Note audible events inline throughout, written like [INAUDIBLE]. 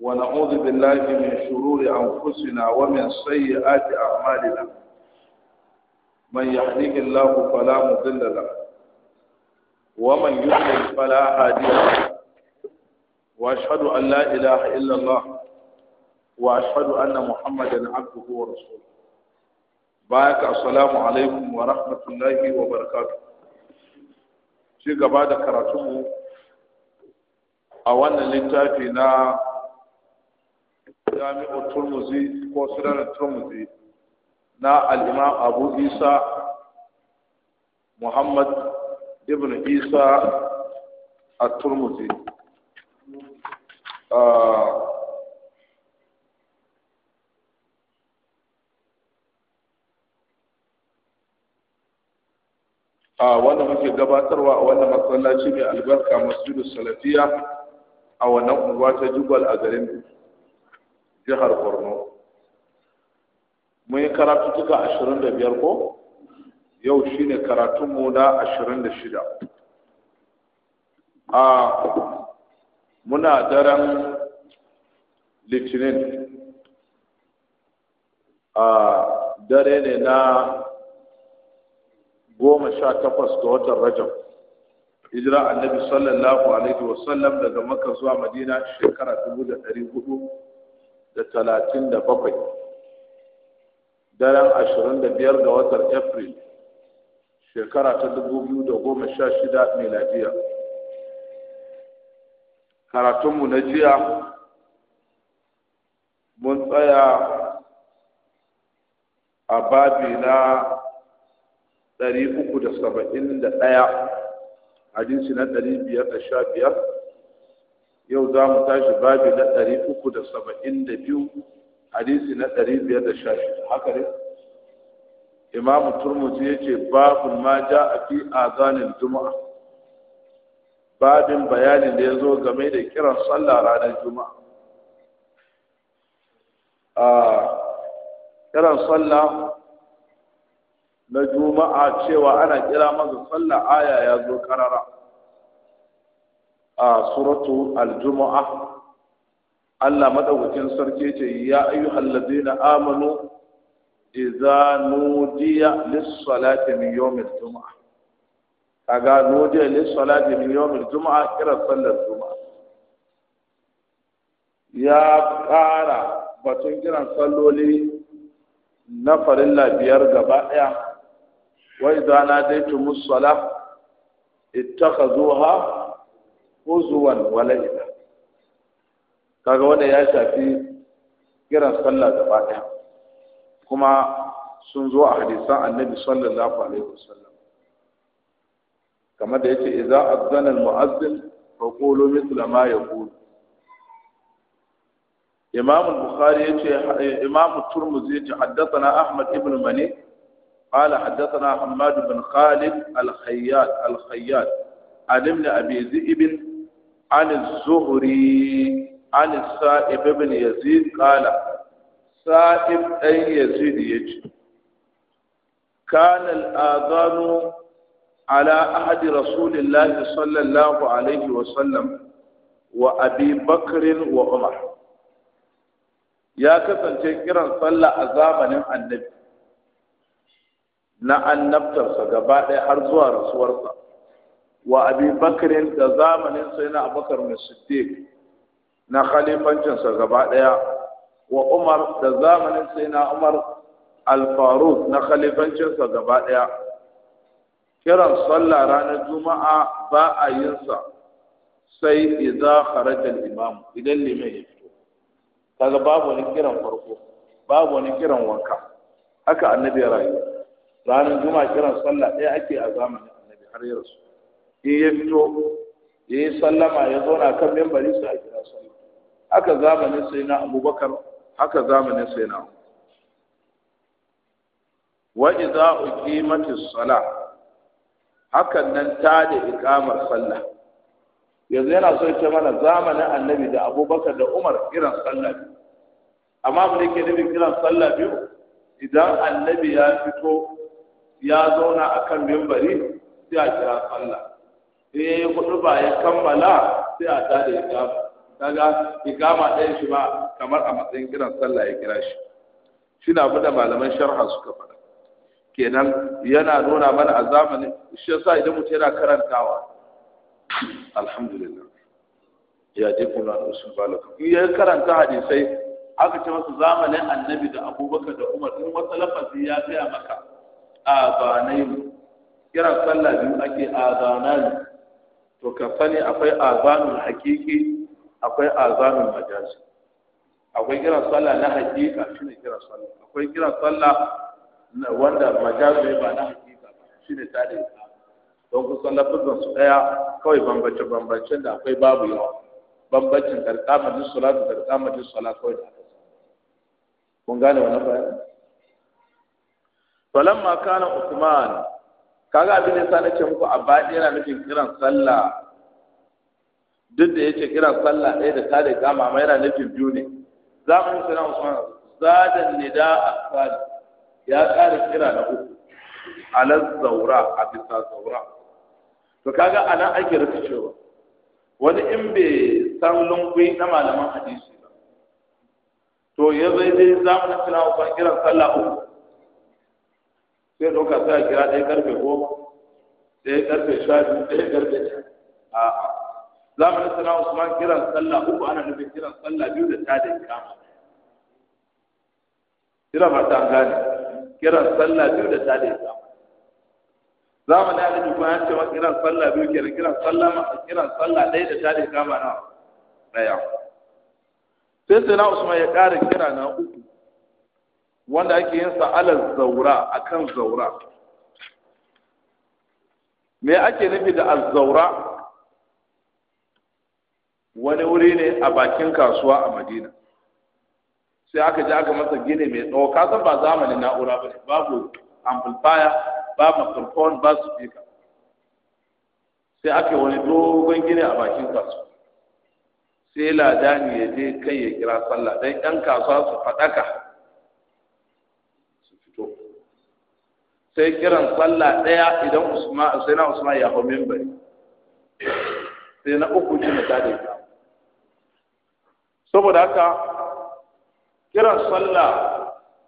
ونعوذ بالله من شرور أنفسنا ومن سيئات أعمالنا من يهديه الله فلا مضل له ومن يضلل فلا هادي له وأشهد أن لا إله إلا الله وأشهد أن محمدا عبده ورسوله بارك السلام عليكم ورحمة الله وبركاته شيء قبادة كراتبه a wannan littafi na jami'ar turmuzi ko sunanar turmuzi na al'imam abu isa muhammad ibn isa a turmuzi a ah, ah, wanda muke gabatarwa a wannan masallaci mai albarka masjidu salafiya a wannan unguwa ta a garin jihar borno mun yi tuka ashirin da biyar ko yau shi ne karatunmu na ashirin da shida a muna daren litinin a dare ne na goma sha takwas ga watan rajab hijira annabi sallallahu alaihi wasallam daga makka zuwa madina shekara dubu da ɗari hudu da talatin da bakwai daren ashirin da biyar ga watan april shekara ta dubu biyu da goma sha shida miladiya karatunmu na jiya mun tsaya a babi na ɗari uku da saba'in da ɗaya hadisi na ɗari biyar da sha biyar yau za mu tashi babi na ɗari uku da saba'in da biyu hadisi na ɗari biyar da sha shida haka ne imamu turmuzi ya ce babin ma ja a fi azanin juma'a babin bayanin da ya zo game da kiran sallah ranar juma'a a kiran sallah na juma'a cewa ana kira masa sallah aya ya zo karara a suratu aljuma'a Allah madaukakin sarki ce ya ayyuhal ladina amanu idza nudiya lis-salati min yawmil juma'a kaga nudiya lis-salati min yawmil juma'a kira sallar juma'a ya ƙara batun kiran salloli na farilla biyar gaba daya wa idza nadaytumus-salah ittakhadhuha huzuwan wala ila kaga wanda ya shafi kiran sallah gaba ɗaya kuma sun zo a hadisan annabi sallallahu alaihi wasallam kamar da yace idza azzana almu'azzin fa qulu mithla ma yaqul imam bukhari yace imam turmuzi yace haddathana ahmad ibn mani قال حدثنا حماد بن خالد الخياط الخياط عن ابن ابي ذئب عن الزهري عن السائب بن يزيد قال سائب أن يزيد يجي كان الآذان على أحد رسول الله صلى الله عليه وسلم وأبي بكر وعمر ya kasance kiran sallah a zamanin annabi na annabtarsa gaba ɗaya har zuwa rasuwarsa wa abi bakr da zamanin sai na Abakar mai siddiq na khalifancinsa sa gaba daya wa umar da zamanin sai na umar al-faruq na khalifancinsa sa gaba daya kiran sallah ranar juma'a ba a yin sa sai idza kharaja al-imam idan limai ya fito kaga babu wani kiran farko babu wani kiran wanka haka annabi ya rayu ranar juma'a kiran sallah ɗaya ake a zamanin annabi har ya rasu in ya fito ya yi sallama ya zauna kan membari sai a kira sallama haka zamanin sai na abubakar haka zamanin sai na wa idza uqimatis salah hakan nan ta da iqamar sallah yanzu yana so ya mana zamanin annabi da abubakar da umar kiran sallah amma mun yake da nufin kiran sallah biyu idan annabi ya fito ya zauna akan membari sai a kira sallah sai kudu ba ya kammala sai a tada ikama kaga kama ɗaya shi ba kamar a matsayin kiran sallah ya kira shi shi na buɗe malaman sharha suka faɗa kenan yana nuna mana a zamanin shi yasa idan mutum yana karantawa alhamdulillah ya je ɗan usul balaka in ya karanta hadisai aka ce masa zamanin annabi da abubakar da umar in wata lafazi ya gaya maka a banai kiran sallah biyu ake a banayin to ka akwai azanul hakiki akwai azanul majazi akwai kira sallah na hakika shine kira sallah akwai kira sallah wanda majazi ba na hakika shine tare da don kusan lafazan su daya kawai bambance bambancen da akwai babu yawa bambancin da salatu da salatu kawai da kun gane wannan bayani falamma kana usman kaga abin da yasa na ce muku baɗi yana nufin kiran sallah duk da yake kiran sallah ɗaya da tada kama amma yana nufin biyu ne za mu yi sana usman zadan nida asad ya ƙara kira na uku ala zaura a bisa zaura to kaga nan ake rikicewa wani in bai san lungwi na malaman hadisi ba to ya zai dai zamanin suna usman kiran sallah uku sai ɗauka sai a kira ɗaya karfe goma ɗaya karfe sha biyu ɗaya karfe a zamanin sana usman kiran sallah uku ana nufin kiran sallah biyu da ta da kama kira ba ta gane kiran sallah biyu da ta za kama zamanin ana nufin an ma kiran sallah biyu kenan kiran sallah kiran sallah ɗaya da ta da kama na ɗaya sai sana usman ya ƙara kira na uku wanda ake yin sa alal zaura akan zaura me ake nufi da al-zaura wani wuri ne a bakin kasuwa a madina sai aka ji aka masa gini mai tsawo Ka san ba zamanin na'ura ba ne babu amplifier ba microphone ba speaker sai aka wani dogon gini a bakin kasuwa sai ladani ya je kai ya kira sallah dan yan kasuwa su faɗaka sai kiran sallah ɗaya idan usman sai na usman ya hau mimbari sai na uku shi ta da ita saboda haka kiran sallah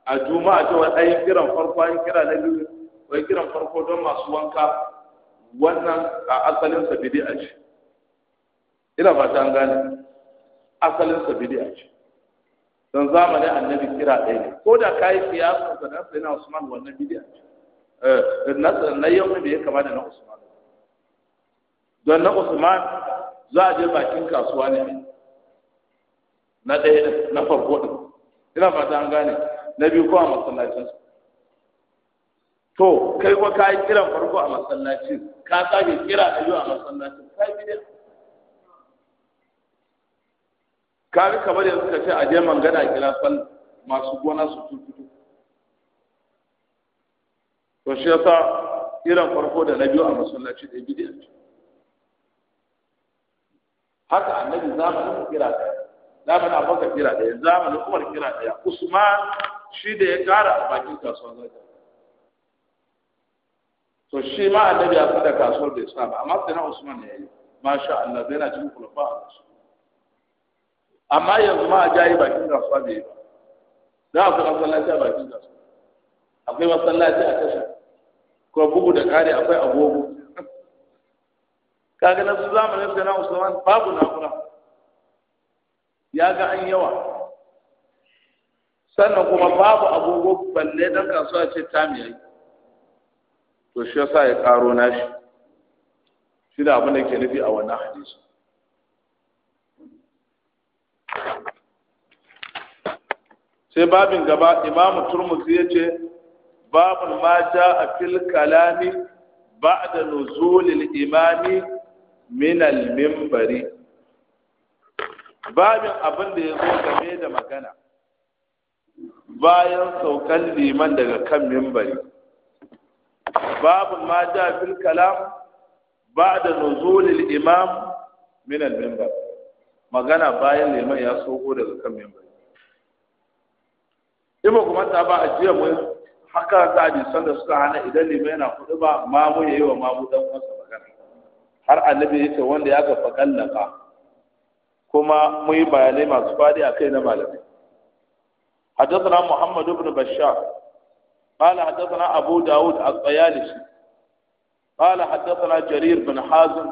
a juma'a ce wani ayin kiran farko ayin kira na biyu wai kiran farko don masu wanka wannan a asalin sa a ce ina ba ta gane asalin sa a ce don zamanin annabi kira ɗaya ne ko da ka yi siyasa na sai na usman wannan bid'a ce Eh, na yau da ya kama da na usman don na usman za a je bakin kasuwa ne na ɗaya na farko ɗin ina fata an gane na biyu ko a masallacin su? to kai ko ka yi kiran farko a masallacin ka sake kira na biyu a masallacin ka yi ka ga kamar yanzu ka ce a je mangana kira sallah masu gona su tututu to shi yasa irin farko da na biyu a masallaci da bid'a ce haka annabi zamanin kira ɗaya zamanin abokan kira ɗaya zamanin umar kira da usman shi da ya ƙara a bakin kasuwar zaka to shi ma annabi ya da kasuwar da islam amma sai na usman ne yayi masha Allah zai na cikin kulafa a amma yanzu ma a jayi bakin kasuwa bai yi ba za a kuma masallaci a bakin kasuwa akwai masallaci a tasha ko bugu da kare akwai agogo kaga na su zamanin sai na usman babu na'ura ya ga an yawa sannan kuma babu agogo balle dan kasuwa ce ta yayi to shi yasa ya karo nashi shi da abin da ke nufi a wannan hadisi sai babin gaba imamu turmuzi ya ce babun ma jaa fil kalami ba'da nuzulil imami min al babin abin da ya zo game da magana bayan saukan liman daga kan mimbari babu ma ja fil kalam ba'da nuzulil imam min al magana bayan liman ya sauko daga kan mimbari ibo kuma ta ba a jiya mun haka ta hadisan da suka hana idan nima yana kuɗi ba mamu ya yi wa mamu dan uwansa magana har annabi ya ce wanda ya gafa kallaka kuma mu yi bayanai masu fadi a kai na malamai حدثنا محمد بن بشار قال حدثنا أبو داود الطيالسي قال حدثنا جرير بن حازم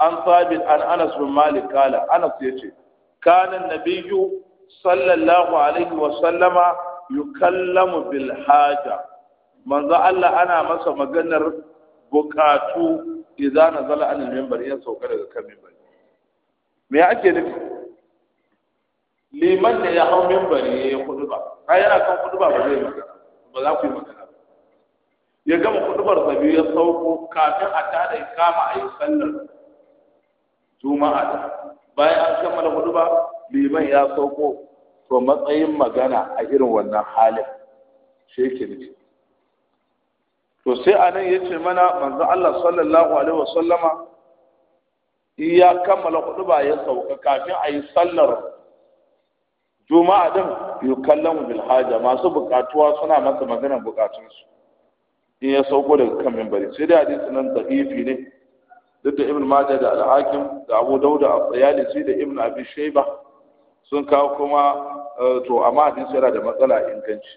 عن ثابت عن أنس بن مالك قال أنس يجي كان النبي صلى الله عليه وسلم yukallamu bil haja manzo Allah ana masa maganar bukatu idza nazala an minbar ya sauka daga kan minbar me ake nufi liman da ya hau minbar ya yi kuduba ai yana kan kuduba ba zai magana ba za ku yi magana ya gama kudubar sa biyu ya sauko kafin a tada kama a yi sallar juma'a bayan an kammala kuduba liman ya sauko to matsayin magana a irin wannan halin shi yake to sai a nan ya ce mana manzo Allah sallallahu alaihi wasallama ya kammala hudu ba ya sauka kafin a yi sallar juma'a din yukallamu bil haja masu bukatuwa suna masa maganar bukatunsu in ya sauko daga kan minbari sai dai hadisi nan ifi ne duk da ibn majah da al-hakim da abu dauda a sai da ibn abi shayba sun kawo kuma eh, to amma hadisi yana da matsala inganci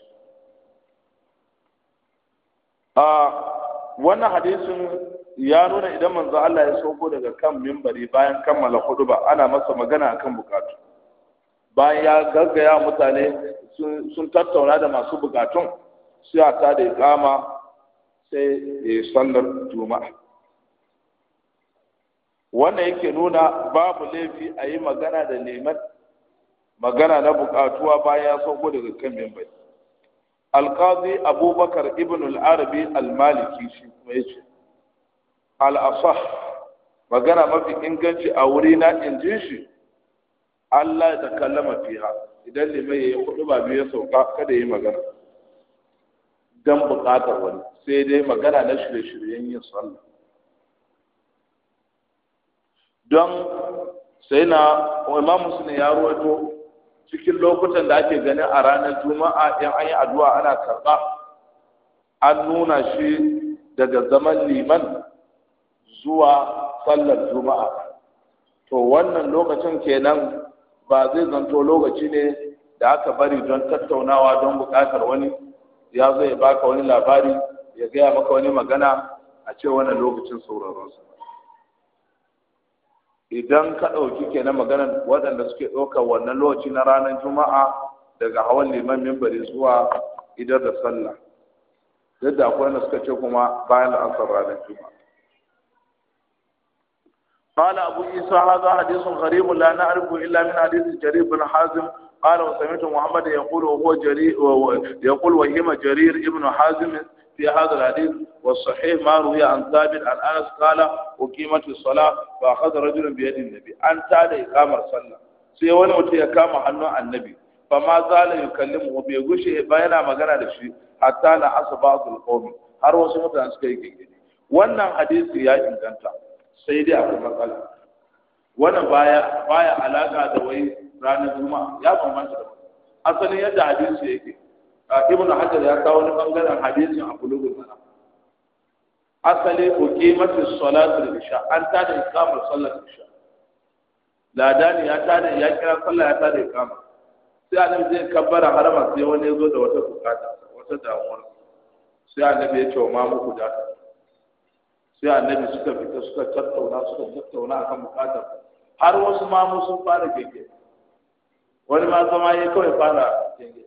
a wannan hadisin ya nuna idan manzo Allah ya sauko daga kan mimbari bayan kammala huduba ana masa magana akan bukatu bayan ya gaggaya mutane sun tattauna da masu bukatun sai ya ta da ikama sai ya sallar juma'a wannan yake nuna babu laifi a yi magana da neman magana na bukatuwa bayan ya sauko daga kan mimbari alqazi abubakar ibn al-arabi al-maliki shi kuma yace al-asah magana mafi inganci a wuri na injin shi Allah da kallama fiha idan limai ya kudu ba biyu ya sauka kada yi magana dan bukatar wani sai dai magana na shirye-shiryen yin sallah don sai na imam musulun ya ruwaito cikin lokutan da ake gani a ranar juma'a in an yi addu'a ana karɓa an nuna shi daga zaman liman zuwa sallar juma'a to wannan lokacin kenan ba zai zanto lokaci ne da aka bari don tattaunawa don buƙatar wani ya zo ya baka wani labari ya gaya maka wani magana a ce wannan lokacin sauraronsa idan ka ɗauki ke na maganar waɗanda suke ɗaukar wannan lokaci na ranar juma'a daga hawan liman mimbari zuwa idar da sallah duk da akwai wanda suka ce kuma bayan la'asar ranar juma'a قال أبو عيسى هذا حديث غريب لا نعرفه إلا من حديث جرير بن حازم قال وسمعت محمد يقول وهو جرير يقول وهم جرير ابن حازم في هذا الحديث والصحيح ما روي عن ثابت عن انس قال وقيمت الصلاه فاخذ رجل بيد النبي ان تاد اقامه صلاه sai wani mutum ya kama hannun annabi fa ma zala yukallimu bai gushi ba yana magana da shi hatta la asbatul qawmi har wasu mutane suka yi gingine wannan hadisi ya inganta sai dai akwai matsala wannan baya baya alaka da wai ranar juma'a ya bambanta da asalin yadda hadisi yake ibnu hajar ya kawo wani bangaren hadisin a bulugul mara asali uqimatu salatu isha an ta da ikamar sallar isha ladani ya ta da ya kira sallah ya ta da ikama sai annabi zai kabbara harama sai wani ya zo da wata bukata wata damuwar sai annabi ya ce wa mamu da Sai sai annabi suka fita suka tattauna suka tattauna akan bukatar har wasu mamu sun fara gege wani ma zama ya kawai fara gege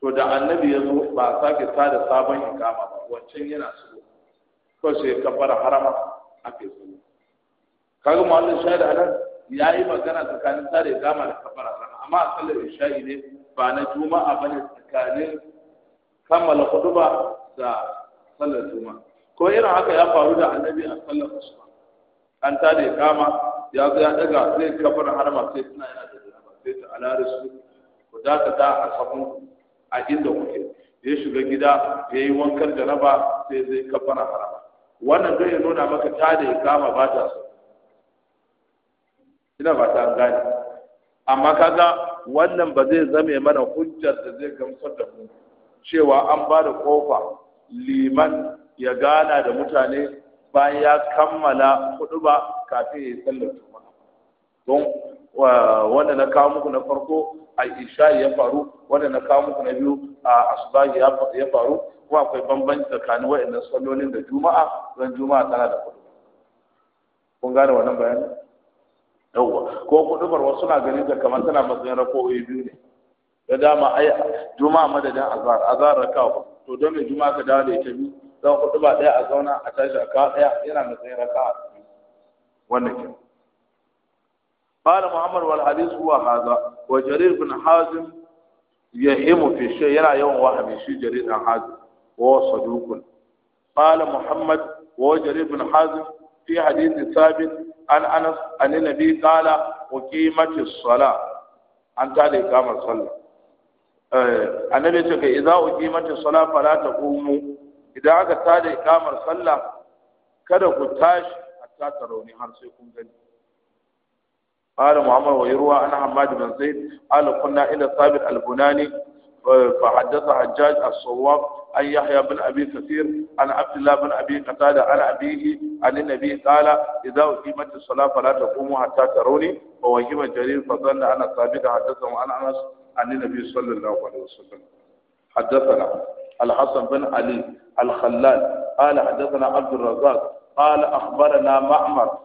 to da annabi ya zo ba a sake sada sabon ikama ba wancan yana so ko sai kafara harama ake so kaga mallin shaida anan ya yi magana tsakanin sada ikama da kafara harama amma a sallar isha'i ne ba na juma'a bane tsakanin kammala kuduba da sallar juma'a ko irin haka ya faru da annabi a sallar asuba an tada ikama ya zo ya daga sai kafara harama sai suna yana da sai ta ala ku dakata a sabon a inda kuke ya shiga gida ya yi wankan jaraba sai zai kafara harama wannan zai nuna maka ta da ya kama ba ta so ina ba ta gane amma kaga wannan ba zai zame mana hujjar da zai gamsar da mu cewa an ba da kofa liman ya gana da mutane bayan ya kammala hudu ba kafin ya yi sallar juma'a don wanda na kawo muku na farko Aisha ya faru wanda na kawo muku na biyu a asubahi ya faru kuma akwai bambanci tsakanin wa'annan sallolin da juma'a don juma'a tana da kudu kun gane wannan bayani yawwa ko kudubar wasu na ganin ta kamar tana matsayin rakowi biyu ne da dama ai juma'a madadin azhar azhar raka'a to don me juma'a ka dawo da ita biyu kudu ba daya a zauna a tashi a kawo daya yana matsayin raka'a wannan kenan قال محمد والحديث هو هذا وجرير بن حازم يهم في الشيء يرى يوم وهم شيء جرير بن حازم وهو صدوق قال محمد وهو جرير بن حازم في حديث ثابت عن انس عن النبي قال اقيمت الصلاه an ta da ikamar sallah annabi ce kai idza uqimatis salat fala taqumu idan aka ta da ikamar sallah kada سيكون tashi قال معمر ويروى عن حماد بن زيد قال كنا إلى ثابت البناني فحدث حجاج الصواب عن يحيى بن أبي كثير عن عبد الله بن أبي قتادة عن أبيه عن النبي قال إذا أقيمت الصلاة فلا تقوموا حتى تروني فوهم جرير فظن أن ثابت حدثه عن أنس عن النبي صلى الله عليه وسلم حدثنا الحسن بن علي الخلال قال حدثنا عبد الرزاق قال أخبرنا معمر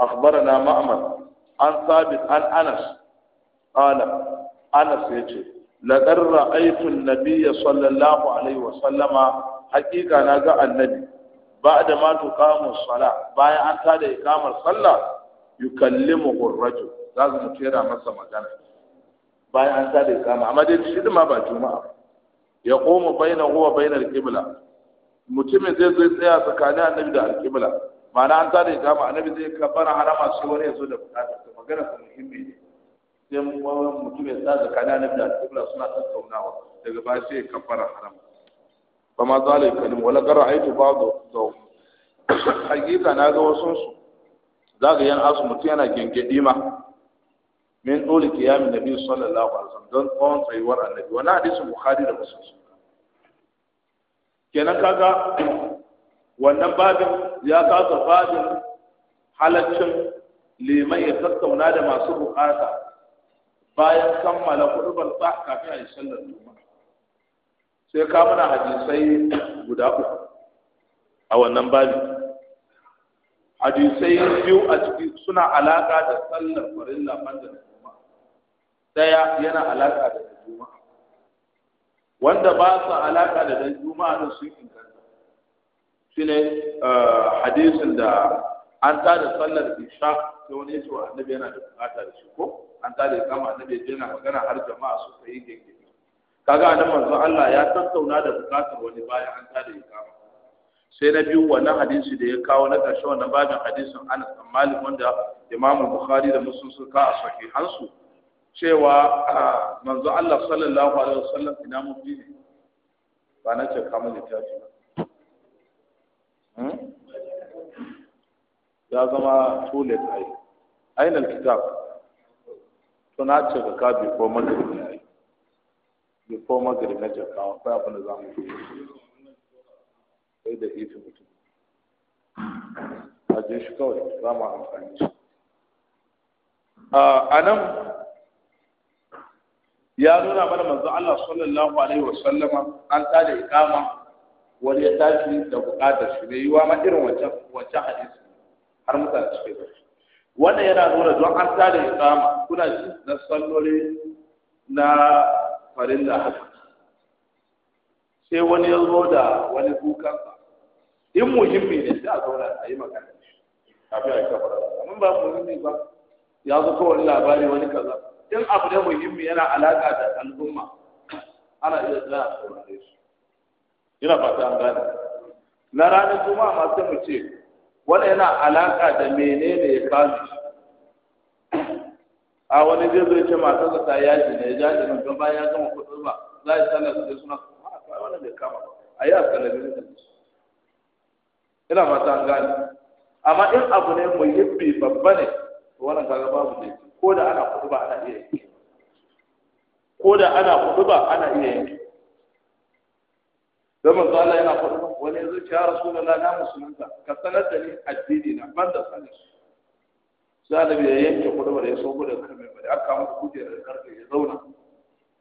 أخبرنا معمر an sabit an anas qala anas ce. laqad ra'aytu an Nabiya sallallahu alaihi wa sallama haƙiƙa na ga annabi Ba a ma tuqamu as-sala bayan an tada iqamar sallah yukallimuhu ar-rajul Za mutu yana masa magana bayan an tada iqama amma dai shi ma ba juma'a ya komo baina huwa baina al-qibla mutumin zai zai tsaya tsakanin annabi da al-qibla ma'ana an tada iqama annabi zai kabbara harama su wani ya zo da bukatar magana ta muhimmi ne sai mutum ya sa tsakanin annabi da alƙibla suna tattaunawa daga ba sai ya kafara haram ba ma zalai kalim wala gara aitu ba da [COUGHS] hakika na ga su. za ga yan asu mutum yana gengedi ma min dole kiyamin nabi sallallahu alaihi wasallam don tsawon tsayuwar annabi wani hadisin bukhari da muslim kenan kaga [COUGHS] wannan babin ya kaga babin halaccin liman ya tattauna da masu bukata bayan kammala hudubar sa kafin a yi sallar juma'a sai ka muna hadisai guda uku a wannan babi hadisai biyu a ciki suna alaka da sallar farilla banda da juma'a daya yana alaka da juma'a wanda ba su alaka da dan juma'a da sun inganta shine eh, hadisin da an tada sallar isha sai wani ya wa annabi yana da bukata da shi ko an tare ya kama annabi ya yana magana har jama'a su kai gege kaga annabi manzo Allah ya tattauna da bukatar wani bayan an tare ya kama sai na biyu wannan hadisi da ya kawo na ƙarshe wannan babin hadisin Anas bin Malik wanda Imam Bukhari da Muslim suka a su cewa ah, manzo Allah sallallahu alaihi wasallam ina mun bi ne ba na ce kama littafi ba hmm? ya zama too late aina kitab to na ce ka ka bi ko magribi ne bi ko magribi na jaka akwai abin da za mu yi sai da ifi mutum a je shi kawai za mu amfani shi a nan ya nuna mana manzo Allah sallallahu alaihi wasallama an tsada ikama wani ya tashi da buƙatar shi ne yiwa ma irin wacce wancan hadisi har mutane suke da shi wannan yana nuna don an tada iqama kuna ji na salloli na farilla haka sai wani ya zo da wani kukan in muhimmi ne sai a zauna a yi magana kafin a yi kafara amma ba muhimmi ba ya zo kawai labari wani kaza in abu ne muhimmi yana alaƙa da al'umma ana iya tsaya a saurare shi ina fata an gane na ranar juma'a masu sai mu ce Wani yana alaƙa da menene ya kawo a wani zai zai ce matarsa ta yaji ne ya jaji nan don bayan ya gama kudin ba za a yi sallar su da ah, suna kuma a wani bai kama ba a yi a sallar da su ina mata an gane amma in abu ne muhimmi babba ne to wannan kaga babu ne ko da ana kudin ba ana iya yanke ko da ana kudin ba ana iya yanke dan manzo Allah yana faɗa wani ya ce ya da na musulunta ka sanar da ni addini na ban da sanin su sai da ya yanke kuɗi ya so da karbe bari aka masa da karfe ya zauna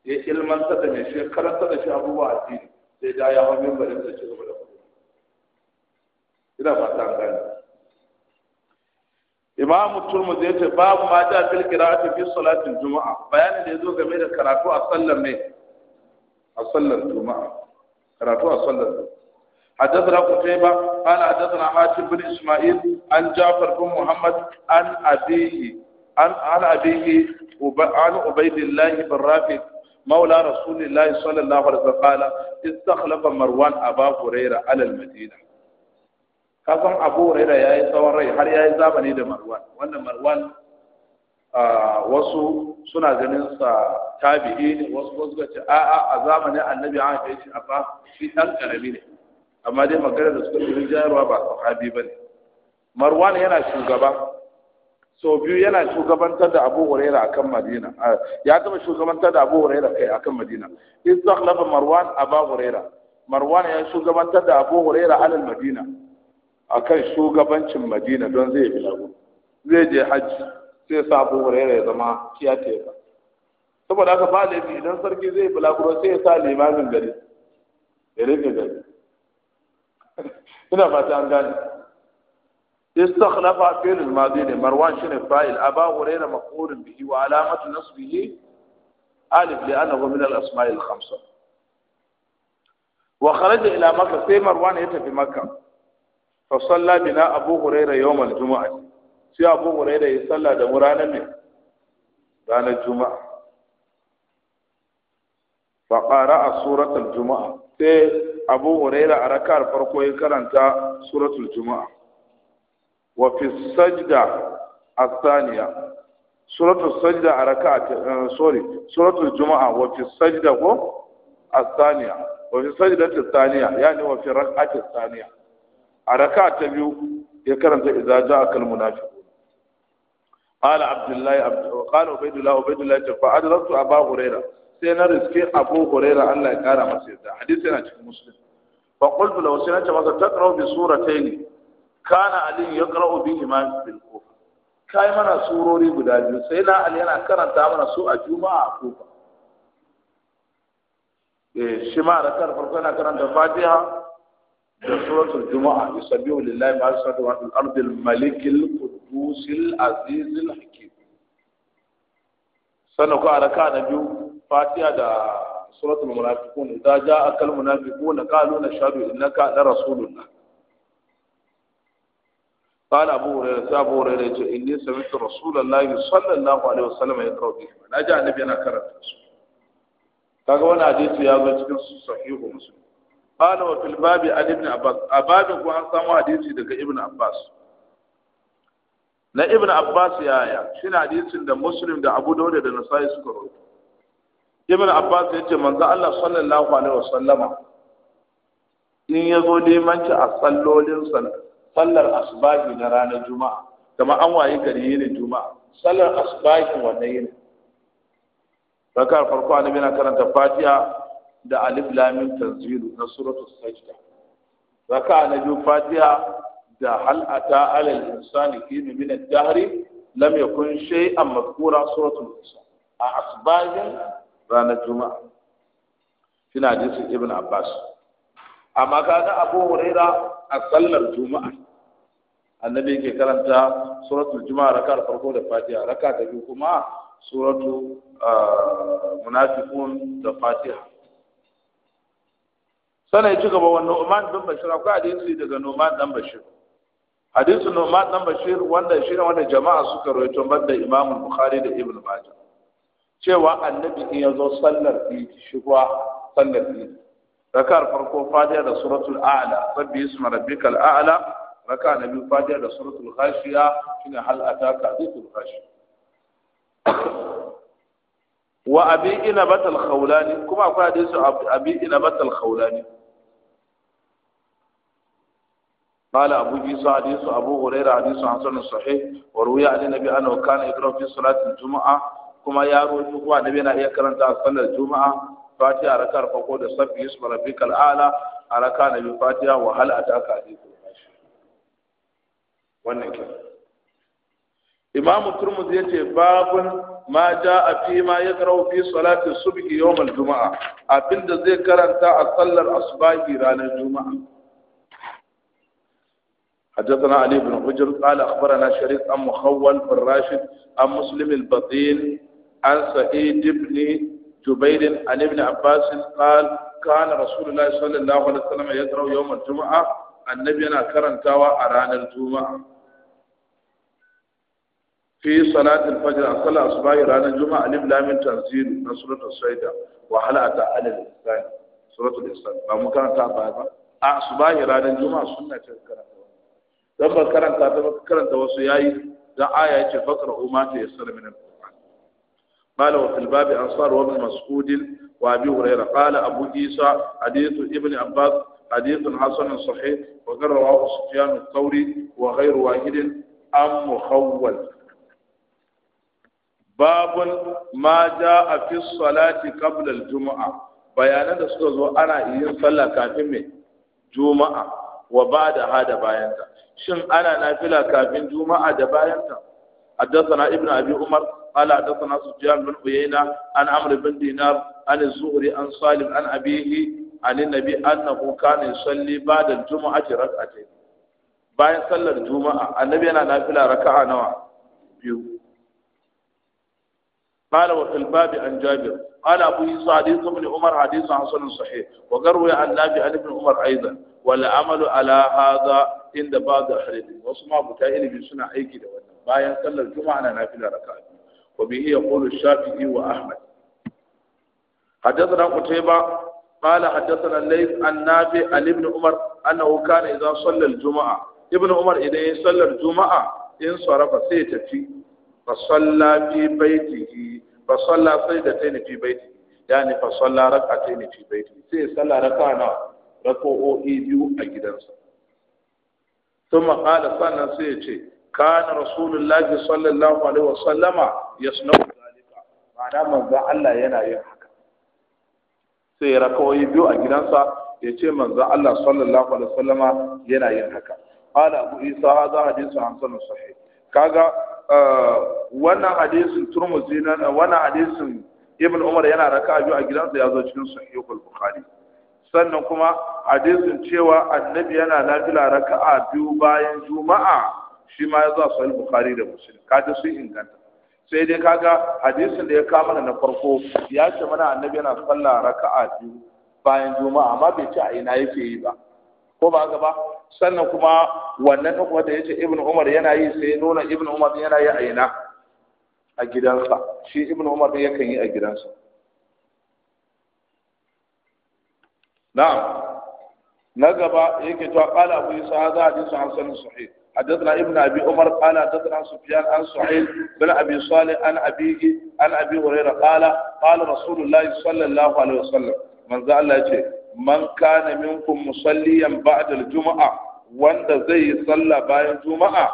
ya ilmanta da mai shi karanta da shi abubuwa addini sai da ya hau mimbarin da shi gaba da kuɗi ina fata an gane imamu turmu zai ce babu ma da filkira a fi salatin juma'a bayanin da ya zo game da karatu a sallar mai a sallar juma'a karatu a sallar حدثنا قتيبة قال حدثنا حاتم بن إسماعيل عن جعفر بن محمد عن أبيه عن عن أبيه عن عبيد الله بن رافع مولى رسول الله صلى الله عليه وسلم قال استخلف مروان أبا هريرة على المدينة kasan abu huraira ya yi tsawon rai har ya yi zamani da marwan wannan marwan wasu suna ganin sa tabi'i ne wasu wasu ga ce a'a a zamanin annabi an haife shi amma shi dan karami ne amma dai magana da suka yi jayarwa ba sahabi ba ne marwan yana shugaba sau biyu yana shugabantar da abu huraira akan madina ya taba shugabantar da abu huraira kai akan madina istakhlafa marwan abu huraira marwan ya shugabantar da abu huraira alal madina akan shugabancin madina don zai bi lagu zai je hajji sai sa abu hurairah ya zama kiya teka saboda haka ba laifi idan sarki zai bulaguro sai ya sa limamin gari ya rike gari [LAUGHS] ina fata an gane istakhlafa fil al-madi ne marwan shine fa'il aba hurairah maqrun bihi wa alamatu nasbihi alif li'annahu min al-asma' Asma'il khamsa wa kharaja ila makkah sai marwan ya tafi makkah fa salla bina abu hurairah yawm al-jumu'ah sai abu da ya sallah da mu ne ranar juma'a fa a suratul juma'a sai abu huraira a rakar farko ya karanta suratul juma'a wa fi sajda athaniya suratul sajda a raka'a eh, sorry suratul juma'a wa fi sajda ko athaniya wa fi sajdati athaniya yani wa fi rak'ati athaniya a raka'a ta biyu ya karanta idza ja'a kal munafiq قال عبد الله عبد قال عبيد الله عبيد الله فأدركت أبا هريرة سينا رزقي أبو هريرة الله يقال مسير حديث سينا في مسلم فقلت له سينا كما تقرأ بسورتين كان علي يقرأ بهما في الكوفة كاي منا سوروري بداجو سينا علي أنا كرنت منا سوء جمعة كوفة شما ركر فرقنا كرنت فاتحة da suratul juma'a yusabbihu lillahi ma fi samawati wal ardi al malik al qudus quddus aziz al hakim sannan ko araka na biyu fatiha da suratul munafiqun idza jaa akal munafiqun qalu nashhadu innaka la rasulullah قال أبو هريرة أبو هريرة إني سمعت رسول الله صلى الله عليه وسلم يقرأ به أنا جاء النبي أنا كرمت kaga wani hadisi ya zo cikin sahihu muslim qala wa fil babi an ibn abbas a babin ko an samu daga ibn abbas na ibn abbas yaya shine hadisin da muslim da abu dawud da nasai suka rawaito ibn abbas ya ce manzo Allah sallallahu alaihi wasallama in ya zo yazo limanci a sallolin sallar asbahi na ranar juma'a kamar an waye gari ne juma'a sallar asbahi wannan yin bakar farko annabi na karanta fatiha da alif lam mim tanzilu na suratul sajda raka na biyu fatiha da hal ata ala al-insani kin min ad-dahr lam yakun shay'an a asbajin ranar juma'a shine hadisin ibn abbas amma kaga abu huraira a sallar juma'a annabi yake karanta suratul juma'a rakar farko da fatiha ta biyu kuma ah, sannan ya ci gaba wa nu'man dan bashir akwai hadisi daga noman dan bashir hadisu ma dan bashir wanda shi ne wanda jama'a suka rawaito banda imam bukhari da ibn majah cewa annabi in yazo sallar idi shigwa sallar idi rakar farko fadiya da suratul a'la sabbi isma rabbikal a'la raka na biyu fatiha da suratul khashiya shine hal ataka hadithul khashiya wa abi inabatal khawlani kuma akwai hadisu abi inabatal khawlani قال أبو جيسو حديث أبو هريرة حديث حسن صحيح وروي عن النبي أنه كان يقرأ في صلاة الجمعة كما يارو هو النبي أنه يقرأ صلاة الجمعة فاتي ركع فقول سبح اسم ربك الأعلى ركع نبي فاتحة وهل أتاك حديث wannan ke imamu turmuz ya ce babun ma ja a fi ma ya karau fi salatin subhi yawmal juma'a abinda zai karanta حدثنا علي بن حجر قال أخبرنا شريط عن مخول بن راشد عن مسلم البطين عن سعيد بن جبير عن ابن عباس قال كان رسول الله صلى الله عليه وسلم يقرأ يوم الجمعة النبي أنا كرنتاوى أران الجمعة في صلاة الفجر صلى أصبعي رانا الجمعة ألف لام تنزيل من سورة السيدة وحلقة على الإنسان سورة الإنسان ما مكان تعبها أصبعي رانا الجمعة سنة الكلام dan ba karanta ta karanta wasu yayi da aya yace fakra umma ta yassara min al-qur'an qala wa fil babi ansar wa mas'ud wa abi qala abu isa hadith ibn abbas حديث حسن صحيح وقد رواه سفيان الثوري وغير واحد أم مخول باب ما جاء في الصلاة قبل الجمعة بيانا da suka zo ana yin sallah kafin mai juma'a wa ba da ha da bayanta shin ana nafila kafin juma'a da bayanta haddathana ibnu abi umar qala haddathana sufyan bin uyayna an amr bin dinar an zuhri an salim an abihi an nabi annahu kana yusalli ba'da juma'ati rak'atayn bayan sallar juma'a annabi yana nafila raka'a nawa biyu قال وفي الباب عن جابر قال أبو يسوع حديث ابن عمر حديث حسن صحيح وقروي عن نافع عن ابن عمر أيضا والعمل على هذا عند بعض أهل العلم وسمع بتائل من سنة أيكي دولنا باين صلى الجمعة أنا نافلة ركعت وبه يقول الشافعي وأحمد حدثنا قتيبة قال حدثنا الليث عن نافع عن ابن عمر أنه كان إذا صلى الجمعة ابن عمر إذا صلى الجمعة انصرف سيتفي فصلى في بيته fa sai sajdatayn fi baiti yani fa salla rak'atayn fi baiti sai salla raka'a na rak'o'i biyu a gidansa thumma qala sannan sai ya ce kana rasulullahi sallallahu alaihi wa sallama yasna'u zalika ma'ana manzo Allah yana yin haka sai rak'o'i biyu a gidansa ya ce manzo Allah sallallahu alaihi wa sallama yana yin haka Ala أبو إيسى هذا حديث عن سنة صحيح kaga wannan hadisin turmuzi na wannan hadisin ibn umar yana raka biyu a gidansa ya zo cikin sahihul bukhari sannan kuma hadisin cewa annabi yana nafila raka'a biyu bayan juma'a shi ma ya zo sahihul bukhari da muslim kaje sun inganta sai dai kaga hadisin da ya kama na farko ya ce mana annabi yana sallah raka'a biyu bayan juma'a amma bai ce a ina yake yi ba ko ba ga ba sannan kuma wannan kuma da yace ibn umar yana yi sai nuna ibn umar yana yi a ina a gidansa shi ibn umar yakan yi a gidansa na'am na gaba yake cewa qala abu isa hadha hadithu hasan sahih حدثنا ابن ابي عمر قال حدثنا سفيان عن سعيد بن ابي صالح عن ابيه عن ابي هريره قال قال رسول الله صلى الله عليه وسلم من ذا الله يجي man kana minkum musalliyan ba'da al juma wanda zai yi sallah bayan juma'a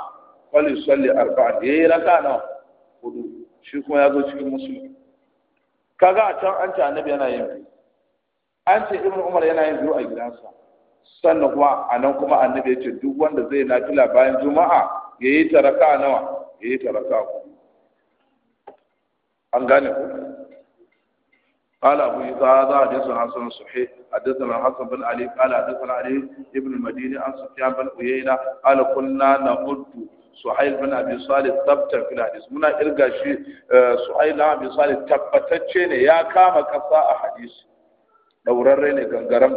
fali salli arba'a yayi raka na hudu shi kuma ya zo cikin musulmi kaga a can an ce annabi yana yin an ce ibnu umar yana yin biyu a gidansa sannan kuma a nan kuma annabi ya ce duk wanda zai nafila bayan juma'a yayi ta raka nawa yayi ta raka an gane ku قال أبو إذا هذا حديث حسن صحيح حدثنا حسن بن علي قال حدثنا علي ابن المديني عن سفيان بن عيينة قال كنا نمد سهيل بن ابي صالح ثبت في الحديث منا ارجع شي سهيل بن ابي صالح tabbatacce ne ya kama kasa a hadisi daurarre ne gangaram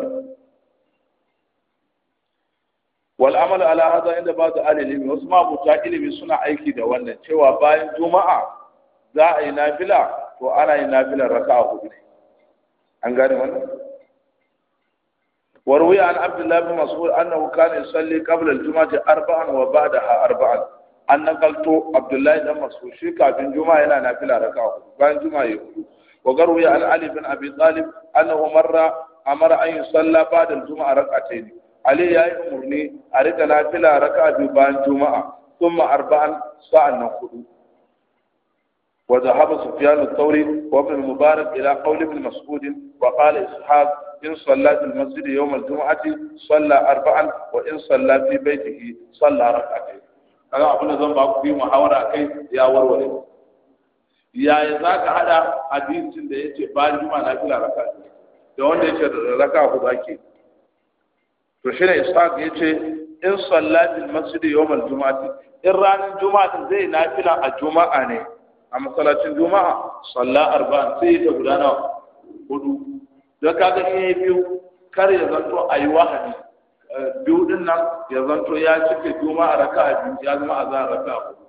wal amal ala hada inda ba da alilimi wasu mabuta ilimi suna da wannan cewa bayan juma'a za a yi nafila to ana yi nafilar raka'a hudu ne an gane wannan وروي عن عبد الله بن مسعود أنه كان يصلي قبل الجمعة أربعا وبعدها أربعا أن نقلت عبد الله بن مسعود شيكا بن جمعة إلى نافلة ركعة بين جمعة يقول وروي عن علي بن أبي طالب أنه مر أمر أن يصلى بعد الجمعة ركعتين علي يا أمرني أريد نافلة ركعة بين جمعة ثم أربعا ساعة نخلو وذهب سفيان الثوري وابن المبارك إلى قول ابن مسعود وقال إسحاق إن صلى في المسجد يوم الجمعة صلى أربعا وإن صلى في بيته صلى ركعتين abin da zan baku yi muhawara kai ya warware yaya za ka haɗa hadisin da ya ce bayan juma na fila raka da wanda ya ce raka ku baki to shi ne ya ce in sallatin masjidi yawmal juma'ati in ranar juma'a zai nafila a juma'a ne a masallacin juma'a salla arba'in sai ta gudana hudu da kaga in yayi biyu kar ya zanto a yi wahadi eh, biyu din nan ya zanto ya cike juma'a a biyu ya zama azan raka hudu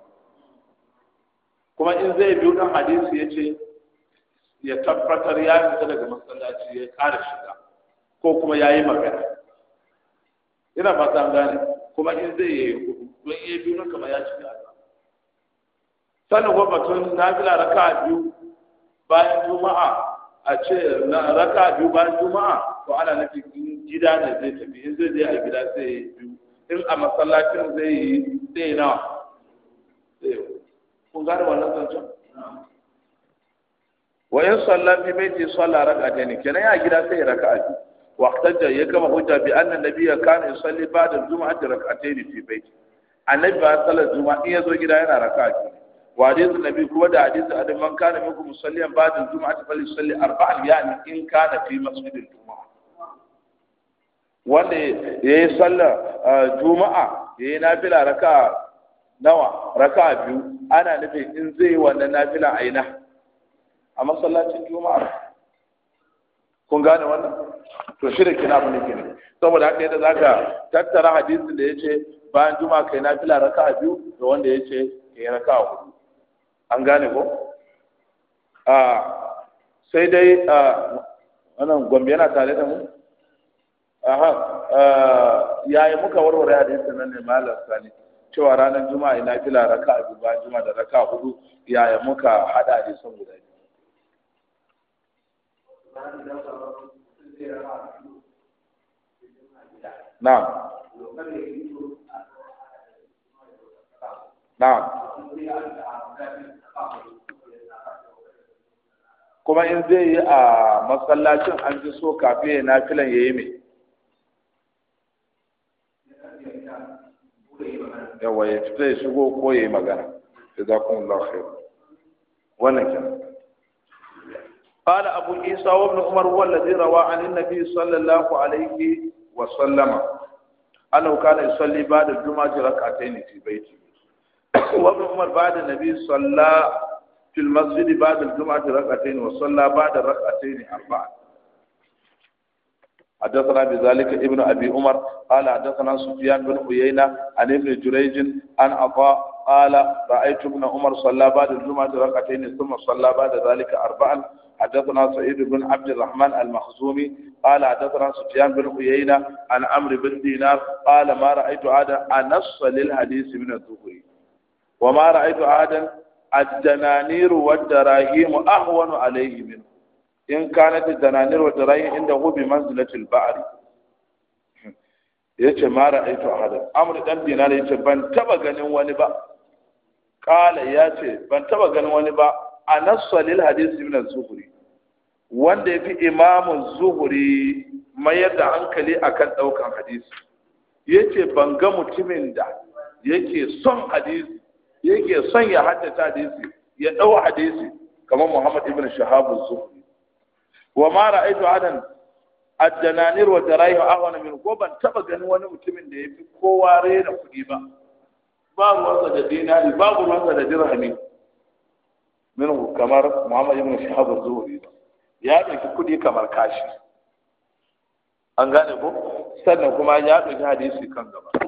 kuma in zai biyu dan hadisi ya ce ya tabbatar ya fita daga masallaci ya ƙara shiga ko kuma ya yi magana ina fata gane kuma in zai yi hudu don yi biyu nan kama ya cika. kan gwamnatin nazila raka biyu bayan juma'a a ce na raka biyu bayan juma'a to ana nufi gida ne zai tafi in zai je a gida sai yi biyu in a masallacin zai yi sai yi nawa kun gane wannan zancen wa in sallan fi mai ce sallah raka ɗaya ne kenan ya gida sai yi raka biyu waqtaja ya kama hujja bi anna nabiyya kana yusalli ba'da juma'a raka'atayn fi bayti annabi ba sallar juma'a in yazo gida yana raka'a biyu wa hadithu nabi kuma da hadithu adam man kana minkum musalliyan ba'da al-jum'ati salli arba'an yani in kana fi masjidil juma'a wanda yayi salla eh, juma'a yayi nafila raka nawa raka biyu ana nufin in zai wannan nafila aina a masallacin juma'a kun gane wannan to shirin kina abu ne saboda haka yadda zaka tattara hadisin da yace bayan juma'a kai nafila raka biyu da wanda yace kai raka hudu an gane ko a sai dai a wannan gombe yana tare da mu aha yayi muka warware hadisin nan ne malam sani cewa ranar juma'a ina fila raka a duba juma'a da raka hudu yaya muka hada hadisin guda biyu na'am na'am kuma in zai yi a masallacin an ji so kafin ya na filan ya yi mai yawa ya fita ya shigo ko ya yi magana da za ku Allah wannan kenan قال أبو عيسى وابن عمر هو الذي روى عن النبي صلى الله عليه وسلم أنه كان يصلي بعد الجمعة ركعتين في بيته [COUGHS] وابن عمر بعد النبي صلى في المسجد بعد الجمعة ركعتين وصلى بعد الركعتين أربعة حدثنا بذلك ابن أبي عمر قال حدثنا سفيان بن عيينة عن ابن جريج عن عطاء قال رأيت ابن عمر صلى بعد الجمعة ركعتين ثم صلى بعد ذلك أربعا حدثنا سعيد بن عبد الرحمن المخزومي قال حدثنا سفيان بن عيينة عن عمرو بن دينار قال ما رأيت هذا أنص للحديث من الزهري wa ma ra'aytu ahadan ad-dananir wa ad-darahim ahwanu alayhi min in kanat ta dananir wa ad inda hu bi manzilati al yace ma ra'aytu ahadan amr dan dinar yace ban taba ganin wani ba qala yace ban taba ganin wani ba anassa lil hadith ibn az-zuhri wanda yafi imamun zuhri mayar da hankali akan daukan hadisi yace ban ga mutumin da yake son hadisi yake son ya haddasa hadisi ya dau hadisi kamar Muhammad ibn Shahab al zuhri wa ma ra'aytu adan ad-dananir wa darayhu ahwana min ko ban taba ganin wani mutumin da yafi kowa da kudi ba babu wanda da dinari babu wanda da dirhami Min kamar Muhammad ibn Shahab al zuhri ya dauki kudi kamar kashi an gane ko sannan kuma ya dauki hadisi kan gaba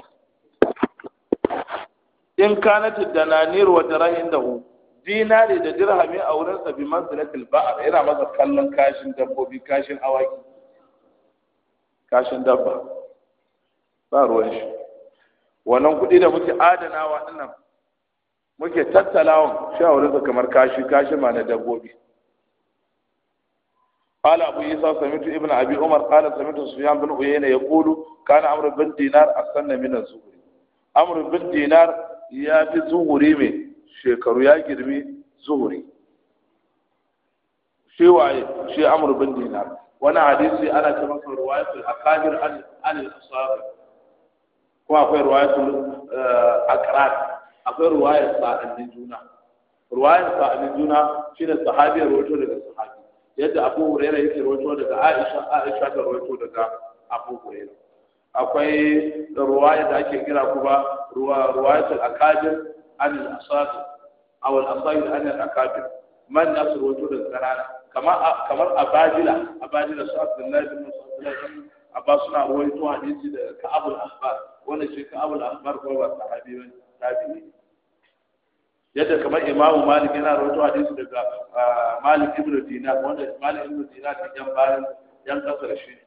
in kanat dananir wa darahin dahu dinari da dirhami a wurin sa bi manzilatil ba'ar yana masa kallon kashin dabbobi kashin awaki kashin dabba ba ruwan shi wannan kuɗi da muke adanawa dinnan muke tattalawa wurin sa kamar kashi kashi ma na dabbobi قال أبو Isa, سمعت ابن أبي عمر قال سمعت سفيان بن عيينة يقول كان عمرو بن دينار أحسن من الزهري عمرو بن دينار ya fi zuhuri mai shekaru ya girmi zuhuri shi waye shi amr bin dinar wani hadisi ana ce masa ruwayatul akabir an al-asab ko akwai ruwayatul eh, akrar akwai ruwayar sa'adin juna ruwayar sa'adin juna shi da sahabiyar rawaito daga sahabi yadda abu hurairah yake rawaito daga aisha aisha ta rawaito daga abu hurairah akwai ruwaya da ake kira kuma ruwayatul akabir an al-asafir aw al-asafir an al-akabir man ya surwato da tsarana kamar kamar abadila abadila su abdullahi bin wasallam abba suna ruwaito hadisi da ka'abul ahbar wannan shi ka'abul ahbar ko wa sahabi ba tabi'i yadda kamar imamu malik yana rawaito hadisi daga ah, malik ibnu dinar wanda malik ibnu dinar ta yan bayan yan kasar shi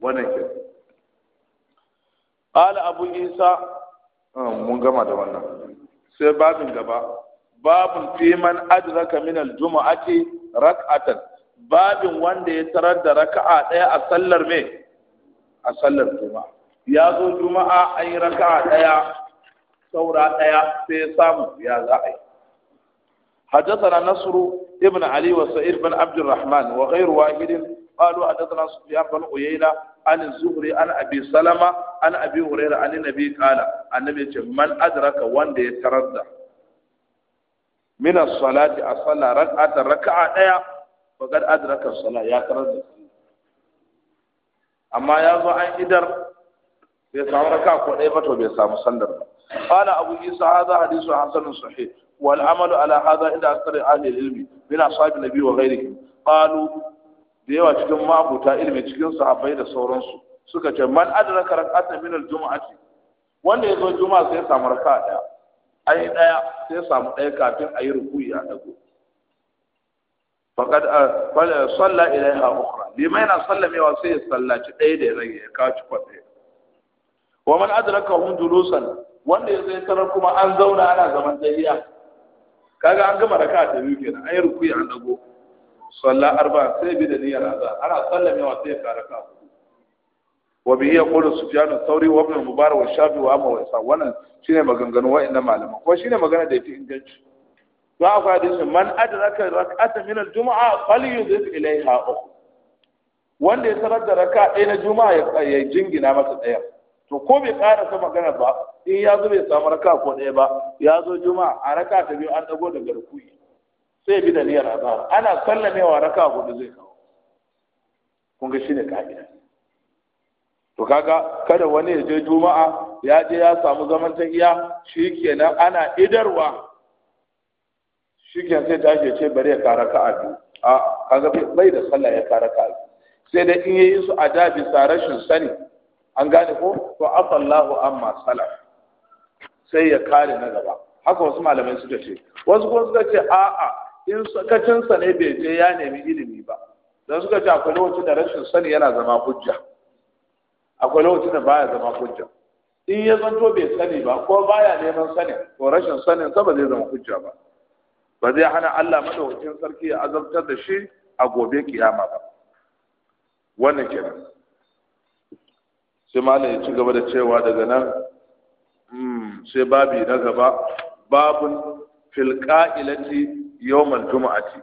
wannan ke qala abu isa ah, mun gama da wannan sai babin gaba babun fi adraka min al rak'atan babin wanda ya tarar da raka'a daya a sallar me a sallar juma'a ya zo juma'a an yi raka'a daya saura daya sai ya samu ya za a yi حدثنا نصر ابن علي وسعيد بن عبد الرحمن وغير واحد قالوا حدثنا سفيان بن عيينة an zuhri an abi salama an abi huraira an nabi qala annabi ce man adraka wanda ya tarar da min as-salati as-sala daya faqad adraka as-sala ya tarar amma ya zo an idar bai samu raka ko ɗaya ba to bai samu sandar ba qala abu isa hadha hadithu hasanun sahih wal amalu ala hadha inda akthar ahli al-ilmi min ashabi nabi da yawa cikin mabuta ilimi cikin sahabbai da sauransu suka ce man adraka rak'ata min al-jum'ati wanda yazo juma'a sai ya samu raka'a daya ai daya sai ya samu daya kafin ayi ruku'i a dago faqad ah, salla ilaiha ukhra liman yana sallamewa sai ya sallaci daya da ya rage ya kaci kwade wa man adraka hum julusan wanda yazo ya tarar kuma an zauna ana zaman tahiya kaga an gama raka'a da biyu kenan ayi ruku'i a dago salla arba sai bi da niyyar azhar ana sallamewa sai ka raka wa bihi yaqulu sufyan thawri wa ibn mubarak wa shafi wa amma wannan shine maganganu wa'annan malaman ko shine magana da yafi inganci to akwai hadisi man adraka rak'atan min al-jum'a falyudhif ilayha ukhra wanda ya sanar da raka ɗaya na juma'a ya jingina masa ɗaya to ko bai ƙara sa magana ba in ya zo bai samu raka ko ɗaya ba ya zo juma'a a raka ta biyu an ɗago daga rukuni sai bi da niyyar azhar ana sallamewa raka hudu zai kawo kun ga shine ka'ida to kaga kada wani ya je juma'a ya je ya samu zaman tahiya shikenan ana idarwa shikenan sai tashi ce bari ya kara ka'a biyu a kaga bai da sallah ya kara ka'a sai da in yayi su a da bisa rashin sani an gane ko to afallahu amma salaf sai ya kare na gaba haka wasu malamai suka ce wasu kuma suka ce a'a in sa ne bai je ya nemi ilimi ba don suka ce akwai lokacin da rashin sani yana zama hujja akwai lokacin da baya zama hujja in ya zanto bai sani ba ko baya neman sani to rashin sanin sa ba zai zama hujja ba ba zai hana Allah madaukakin sarki ya azabtar da shi a gobe kiyama ba wannan kenan sai malam ya ci gaba da cewa daga nan hmm, sai babi na gaba babun fil qa'ilati yawmal juma'ati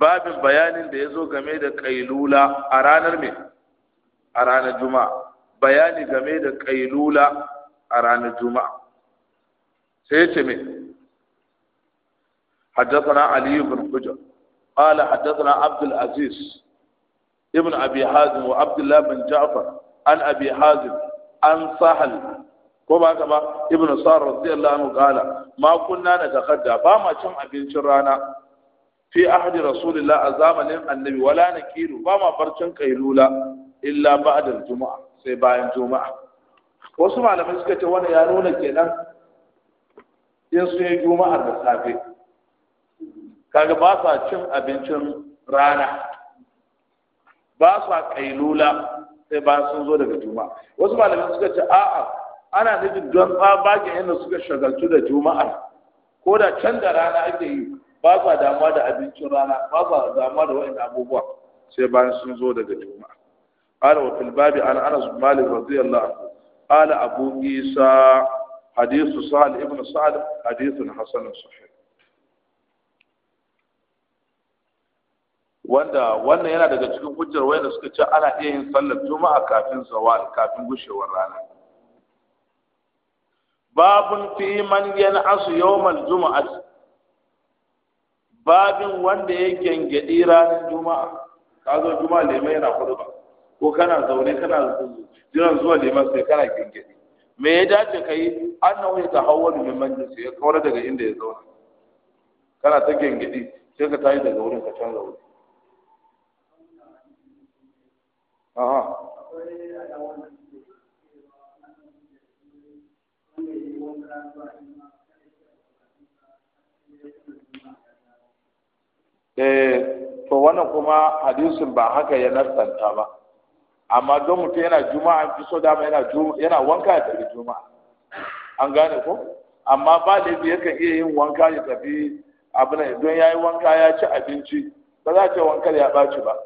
babin bayanin da ya zo game da kailula a ranar mai, a ranar juma'a bayani game da kailula a ranar juma'a sai ce me حدثنا علي بن حجر قال حدثنا عبد العزيز Ibn أبي حازم wa الله bin Jafar. An أبي حازم an سهل ko ba ka ba ibnu sa'd radiyallahu anhu qala ma kunna natakadda ba ma cin abincin rana fi ahdi rasulillah a zamanin annabi wala nakiru ba ma barcin kailula illa ba'da juma'a sai bayan juma'a wasu malamai suka ce wani ya nuna kenan in sun yi juma'ar da safe kaga ba sa cin abincin rana ba sa kailula sai bayan sun zo daga juma'a wasu malamai suka ce a'a ana nufin don ba ga yadda suka shagaltu da juma'a ko da can da rana ake yi ba ba damuwa da abincin rana ba ba damuwa da wa'in abubuwa sai bayan sun zo daga juma'a qala wa filbabi babi an anas bin malik radiyallahu anhu abu isa hadisu sa'ad ibn sa'ad hadisun hasanun sahih wanda wannan yana daga cikin hujjar wayanda suka ce ana iya yin sallar juma'a kafin zawal kafin gushewar rana babun fi man yan'asu yawmal jumu'ati babin wanda ya gengedi ranar juma'a Kazo zo juma'a lemai yana hurba ko kana zaune kana jiran zuwa leman sai kana gengedi me ya dace ka yi annahu ya tahawwalu min majlisi ya kawar daga inda ya zauna kana ta gengedi sai ka tashi daga wurin ka canza wuri aha Eh, to wannan kuma hadisin ba haka ya nasanta ba amma don mutum yana juma'a fi so dama yana yana wanka ya tafi juma'a an gane ko amma ba da yakan iya yin wanka ya tafi abin don ya yi wanka ya ci abinci ba za a ce wankar ya ɓaci ba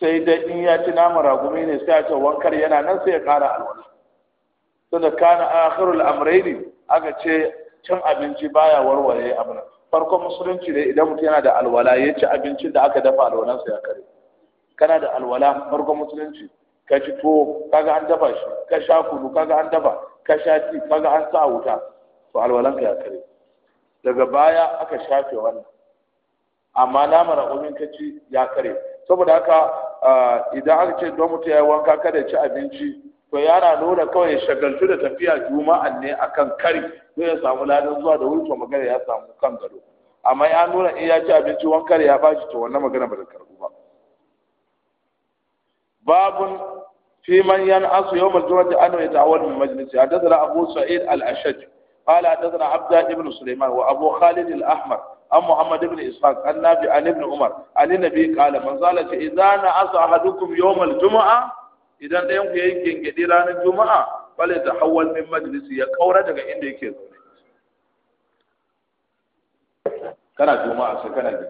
sai dai in ya ci naman ragumi ne sai a ce wankar yana nan sai ya ƙara alwala tunda kana akhirul amrayni aka ce cin abinci baya warware abin farkon musulunci ne idan mutum yana da alwala ya ci abinci da aka dafa alwalansa ya kare kana da alwala farkon musulunci ka ci tuwo kaga an dafa shi ka sha kunu kaga an dafa ka sha ti kaga an sa wuta to alwalanka ya kare daga baya aka shafe wannan amma mara umin ka ci ya kare saboda haka ah, idan aka ce don mutum ya yi wanka kada ya ci abinci to yana nuna kawai shagaltu da tafiya juma'an ne akan kari zai ya samu ladan zuwa da wuri magana ya samu kan gado amma ya nuna in ya ci abinci wankar ya bashi to wannan magana ba da karbu ba babun في من ينعس يوم الجمعة أنه يتعول من مجلسه حدثنا أبو سعيد الأشج قال حدثنا عبد بن سليمان وأبو خالد Ibn أم an بن إسحاق Ibn Umar, ابن عمر عن النبي قال من na asu نعس أحدكم يوم الجمعة idan ɗayan ku yi gengedi ranar juma'a bale ta hawan min majalisi ya kaura daga inda yake zaune kana juma'a sai kana gidi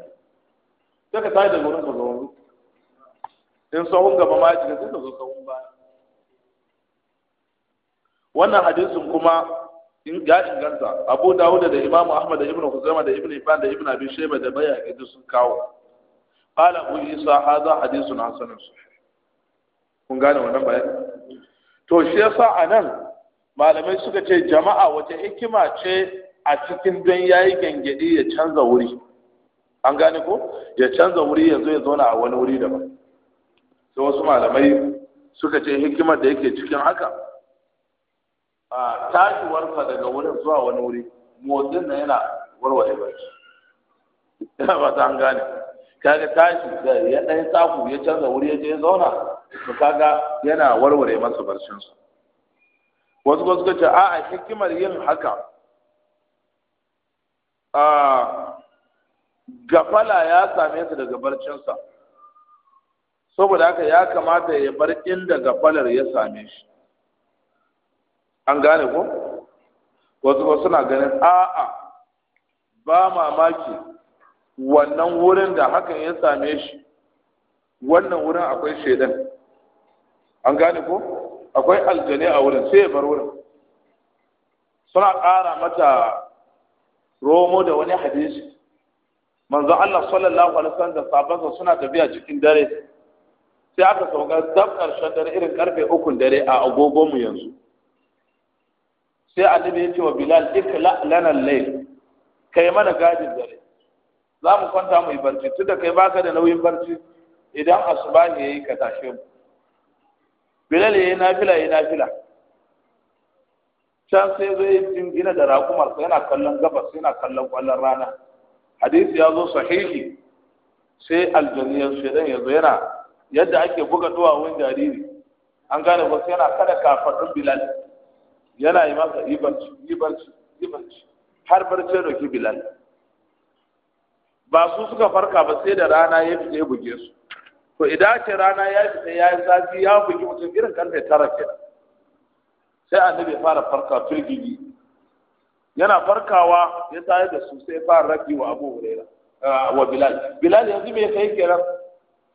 sai ka tashi da wurin ka zaune in sahun gaba ma ya sai ka zo sahun ba wannan hadisin kuma in ga inganta abu dawuda da imam ahmad da ibnu kuzama da ibnu ifan da ibnu abi shayba da bayhaqi duk sun kawo قال abu isa هذا حديث حسن صحيح kun gane wannan bayani to shi yasa a nan malamai suka ce jama'a wata hikima ce a cikin don yayi gangadi ya canza wuri an gane ko ya canza wuri ya zo ya zauna a wani wuri daban sai wasu malamai suka ce hikimar da yake cikin haka a ka daga wurin zuwa wani wuri motsin na yana warware barci ina ba ta an gane kaga tashi da ya ɗan saku ya canza wuri ya je ya zauna to kaga yana warware masa barcin su wasu wasu suka a a'a hikimar yin haka a gafala ya same su daga barcinsa saboda haka ya kamata ya bar inda gafalar ya same shi an gane ko wasu wasu suna ganin a'a ba mamaki wannan wurin da hakan ya same shi wannan wurin akwai shaidan an gane ko akwai aljane a wurin sai ya bar wurin suna ƙara mata romo da wani hadisi manzo Allah sallallahu alaihi wasallam da sahabbansa suna tafiya cikin dare sai aka sauka dab karshen dare irin karfe ukun dare a agogon mu yanzu sai annabi ya ce wa bilal ikla lana al-layl kai mana gadin dare za mu kwanta mu yi barci tun da kai baka da nauyin barci idan ne yayi ka tashi mu bilal yayi nafila yayi nafila can sai zo yi jingina da raƙumar sa yana kallon gabas yana kallon kwallon rana hadisi ya zo sahihi sai aljaniyar shaidan ya zo yana yadda ake buga duwawun jariri an gane wasu yana kada kafaɗin bilal yana yi masa ibarci ibanci ibanci har barci ki bilal ba su suka farka ba sai da rana ya fi ya buge su to idan ce rana ya fita ya yi zafi ya buge mutum irin karfe tara kenan sai annabi fara farka firgigi yana farkawa ya tayar da su sai fara rafi wa abu huraira ah, wa bilal bilal yanzu me kai kenan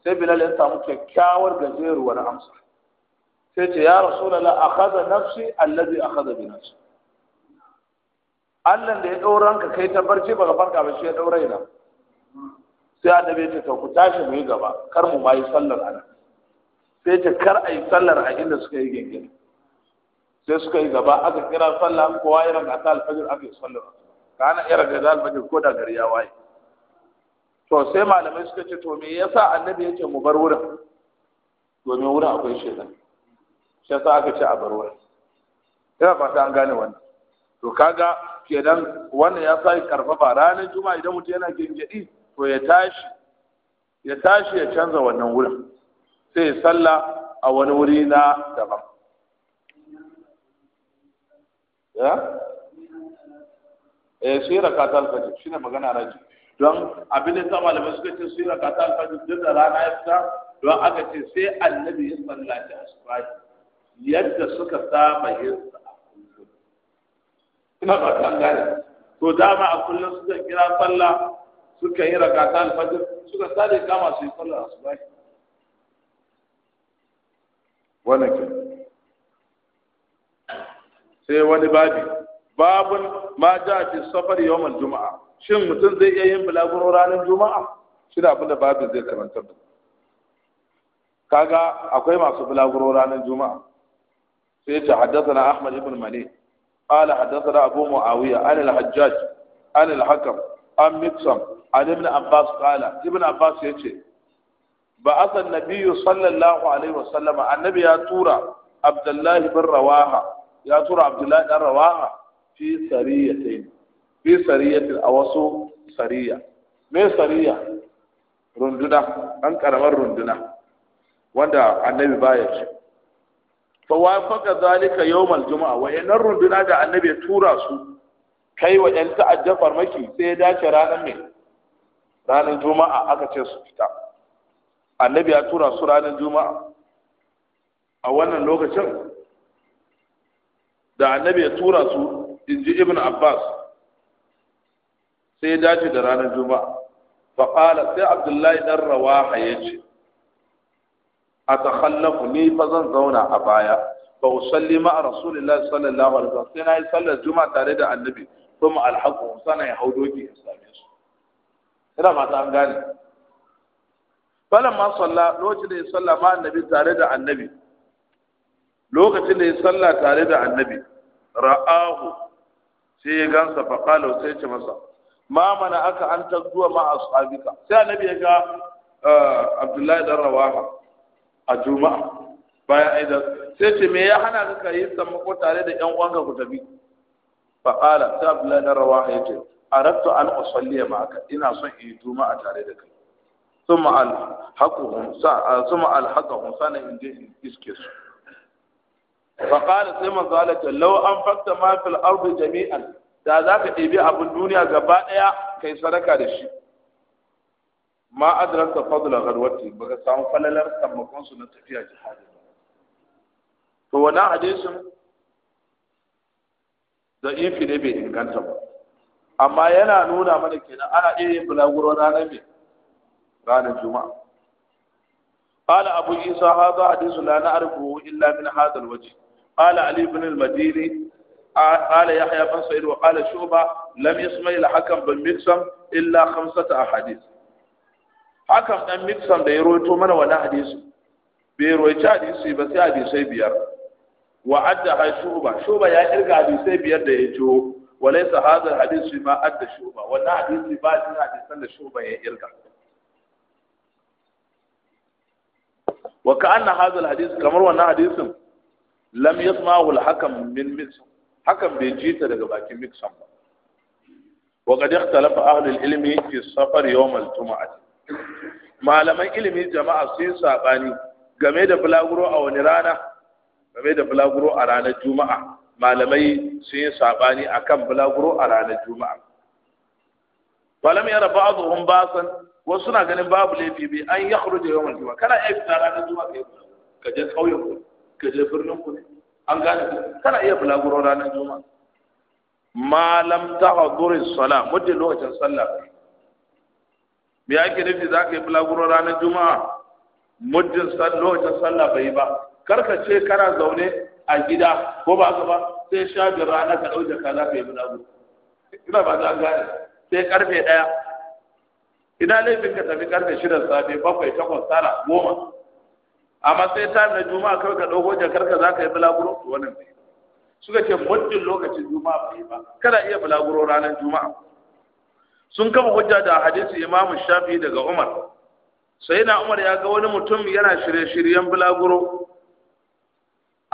sai bilal ya samu kyakkyawar gajeruwar amsa sai ce ya a kaza nafsi allazi kaza bi nafsi Allah da ya ranka kai ta barci baka farka ba shi ya ɗaura ina. sai a dabe ta tafi ku tashi mu yi gaba kar mu ma yi sallar a sai ta kar a yi sallar a inda suka yi gengen sai suka yi gaba aka kira sallah kowa irin a ta alfajir aka yi sallar ka ana iya ranga za alfajir ko da gari ya waye to sai malamai suka ce to me yasa annabi yake mu bar wurin domin wurin akwai shaitan shi yasa aka ce a bar wurin ina fata an gane wannan to kaga kenan wannan ya sa karfafa ranar juma'a idan mutum yana gengedi to ya tashi ya tashi ya canza wannan wurin sai ya salla a wani wuri na daban ya eh sai ka ta shi ne magana raji don abin da ta malamai suka ce sai ka ta alfajir duk da rana ya fita don aka ce sai annabi ya sallaci asubahi yadda suka saba yin sa ina ba ta gane to dama a kullum suka kira sallah suka yi rakata alfajir suka sale kama su yi su asuba wannan ke sai wani babi babun ma ja fi safar yawon juma'a shin mutum zai iya yin bulaguro ranar juma'a shi da abin da babin zai karantar da kaga akwai masu bulaguro ranar juma'a sai ta na ahmad ibn malik قال حدثنا أبو معاوية عن الحجاج عن الحكم an mitsam an ibn abbas qala ibn abbas yace ba asan nabiyyu sallallahu alaihi sallama. annabi ya tura abdullah bin rawaha ya tura abdullah dan rawaha fi sariyatin fi sariyatin a wasu sariya me sariya runduna an karamar runduna wanda annabi baya ce fa wa faka zalika yawmal juma'a wa yanar runduna da annabi tura su kai wa ƴan ta'adda farmaki sai ya dace ranar mai ranar juma'a aka ce su fita annabi ya tura su ranar juma'a a wannan lokacin da annabi ya tura su Inji ji ibn abbas sai ya dace da ranar juma'a faƙala sai abdullahi ɗan rawaha ya ce a takhallafu ni fa zan zauna a baya ba usalli ma a rasulullahi sallallahu alaihi wasallam sai na yi sallar juma'a tare da annabi kuma alhaku sana ya hau doki ya same su ina mata an gane falamma salla lokacin da ya salla ma annabi tare da annabi lokacin da ya salla tare da annabi ra'ahu sai ya gansa fa qala sai ce masa ma mana aka an tazduwa ma ashabika sai annabi ya ga Abdullahi dan Rawaha a Juma'a bayan aidan sai ce me ya hana ka yi sammako tare da ƴan uwanka ku tafi faƙala ta abdullahi na rawaha ya ce arabtu an usalliya ma'aka ina son in yi juma'a tare da kai suma alhaqahum suma alhaqahum sana in je iske su faƙala sai manzo Allah ce an fakta ma fil ardi da za ka ɗebi abin duniya gaba ɗaya kai sadaka da shi ma adrakta fadla garwati baka samu na tafiya jihadi da ifi ne bai inganta ba amma yana nuna mana kenan ana iya yin bulaguro ranar mai ranar juma'a قال أبو عيسى هذا حديث لا نعرفه إلا من هذا الوجه قال علي بن المديني قال يحيى بن سعيد وقال شعبة لم يسمع إلى حكم بن مكسم إلا خمسة أحاديث حكم بن مكسم ده يرويته من ولا حديث بيرويته حديثي بس حديثي بيار wa adda ha shuba shuba ya kirga hadisai biyar da ya jo walaysa hadha hadis fi ma adda shuba wannan hadisi ba shi hadisan da shuba ya kirga wa ka'anna hadha alhadis kamar wannan hadisin lam yasma'u alhakam min mix hakan bai jita daga bakin mixan ba wa qad ikhtalafa ahli alilmi fi safar yawm aljum'ah malaman ilimi jama'a sun sabani game da bulaguro a wani rana game da bulaguro a ranar juma'a malamai sun yi sabani kan bulaguro a ranar juma'a falam yara hun ba'san wasu suna ganin babu laifi bi an yakhruja da yawan jumaa kana iya fita ranar juma'a kai ka je kauyen ku ka je birnin ku an gane kana iya bulaguro ranar juma'a malam tahdhur as sala muddin lokacin sallah me ake nufi za ka yi bulaguro ranar juma'a muddin lokacin sallah bai ba karka ce kana zaune a gida ko ba ka ba sai sha rana ka ɗauke ka za ka yi mun ina ba za gane sai karfe ɗaya ina laifin ka tafi karfe shida safe bakwai takwas tara goma amma sai ta na juma'a karka ka ɗauko jakar karka za ka yi bulaguro to wannan bai suka ce muddin lokacin juma'a bai ba kada iya bulaguro ranar juma'a sun kama hujja da hadisi imamu shafi daga umar sai na umar ya ga wani mutum yana shirye-shiryen bulaguro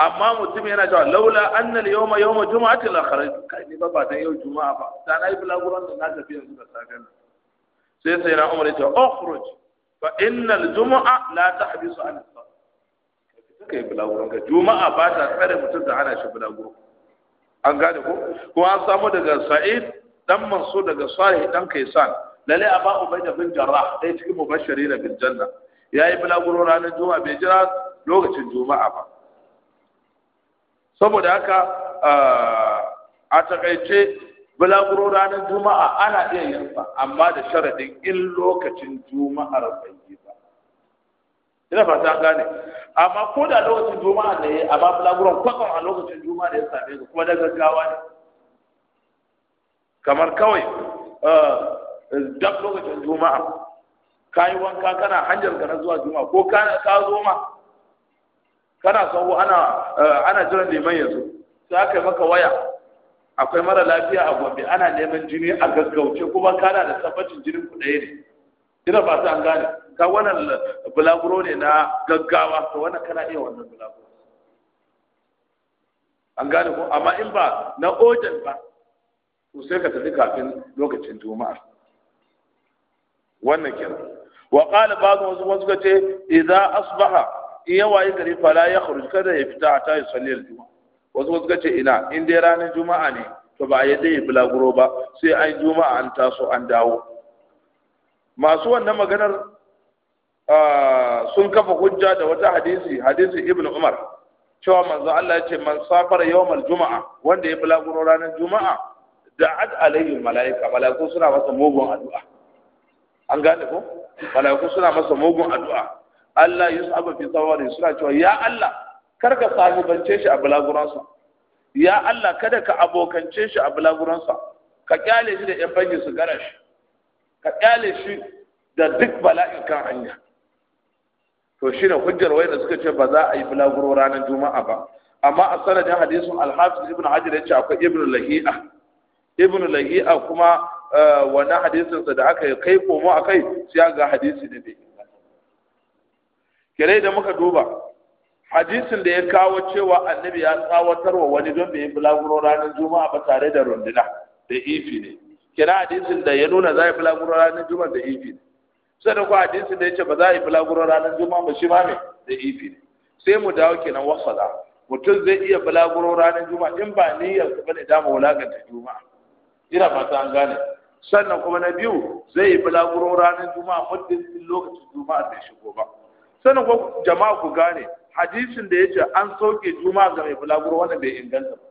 amma mutum yana cewa laula annal yawma yawma juma'a la kharaj kai ne ba ba dan yau juma'a ba dan ai yi bulaguran da na tafi yanzu da sagan sai sai na umar ya ce ukhruj fa innal juma'a la tahbisu an as-salat kai bulaguran ka juma'a ba ta tsare mutum da ana shi bulaguro an gane ko kuma an samu daga sa'id dan mansur daga sahih dan kaisan lalle aba ubayda bin jarrah dai cikin mubashirin bil janna yayi bulaguro ranar juma'a bai jira lokacin juma'a ba saboda haka a takaice bulaguro ranar juma'a ana iya yin sa amma da sharadin in lokacin juma'ar bai yi ba ina fata an gane amma ko da lokacin juma'a ne amma bulaguron kwakwan a lokacin juma'a da ya same ka kuma da gaggawa ne kamar kawai dab lokacin juma'a ka yi wanka kana hanyar ka na zuwa juma'a ko ka zo ma kana sahu ana eh, ana jiran neman yanzu sai aka maka waya akwai mara lafiya a gombe ana neman jini a gaggauce kuma kana da tabbacin jinin ku ɗaya ne ina ba ta an gane ka wannan bulaguro ne na gaggawa to wannan kana iya wannan bulaguro an gane ko amma in ba na ojan ba to sai ka tafi kafin lokacin juma'a wannan kenan wa qala ba'd wasu wasu kace idza asbaha in yawa yi gari fara ya kharuj kada ya fita a ta yi al juma wasu wasu gace ina in dai ranar juma'a ne to ba ya dai bulaguro ba sai yi juma'a an taso an dawo masu wannan maganar sun kafa hujja da wata hadisi hadisi Ibn umar cewa manzo Allah ya ce man safara yawmal juma'a wanda ya bulaguro ranar juma'a Da ad alayhi malaika malaiku suna masa mugun addu'a an gane ko malaiku suna masa mugun addu'a Allah yus'abu fi sawari suna cewa ya Allah kar ka sahibance shi a bulaguransa ya Allah kada ka abokance shi a bulaguransa ka kyale shi da yan bangi su gara shi ka kyale shi da duk bala'in kan hanya to shi ne hujjar wai da suka ce ba za a yi bulaguro ranar juma'a ba amma a sanadin hadisin alhafiz ibn hajar yace akwai ibn lahi'a ibn lahi'a kuma eh, wani hadisin sa da aka yi kai komo akai sai ga hadisi ne kire da muka duba hadisin da ya kawo cewa annabi ya wa wani don bai yi bulaguro ranar juma'a ba tare da runduna da ifi ne kira hadisin da ya nuna za a yi bulaguro ranar juma'a da ifi ne sai da kuma hadisin da ya ce ba za a yi bulaguro ranar juma'a ba shi ma me da ifi ne sai mu dawo kenan wasala mutum zai iya bulaguro ranar juma'a in ba niyyar ku bane dama wulakanta juma'a ina fata an gane sannan kuma na biyu zai yi bulaguro ranar juma'a muddin lokacin juma'a bai shigo ba sanin ko jama'a ku gane hadisin da yace an sauke juma'a ga mai bulaguro wannan bai inganta ba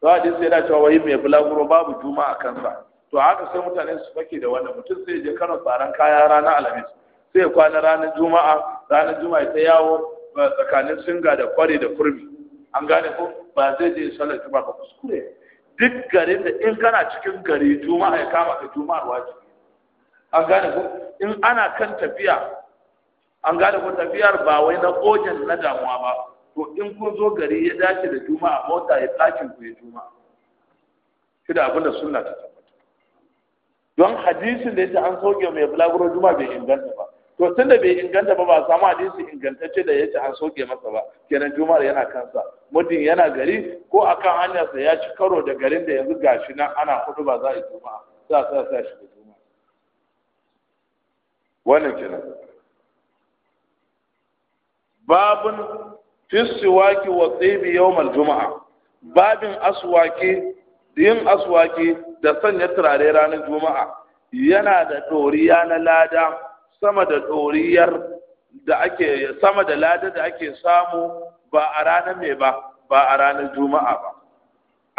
to hadisi yana cewa wai mai bulaguro babu juma'a kansa to haka sai mutane su fake da wannan mutum sai je Kano tsaran kaya ranar Alhamis sai ya kwana ranar Juma'a ranar Juma'a ta yawo tsakanin singa da kware da kurmi an gane ko ba zai je sallar Juma'a ba kuskure duk garin da in kana cikin gari Juma'a ya kama ka Juma'ar wajibi an gane ko in ana kan tafiya an gane ko tafiyar ba wai na kojin na damuwa ba to in kun zo gari ya dace da juma'a mota ya tsakin ku ya juma'a shi da abin da sunna ta tabbata don hadisin da yace an soke mai bulaguro juma'a bai inganta ba to tunda bai inganta ba ba samu hadisi ingantacce da yace an soke masa ba kenan juma'a yana kansa muddin yana gari ko a kan hanyarsa ya ci karo da garin da yanzu gashi nan ana hudu ba za a yi juma'a za a sa shi da juma'a wannan kenan babun fisiwaki wa tsibi yawmal juma'a babin aswaki yin aswaki da sanya turare ranar juma'a yana da ɗoriya na lada sama da doriyar da ake sama da lada da ake samu ba a ranar mai ba ba a ranar juma'a ba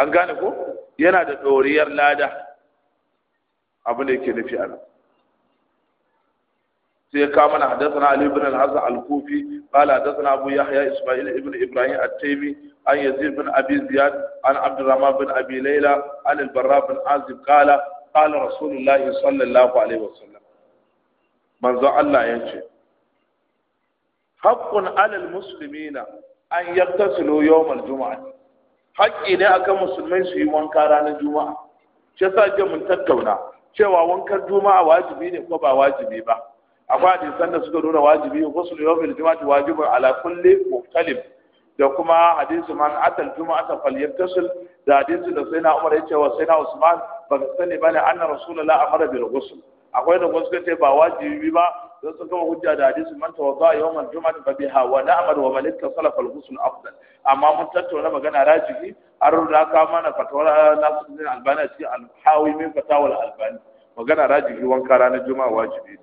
an gane ko yana da ɗoriyar lada Abu ne yake nufi a sai ka mana hadathana ali ibn al-hasan al-kufi qala hadathana abu yahya isma'il ibn ibrahim at-taymi an yazid bin abi ziyad an abdurrahman bin abi layla an al-barra bin azib qala qala rasulullah sallallahu alaihi wasallam manzo Allah yace haqqun alal muslimina an yaktasilu yawmal juma'a haƙƙi ne akan musulmai su yi wanka ranar juma'a shi yasa mun tattauna cewa wankan juma'a wajibi ne ko ba wajibi ba akwai hadisan da suka nuna wajibi ghusl yawmil juma'ati wajibun ala kulli muhtalim da kuma hadisu man atal juma'ata falyattasil da hadisu da sayyidina Umar yace wa sayyidina Usman ba ka sani bane anna rasulullah amara bil ghusl akwai da wasu ce ba wajibi ba don sun kawo hujja da hadisu man tawadda yawmal juma'ati fa biha wa na'mal wa man ittasala fal ghusl afdal amma mun tattauna magana rajihi har da ka mana fatawar Nasiruddin Albani cikin al-Hawi min fatawal Albani magana rajihi wanka ranar juma'a wajibi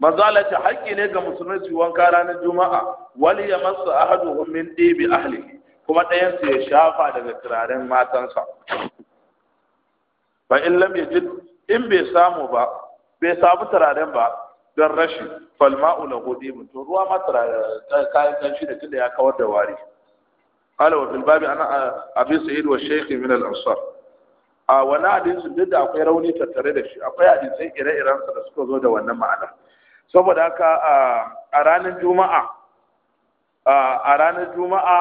manzo ce haƙƙi ne ga musulmai su wanka ranar juma'a wal yamassu ahaduhum min ɗebi ahli, kuma ɗayan su ya shafa daga turaren matansa fa in lam yajid in bai samu ba bai samu turaren ba don rashi falma'u lahu dibun to ruwa ma eh, kayan kanshi da tunda ya kawar da wari qala wa fil babi ana abi sa'id wa shaykh min al ansar a wani hadisin duk da akwai rauni tattare da shi akwai hadisai ire-iren da suka zo da wannan ma'ana saboda haka a ranar juma'a a ranar juma'a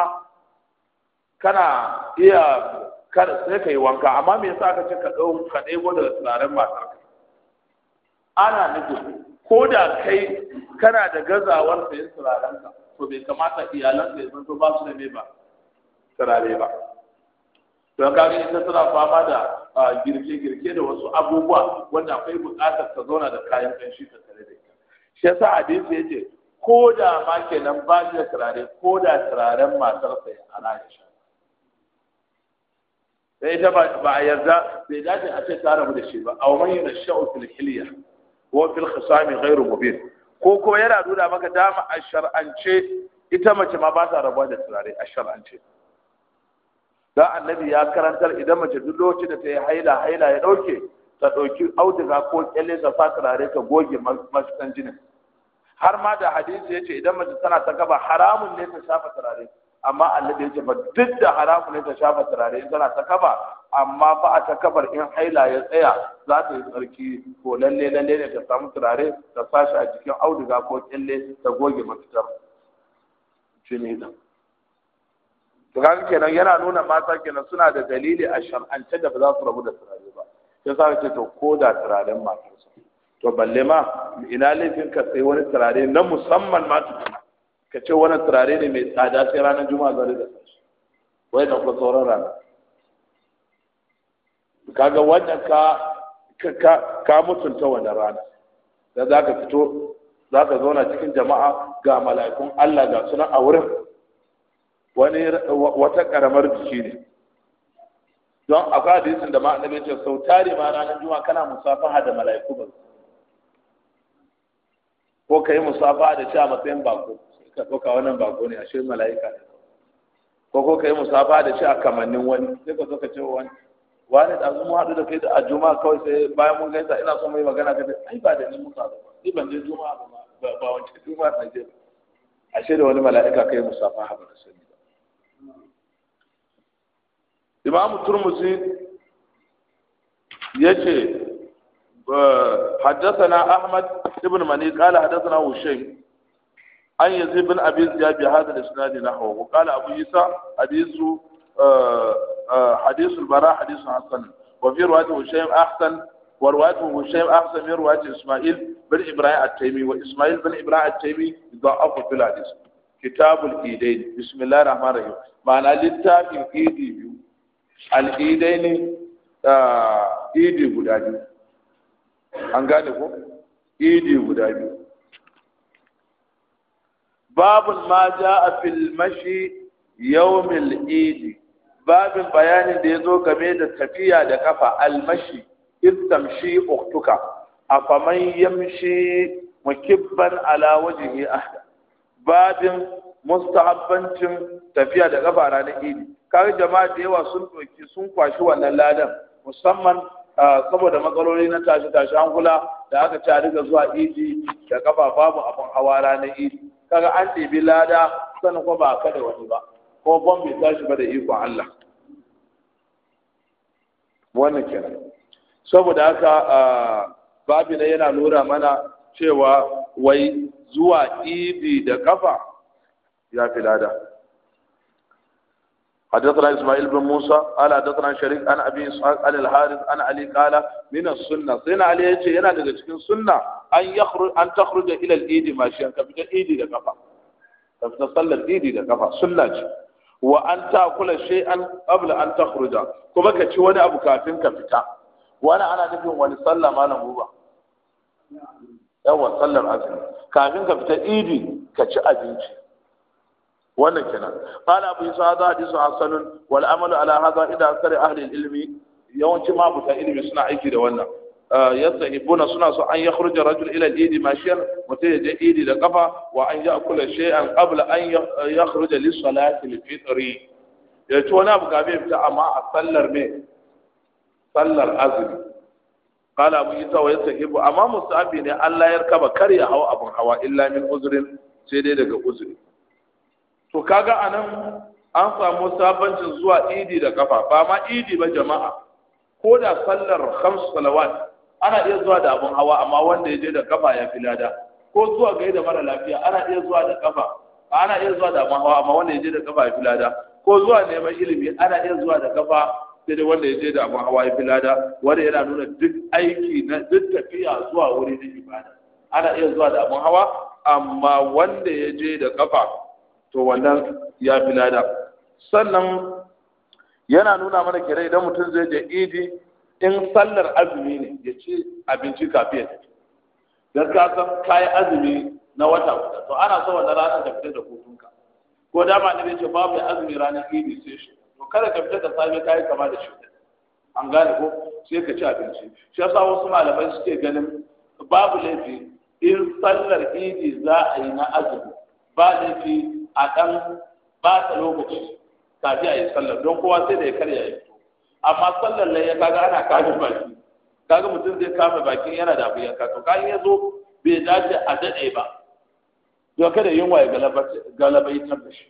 kana iya kada sai ka yi wanka amma me yasa aka ce ka ɗau ka ɗebo daga turaren matar ana nufin ko da kai kana da gazawar sayan turarenka, ka to bai kamata iyalan ya yanzu ba su da me ba turare ba don kaga ita tana fama da girke-girke da wasu abubuwa wanda akwai buƙatar ka zauna da kayan ƙanshi ka tare da ita shi yasa hadisi yace ko da ma kenan ba shi da turare ko da turaren matar ya ana ya sha sai ita ba a yarda bai dace a ce tare mu da shi ba A wani da sha'u fil hilya ko fil khisam ghairu mubin ko ko yana nuna maka dama a shar'ance ita mace ma ba ta rabuwa da turare a shar'ance da annabi ya karantar idan mace duk lokacin da ta yi haila haila ya dauke ta ɗauki auduga ko kyalle da fatirare ta goge mashigan jinin har ma da hadisi ya ce idan mace tana ta gaba haramun ne ta shafa turare amma annabi ya ce ba duk da haramun ne ta shafa turare in tana ta gaba amma ba a ta kabar in haila ya tsaya za ta yi tsarki ko lalle lalle ne ta samu turare ta sashi a jikin auduga ko ƙyalle ta goge mafitar jini da to kenan yana nuna mata kenan suna da dalili a shar'ance da ba za su rabu da turare ya sa ce to ko da turaren matarsa to balle ma ina laifin ka sai wani turare na musamman ma tukuna ka ce wani turare ne mai tsada sai ranar juma'a zare da sashi wai da kuma sauran rana kaga wannan ka ka ka mutunta wani rana da za ka fito za ka zauna cikin jama'a ga mala'ikun Allah ga sunan a wurin wani wata karamar jiki ne don akwai hadisin da ma annabi ce sau tare ma ranar juma'a kana musafaha da mala'iku ba ko ka yi musafaha da shi a matsayin bako sai ka ɗauka wannan bako ne ashe mala'ika ne ko ko ka yi musafaha da shi a kamannin wani sai ka zo ka ce wani wani da mun haɗu da kai a juma'a kawai sai bayan mun gaisa ina son mai magana ka ce ai ba da ni muka ba ni ban je juma'a ba ba wancan juma'a na je ba ashe da wani mala'ika kai musafaha ba da sani امام turmuzi yace حدثنا احمد ابن مني قال حدثنا هشيم ان يزيد بن ابي زياد بهذا الاسناد نحوه وقال ابو عيسى حديث حديث البراء حديث حسن وفي روايه هشيم احسن ورواته هشيم احسن من روايه اسماعيل بن ابراهيم التيمي واسماعيل بن ابراهيم التيمي ضعف في الحديث كتاب الايدين بسم الله الرحمن الرحيم معنى للتابع الايدي al'idai ne idi guda biyu an gane ko idi guda biyu babun ma ja a filmashi yawmil idi babin bayanin da ya zo game da tafiya da kafa almashi istamshi uktuka faman yamshi mukibban ala ya ahda babin mustahabbancin tafiya da kafa ranar idi kaga jama'a da yawa sun doki sun kwashi wannan ladan musamman saboda matsaloli na tashi tashi hankula da aka ci a riga zuwa idi da kafa babu abin hawa ranar idi kaga an ɗebi lada sanin ko ba kada wani ba ko ban bai tashi ba da ikon Allah wannan kenan saboda haka babina yana lura mana cewa wai zuwa idi da kafa يا في الأداء حدثنا إسماعيل بن موسى قال حدثنا شريك أنا أبي إسحاق عن الحارث أنا علي قال من السنة سنة علي يجي هنا daga cikin sunna an yakhruj an takhruja ila al-eid mashiyan ka fita idi da kafa ka fita sallar idi da kafa sunna ce wa an ta'kula shay'an qabla an takhruja kuma ka ci wani abu kafin ka fita wani ana nufin wani sallah malam buba yawa sallar azumi kafin ka fita idi ka ci abinci wannan kenan qala abu isa hadha hadithu hasanun wal amalu ala hadha ida akthar ahli ilmi yawanci ma buta ilmi suna aiki da wannan ah, Ibuna suna so an yakhruja rajul ila al-eid mashiyan mutai ya je eid da kafa wa an ya'kula shay'an qabla an yakhruja li salati al fitri ya ci wani abu kafin fita amma a sallar me sallar azumi qala abu isa wa yastahibu amma musabi ne Allah ya kaba kar ya hawa abun hawa illa min uzrin sai dai daga uzrin to kaga anan an samu sabancin zuwa idi da kafa ba ma idi ba jama'a ko da sallar khams salawat ana iya zuwa da abun hawa amma wanda ya je da kafa ya fi lada ko zuwa gaida mara lafiya ana iya zuwa da kafa ana iya zuwa da abun hawa amma wanda ya je da kafa ya fi lada ko zuwa neman ilimi ana iya zuwa da kafa sai dai wanda ya je da abun hawa ya fi lada wanda yana nuna duk aiki na duk tafiya zuwa wuri na ibada ana iya zuwa da abun hawa amma wanda ya je da kafa to wannan ya fi lada sannan yana nuna mana kira idan mutum zai je idi in sallar azumi ne ya ci abinci kafin ya tafi don ka san kayi azumi na wata wata to ana so wannan ranar ka fita da hutunka ko da ne bai ce babu azumi ranar idi sai shi to kada ka fita da safe kayi kama da shi an gane ko sai ka ci abinci shi yasa wasu malamai suke ganin babu laifi in sallar idi za a yi na azumi ba laifi a ɗan ba ta lokaci kafin a yi sallar don kowa sai da ya karya ya fito amma sallar nan ya kaga ana kame baki kaga mutum zai kame bakin yana da abin yanka to kayan ya bai dace a daɗe ba yau kada yunwa ya galabaitar da shi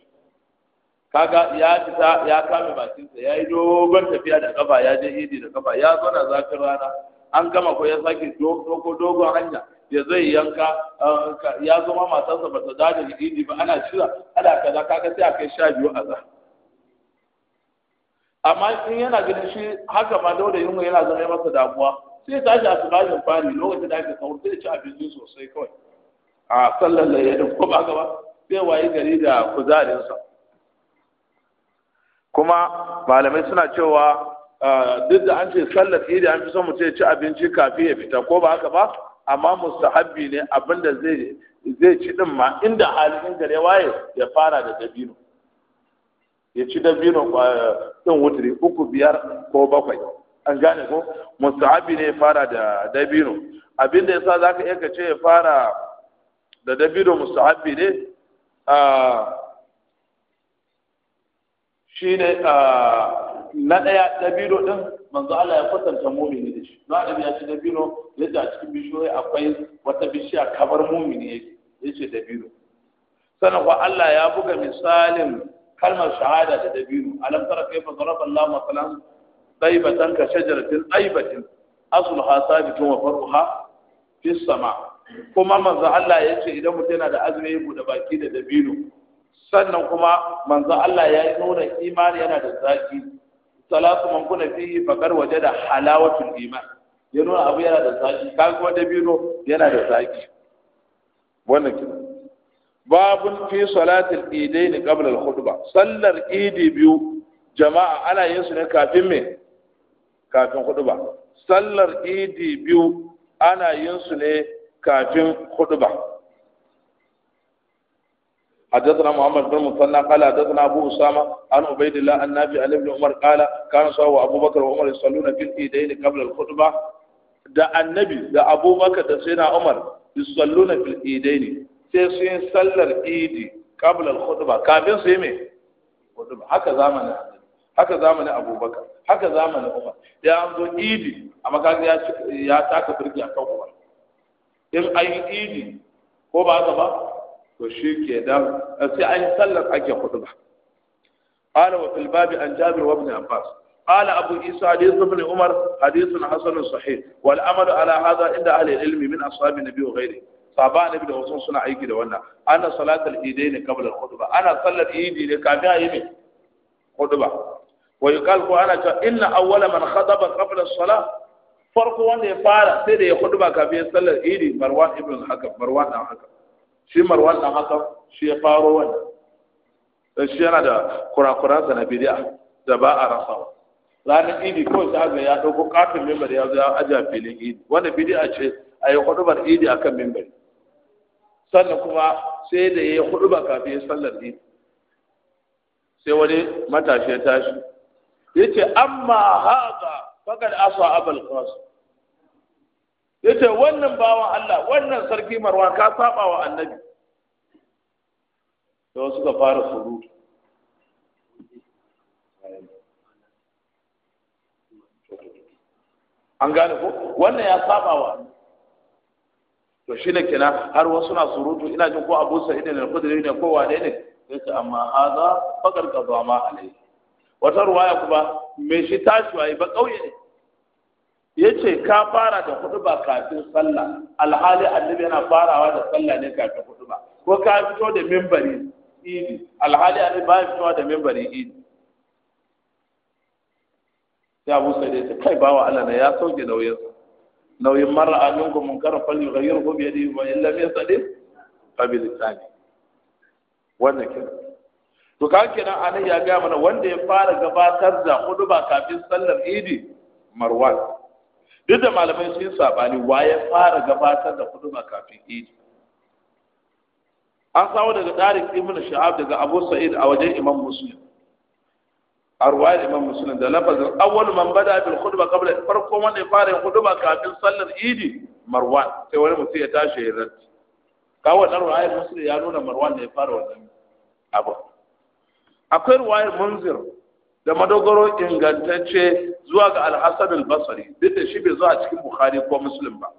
kaga ya fita ya kame bakinsa ya yi dogon tafiya da kafa ya je idi da kafa ya zo na zafin rana an gama ko ya sake dogon hanya ya zai yanka ya zama matarsa ba ta da da idi ba ana cira ana kaza kaga sai a kai sha biyu a za amma in yana ganin shi haka ma dole yunwa yana zama masa damuwa sai tashi a tsibirin fari lokacin da ake sauri sai ci abinci sosai kawai a sallar da ya ko ba gaba sai waye gari da kuzarinsa kuma malamai suna cewa duk da an ce sallar da an fi son mutum ya ci abinci kafin ya fita ko ba haka ba amma mustahabbi ne abinda zai zai ci din ma inda halin gare waye ya fara da dabino ya ci dabino din wuturi uku biyar ko bakwai an gane ko mustahabbi ne ya fara da dabino abinda yasa zaka iya ka ce ya fara da dabino mustahabbi ne a ah, shi ne ah, na ɗaya dabino ɗin manzo Allah ya kwatanta mumini da shi na ya ce dabino a cikin bishiyoyi akwai wata bishiya kamar mumini yake ya ce dabino sannan kuwa Allah ya buga misalin kalmar shahada da dabino alam tara kaifa daraba Allah masalan taibatan ka shajaratin aibatin asluha sabitun wa far'uha fis sama kuma manzo Allah ya ce idan mutum yana da azumi ya bude baki da dabino sannan kuma manzon Allah ya nuna imani yana da zaki salatu man kuna fihi faqad wajada halawatul iman ya nuna abu yana da zaki kaga wanda biro yana da zaki wannan kina babun fi salatil idaini qabla al khutba sallar idi biyu jama'a ana yin su ne kafin me kafin khutba sallar idi biyu ana yin su ne kafin khutba حدثنا محمد بن مثنى قال حدثنا ابو اسامه عن عبيد الله عن عن ابن عمر قال كان صاحب ابو بكر وعمر يصلون في الايدين قبل الخطبه da annabi da abubakar da sai na umar yusalluna fil idaini sai su yin sallar idi qabla al khutba kafin su yi me khutba haka zamani, haka zamani abubakar haka zamani umar ya an zo idi amma kaga ya ya taka birki akan umar in ayi idi ko ba haka ba قال وفي الباب عن جابر وابن عباس قال ابو عيسى حديث ابن عمر حديث حسن صحيح والامر على هذا عند اهل العلم من اصحاب النبي وغيره صحابه النبي وهو صنع اي كده وانا انا صلاه الايدين قبل الخطبه انا صلى ايدي كذا يمين خطبه ويقال قرانا ان اول من خطب قبل الصلاه فرق وان يفعل سيدي خطبه كبير صلى ايدي مروان ابن الحكم مروان الحكم shi marwan dan haka shi ya faro wannan shi yana da sa na bid'a da ba a wa. ranar idi ko ta haka ya ɗauko kafin member ya zo ya aja filin idi wanda bidiya ce a yi hudubar idi akan member sannan kuma sai da ya yi hudubar kafin ya sallar idi sai wani matashi ya tashi ya ce amma haka fakar asa abal kasu yace wannan bawan Allah wannan sarki marwa ka saba wa annabi da wasu ka fara surutu an gane ko wannan ya saba wa to shi ne kenan har wasu na surutu ina jin ko Abu ne na khudri ne ko wane ne yace amma fakar faqad qadama alai wata ruwaya kuma me shi tashi waye ba kauye ne ya ce ka fara da kudu ba kafin sallah alhali annabi yana farawa da sallah ne kafin kudu ba ko ka fito da mimbari idi alhali annabi ba ya fito da mimbari idi ya busa da ta kai bawa Allah ne ya sauke nauyin nauyin mara amin ku mun kara falli ghayyir hu bi yadihi wa illa bi yasadi fa bi lisani wannan kenan to ka kenan anan ya ga mana wanda ya fara gabatar da hudu ba kafin sallar idi marwan duk da malamai sun wa waye fara gabatar da huduma kafin idi an samu daga tariq ibn shahab daga abu sa'id a wajen imam muslim a ruwayar imam muslim da lafazin awwal man bada bil khutba qabla farko wanda ya fara yin khutba kafin sallar idi marwan sai wani mutum ya tashi ya rantsi kawo wannan ruwayar muslim ya nuna marwan ne ya fara wannan abu akwai ruwayar munzir da madogaro ingantacce zuwa ga al-hasan al-basri duk da shi bai zo a cikin bukhari ko muslim ba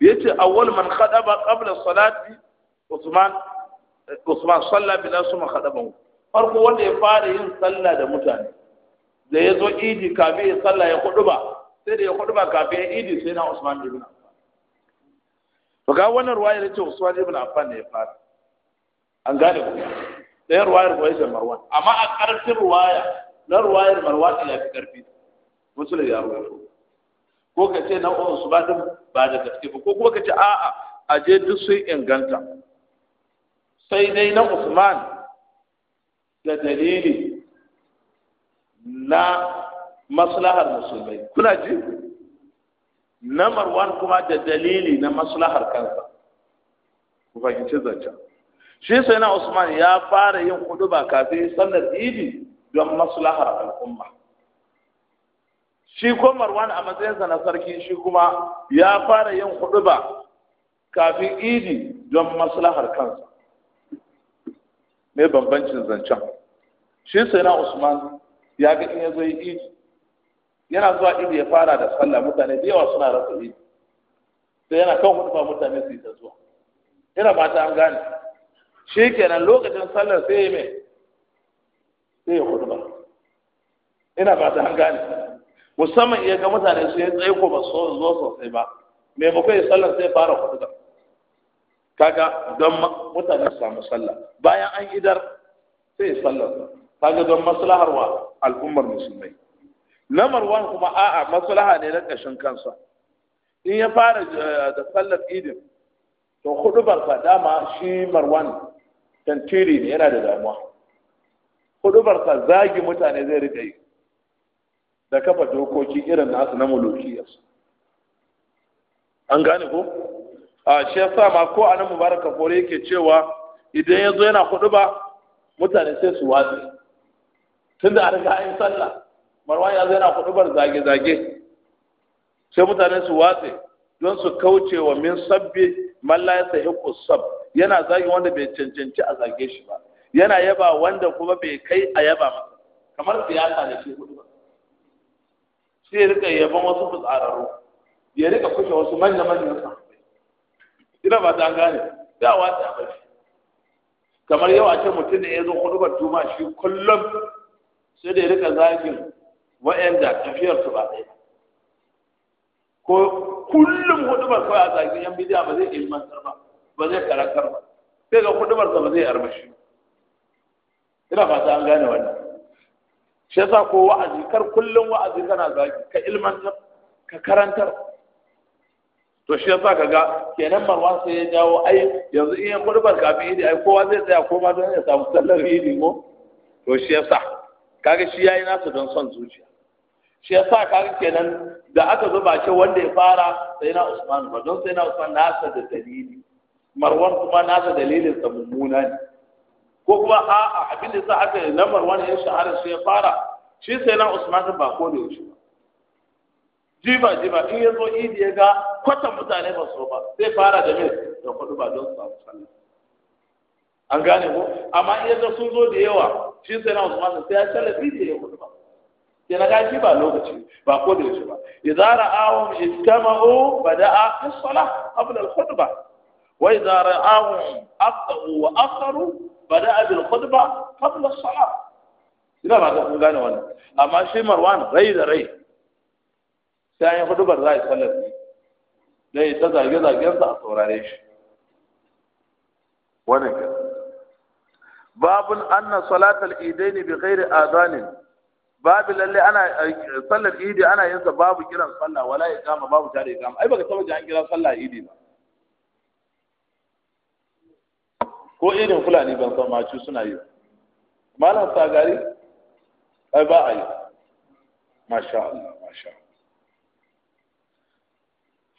yace awwal man khadaba qabla salati usman usman salla bila suma khadabahu farko wanda ya fara yin sallah da mutane da ya zo idi kafin ya sallah ya ba, sai da ya ba kafin ya idi sai na usman ibn affan ga wannan ruwaya da ce usman ibn affan ne ya fara an gane ku ɗaya ruwayar ruwayar marwan amma a ƙarfin ruwaya na ruwayar marwan ila fi ƙarfi musulun ya rubuto ko ka ce nau'in su ba din ba da gaske ba ko kuma ka ce a'a a je duk sun inganta sai dai na Usman da dalili na maslahar musulmai kuna ji na Marwan kuma da dalili na maslahar kansa ku fahimci zancen shi sai na Usman ya fara yin hudu ba kafin sallar idi don maslahar al'umma shi ko marwan a matsayinsa na sarki shi kuma ya fara yin huduba kafin idi don maslahar kansa mai bambancin zancen shi sai na usman ya ga in ya zo idi yana zuwa idi ya fara da sallah mutane da yawa suna rasa idi sai yana kan huduba mutane su yi ta zuwa ina mata an gane shi kenan lokacin sallar sai ya yi mai sai ya huduba ina mata an gane musamman iya ga mutane su yi tsaiko ba so zo sosai ba maimakon ya sallar sai fara hudu kaga don mutane su samu sallah bayan an idar sai ya sallar kaga don maslahar wa al'ummar musulmai na marwan kuma a'a maslaha ne na ƙashin kansa in ya fara eh, da sallar idin to hudu barka dama shi marwan tantiri ne yana da damuwa hudu barka zagi mutane zai rika yi da kafa dokoki irin nasu na mulukiyarsu an gane ko a shi ya sa ma ko anan mubaraka kore yake cewa idan ya zo yana kudu ba mutane sai su watsi tun da a riga yin sallah marwa ya zo yana kudu bar zage-zage sai mutane su watsi don su kauce wa min sabbi ya la ku sab yana zagi wanda bai cancanci a zage shi ba yana yaba wanda kuma bai kai a yaba masa kamar siyasa da shi kudu sai rika yaban wasu fitsararru ya rika kushe wasu manya manyan sahabbai ina ba ta gane ya wata ba kamar yau a ce mutum ne ya zo hudubar tuma shi kullum sai da ya rika zagin wa'anda tafiyar su ba ɗaya ko kullum hudubar kawai a zagin yan bidiya ba zai ilmantar ba ba zai karakar ba sai ga hudubar sa ba zai armashi ina ba an gane wannan shi yasa ko wa'azi kar kullum wa'azi kana zagi ka ilmantar ka karantar to shi yasa kaga kenan marwa sai ya jawo ai yanzu in yan kurbar kafin idi ai kowa zai tsaya ko ma don ya samu sallar idi mo to shi yasa kaga shi yayi nasa don son zuciya shi yasa kaga kenan da aka zuba shi wanda ya fara sai na Usman ba don sai na Usman nasa da dalili Marwan kuma nasa dalilin sa mummuna ne ko kuma a'a abin da sa aka lambar wani ya shahara shi ya fara shi sai na Usman ba ko da yaushe ba jiba jiba in ya zo idi ya ga kwata mutane ba so ba sai fara da mai da kudu ba don samu sallah an gane ko amma in ya zo sun zo da yawa shi sai na Usman sai ya sallah idi ya kudu ba sai na ba lokaci ba ko da yaushe ba idza ra'awhum istama'u bada'a as-salah qabla al-khutbah wa idza ra'awhum afda'u wa akharu bada bil khutba qabla as-salat ina ba ta kun gane wannan amma shi marwan rai da rai sai ya hudu bar zai sallar dai ta zage zagen sa a saurare shi wannan ke babun anna salatal idain bi ghairi adanin babu lalle ana sallar idi ana yin sa babu kiran sallah wala ya gama babu tare ya gama. ai baka saba ji an kira sallah idi ba ko irin fulani ban san macu suna yi malam sagari ai ba a yi masha Allah masha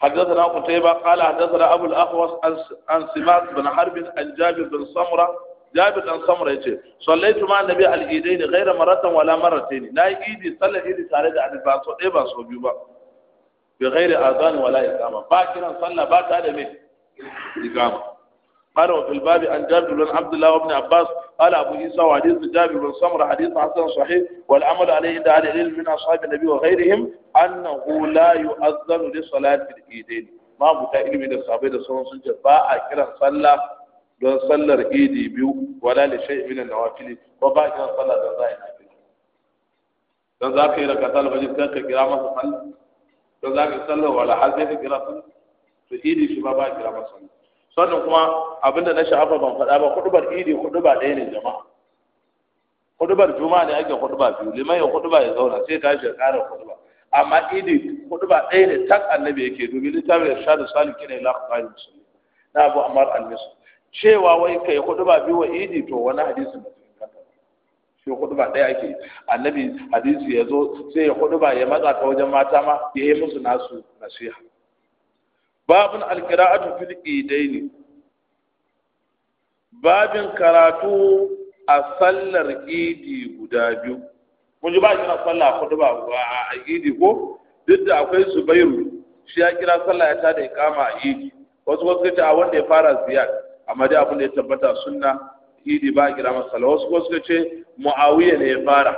حدثنا قتيبة قال حدثنا أبو الأخوص عن سماك بن حرب عن جابر بن سمرة جابر بن سمرة يقول صليت مع النبي على الإيدين غير مرة ولا مرتين لا إيدي صلى إيدي تارد عن الباسو إيبا صوبيبا بغير آذان ولا إقامة باكرا صلى باك هذا إقامة قالوا في الباب عن جابر بن عبد الله وابن عباس قال ابو عيسى وحديث جابر بن سمره حديث حسن صحيح والعمل عليه عند اهل العلم من اصحاب النبي وغيرهم انه لا يؤذن لصلاه الايدين ما متأكد من الصحابه صلى الله عليه وسلم جبا اكل صلاه دون صلى الايد بيو ولا لشيء من النوافل وبا صلى صلاه ده زائد ده ذاك الى قتل وجد كان كرامه صلاه ده ذاك صلاه ولا حاجه كرامه فيدي شباب كرامه صلاه sannan kuma abinda na sha'afa ban faɗa ba kudubar idi huduba ɗaya ne jama'a kudubar juma'a ne ake huduba biyu liman ya huduba ya zauna sai ta shi ƙara huduba amma idi huduba ɗaya ne tak annabi yake dubi littafin kina ya ila qali musulmi na abu amar al cewa wai kai huduba biyu wa idi to wani hadisi kanta. shi huduba ɗaya ake annabi hadisi ya zo sai ya huduba ya matsa ta wajen mata ma ya yi musu nasu nasiha babun alqira'atu fil idaini babin karatu a sallar idi guda biyu mun ji ba kira sallah ko ba a idi ko duk da akwai su zubairu shi ya kira sallah ya tada ikama a idi wasu wasu ce a wanda ya fara ziyar amma dai abin da ya tabbata sunna idi ba kira masa sallah wasu wasu ce muawiya ne ya fara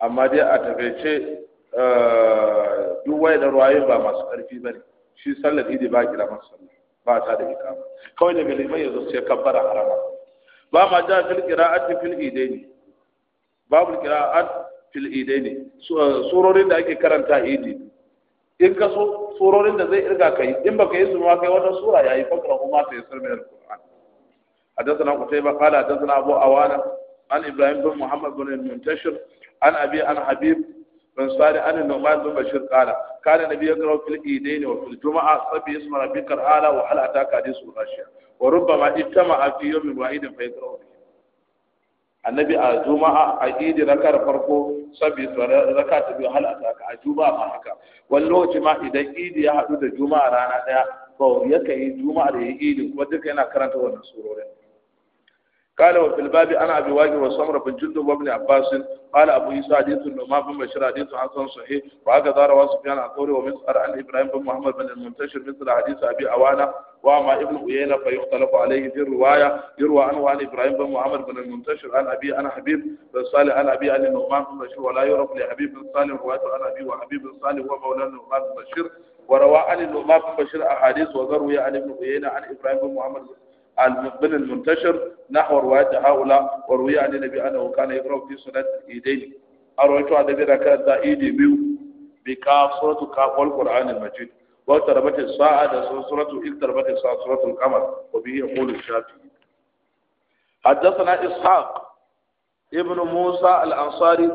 amma dai a takaice eh, duk wai da ruwaye ba masu karfi bane shi sallar idi ba kira da sallah ba ta da ikama kawai daga liman yanzu sai kabbara harama ba ma ja fil qira'ati fil idaini babu qira'at fil idaini eh, surorin da ake karanta idi in ka so surorin da zai irga kai in baka yi su ma kai wata sura yayi fakra kuma ta yasar min alquran حدثنا قتيبة qala حدثنا abu awana an ibrahim bin muhammad bin muntashir An abi An Habib. من سؤال أن النعمان بن بشير قال كان النبي يقرأ في الإيدين وفي الجمعة صبي اسم ربك الأعلى وهل أتاك حديث الغاشية وربما اجتمع في يوم واحد فيقرأ به annabi a juma'a a idi rakar farko saboda raka ta biyu halata ka a juma'a ma haka wani lokaci ma idan idi ya haɗu da juma'a rana ɗaya to yake yi juma'a da idi kuma duka yana karanta wannan surorin قال وفي الباب انا ابي واجب وسمره بن جلد وابن عباس قال ابو عيسى حديث النعمان بن بشير حديث حسن صحيح وهكذا روى سفيان عن ثوري ومسعر عن ابراهيم بن محمد بن المنتشر مثل حديث ابي اوانا واما ابن عيينه فيختلف عليه في الروايه يروى عنه عن ابراهيم بن محمد بن المنتشر عن ابي انا حبيب بن صالح عن ابي عن النعمان بن بشير ولا يعرف لحبيب بن صالح روايته عن ابي وحبيب بن صالح هو مولى النعمان بن بشير وروى عن النعمان بن بشير احاديث وذروي عن ابن عيينه عن ابراهيم بن محمد المقبل المنتشر نحو رواية هؤلاء وروي عن النبي أنه كان يقرأ في سنة إيدين أرويت عن النبي كان ذا إيدي بيو بكاف سورة كاف والقرآن المجيد واقتربت الساعة سورة اقتربت الساعة سورة القمر وبه يقول الشافعي حدثنا إسحاق ابن موسى الأنصاري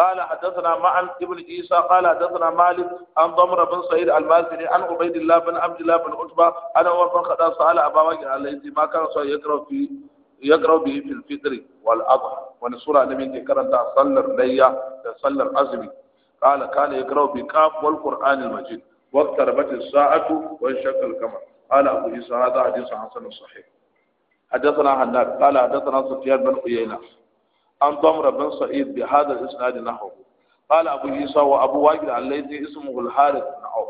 قال حدثنا معن ابن عيسى قال حدثنا مالك عن ضمر بن سعيد المازني عن عبيد الله بن عبد الله بن عتبة عن هو بن خطاب سأل أبا وجه على ما كان يقرأ في يقرأ به في الفطر والأضحى وأن سورة النبي كرنت صلى ليا صلى عزمي قال كان يقرأ بكاف والقرآن المجيد واقتربت الساعة وانشق القمر قال أبو عيسى هذا حديث حسن صحيح حدثنا عن قال حدثنا سفيان بن عيينة an ضمر بن سعيد بهذا الاسناد نحوه قال ابو عيسى وابو واجد الليثي اسمه الحارث بن عوف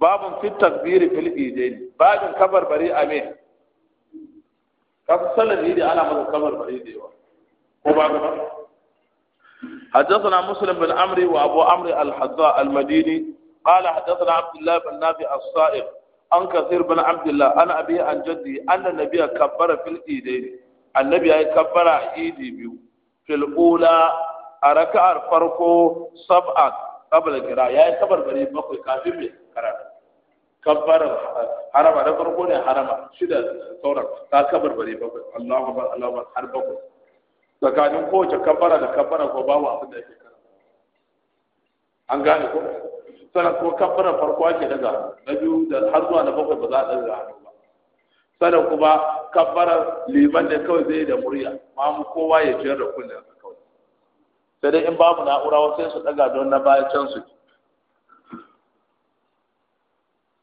باب في التكبير في الايدين بعد كبر بريء امين كفصل الايد انا من كبر بريء ديوا وبعد حدثنا مسلم بن عمرو وابو عمرو الحذاء المديني قال حدثنا عبد الله بن نافع الصائغ عن كثير بن عبد الله انا ابي عن جدي ان النبي كبر في الايدين annabi ya yi kabbara idi biyu fil ula a raka'ar farko sab'at qabla kira ya yi bari bakwai kafin mai karar kabbara harama na farko ne harama shida sauran ta bari bakwai Allahu akbar Allahu akbar har bakwai tsakanin kowace kabbara da kabbara ko babu abin da yake karar an gane ko sanan ko kabbara farko ake daga na biyu da har zuwa na bakwai ba za a daga hannu sada kuma kabbara liman da kawai zai da murya ma mu kowa ya jiyar da kullum kawai sai dai in babu na'ura wasu su daga don na baya can su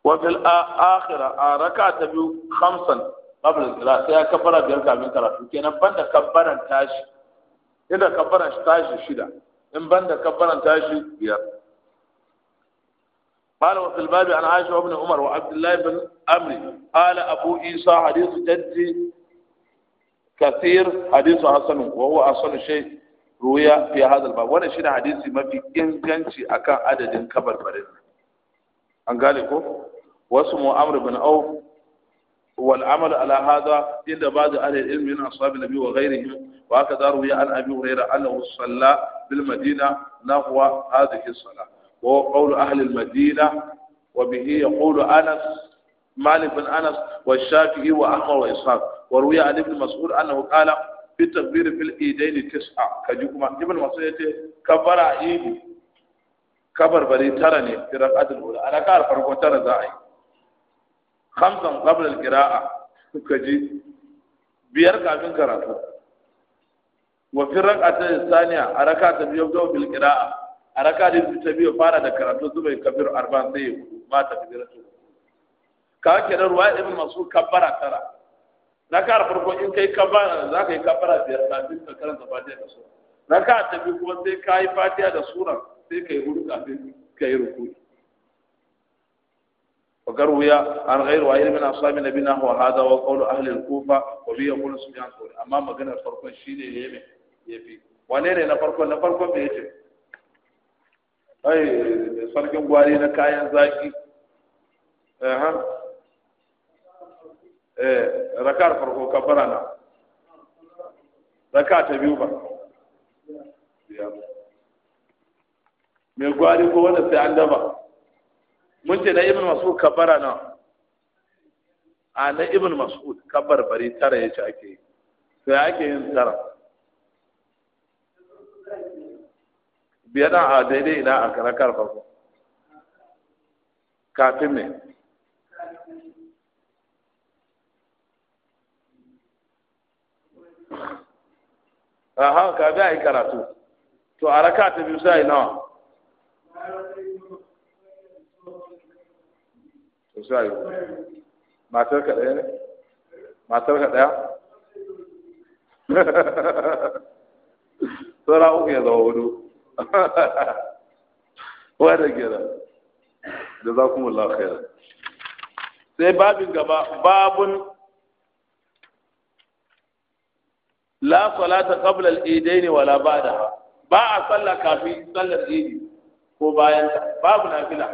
wa fil akhira a raka ta biyu khamsan qabla al-salat sai ya kabbara biyar kafin karatu kenan banda kabbaran tashi inda kabbaran tashi shida in banda kabbaran tashi biyar قال وفي الباب عن عائشة بن عمر وعبد الله بن عمرو قال أبو عيسى حديث جد كثير حديث حسن وهو أصل شيء روي في هذا الباب وانا شنو حديثي ما في إنجنشي أكان عدد كبر برد أن قال لكم واسمه عمرو بن أوف والعمل على هذا إلا بعض أهل العلم من أصحاب النبي وغيرهم وهكذا روي عن أبي هريرة أنه صلى بالمدينة نحو هذه الصلاة وهو قول أهل المدينة وبه يقول أنس مالك بن أنس والشافعي وأحمد وإسحاق وروي عن ابن مسعود أنه قال في التكبير في الإيدين تسعة كجوكما ابن مسعود كبر إيدي كبر بري ترني في ركعة الأولى أنا كار فرقو ترى زاي خمسا قبل القراءة كجي بيرقى من كراتو وفي الركعة الثانية أركعة بيبدأ بالقراءة a raka da ta biyu fara da karatu zubai kabir arba'in sai ya hudu ma ta kabira ta ka ke da ruwa ibn mas'ud kabbara tara raka farko in kai kabbara za ka yi kabbara biyar kafin ka karanta fatiha da sura Na ta tafi kuma sai ka yi fatiha da sura sai ka yi hudu kafin ka yi rukuni وقد روي عن غير واحد من اصحاب النبي نحو هذا وقول اهل الكوفه وبه يقول سفيان sauri. اما مغنى الفرق شيء ne fi wane ne na farkon? na farko me ai sarkin gwari na kayan zaki eh rakar farko kabbara na raka ta biyu ba mai gwari ko wanda sai an daba mun ce na ibn masu kabbara na a na ibn masu kabbar bari tara ya yace ake yi sai ake yin tara biyana a daidai ina a karakar farko kafin me aha kafin a yi karatu to a raka ta biyu sai nawa to sai matar ka ɗaya ne matar ka ɗaya saura uku ya zama hudu [LAUGHS] wadda gira da za kuma lafiya sai babin gaba babun la salata qabla al-idaini wala ba'daha ba a salla kafin sallar idi ko bayan babu nafila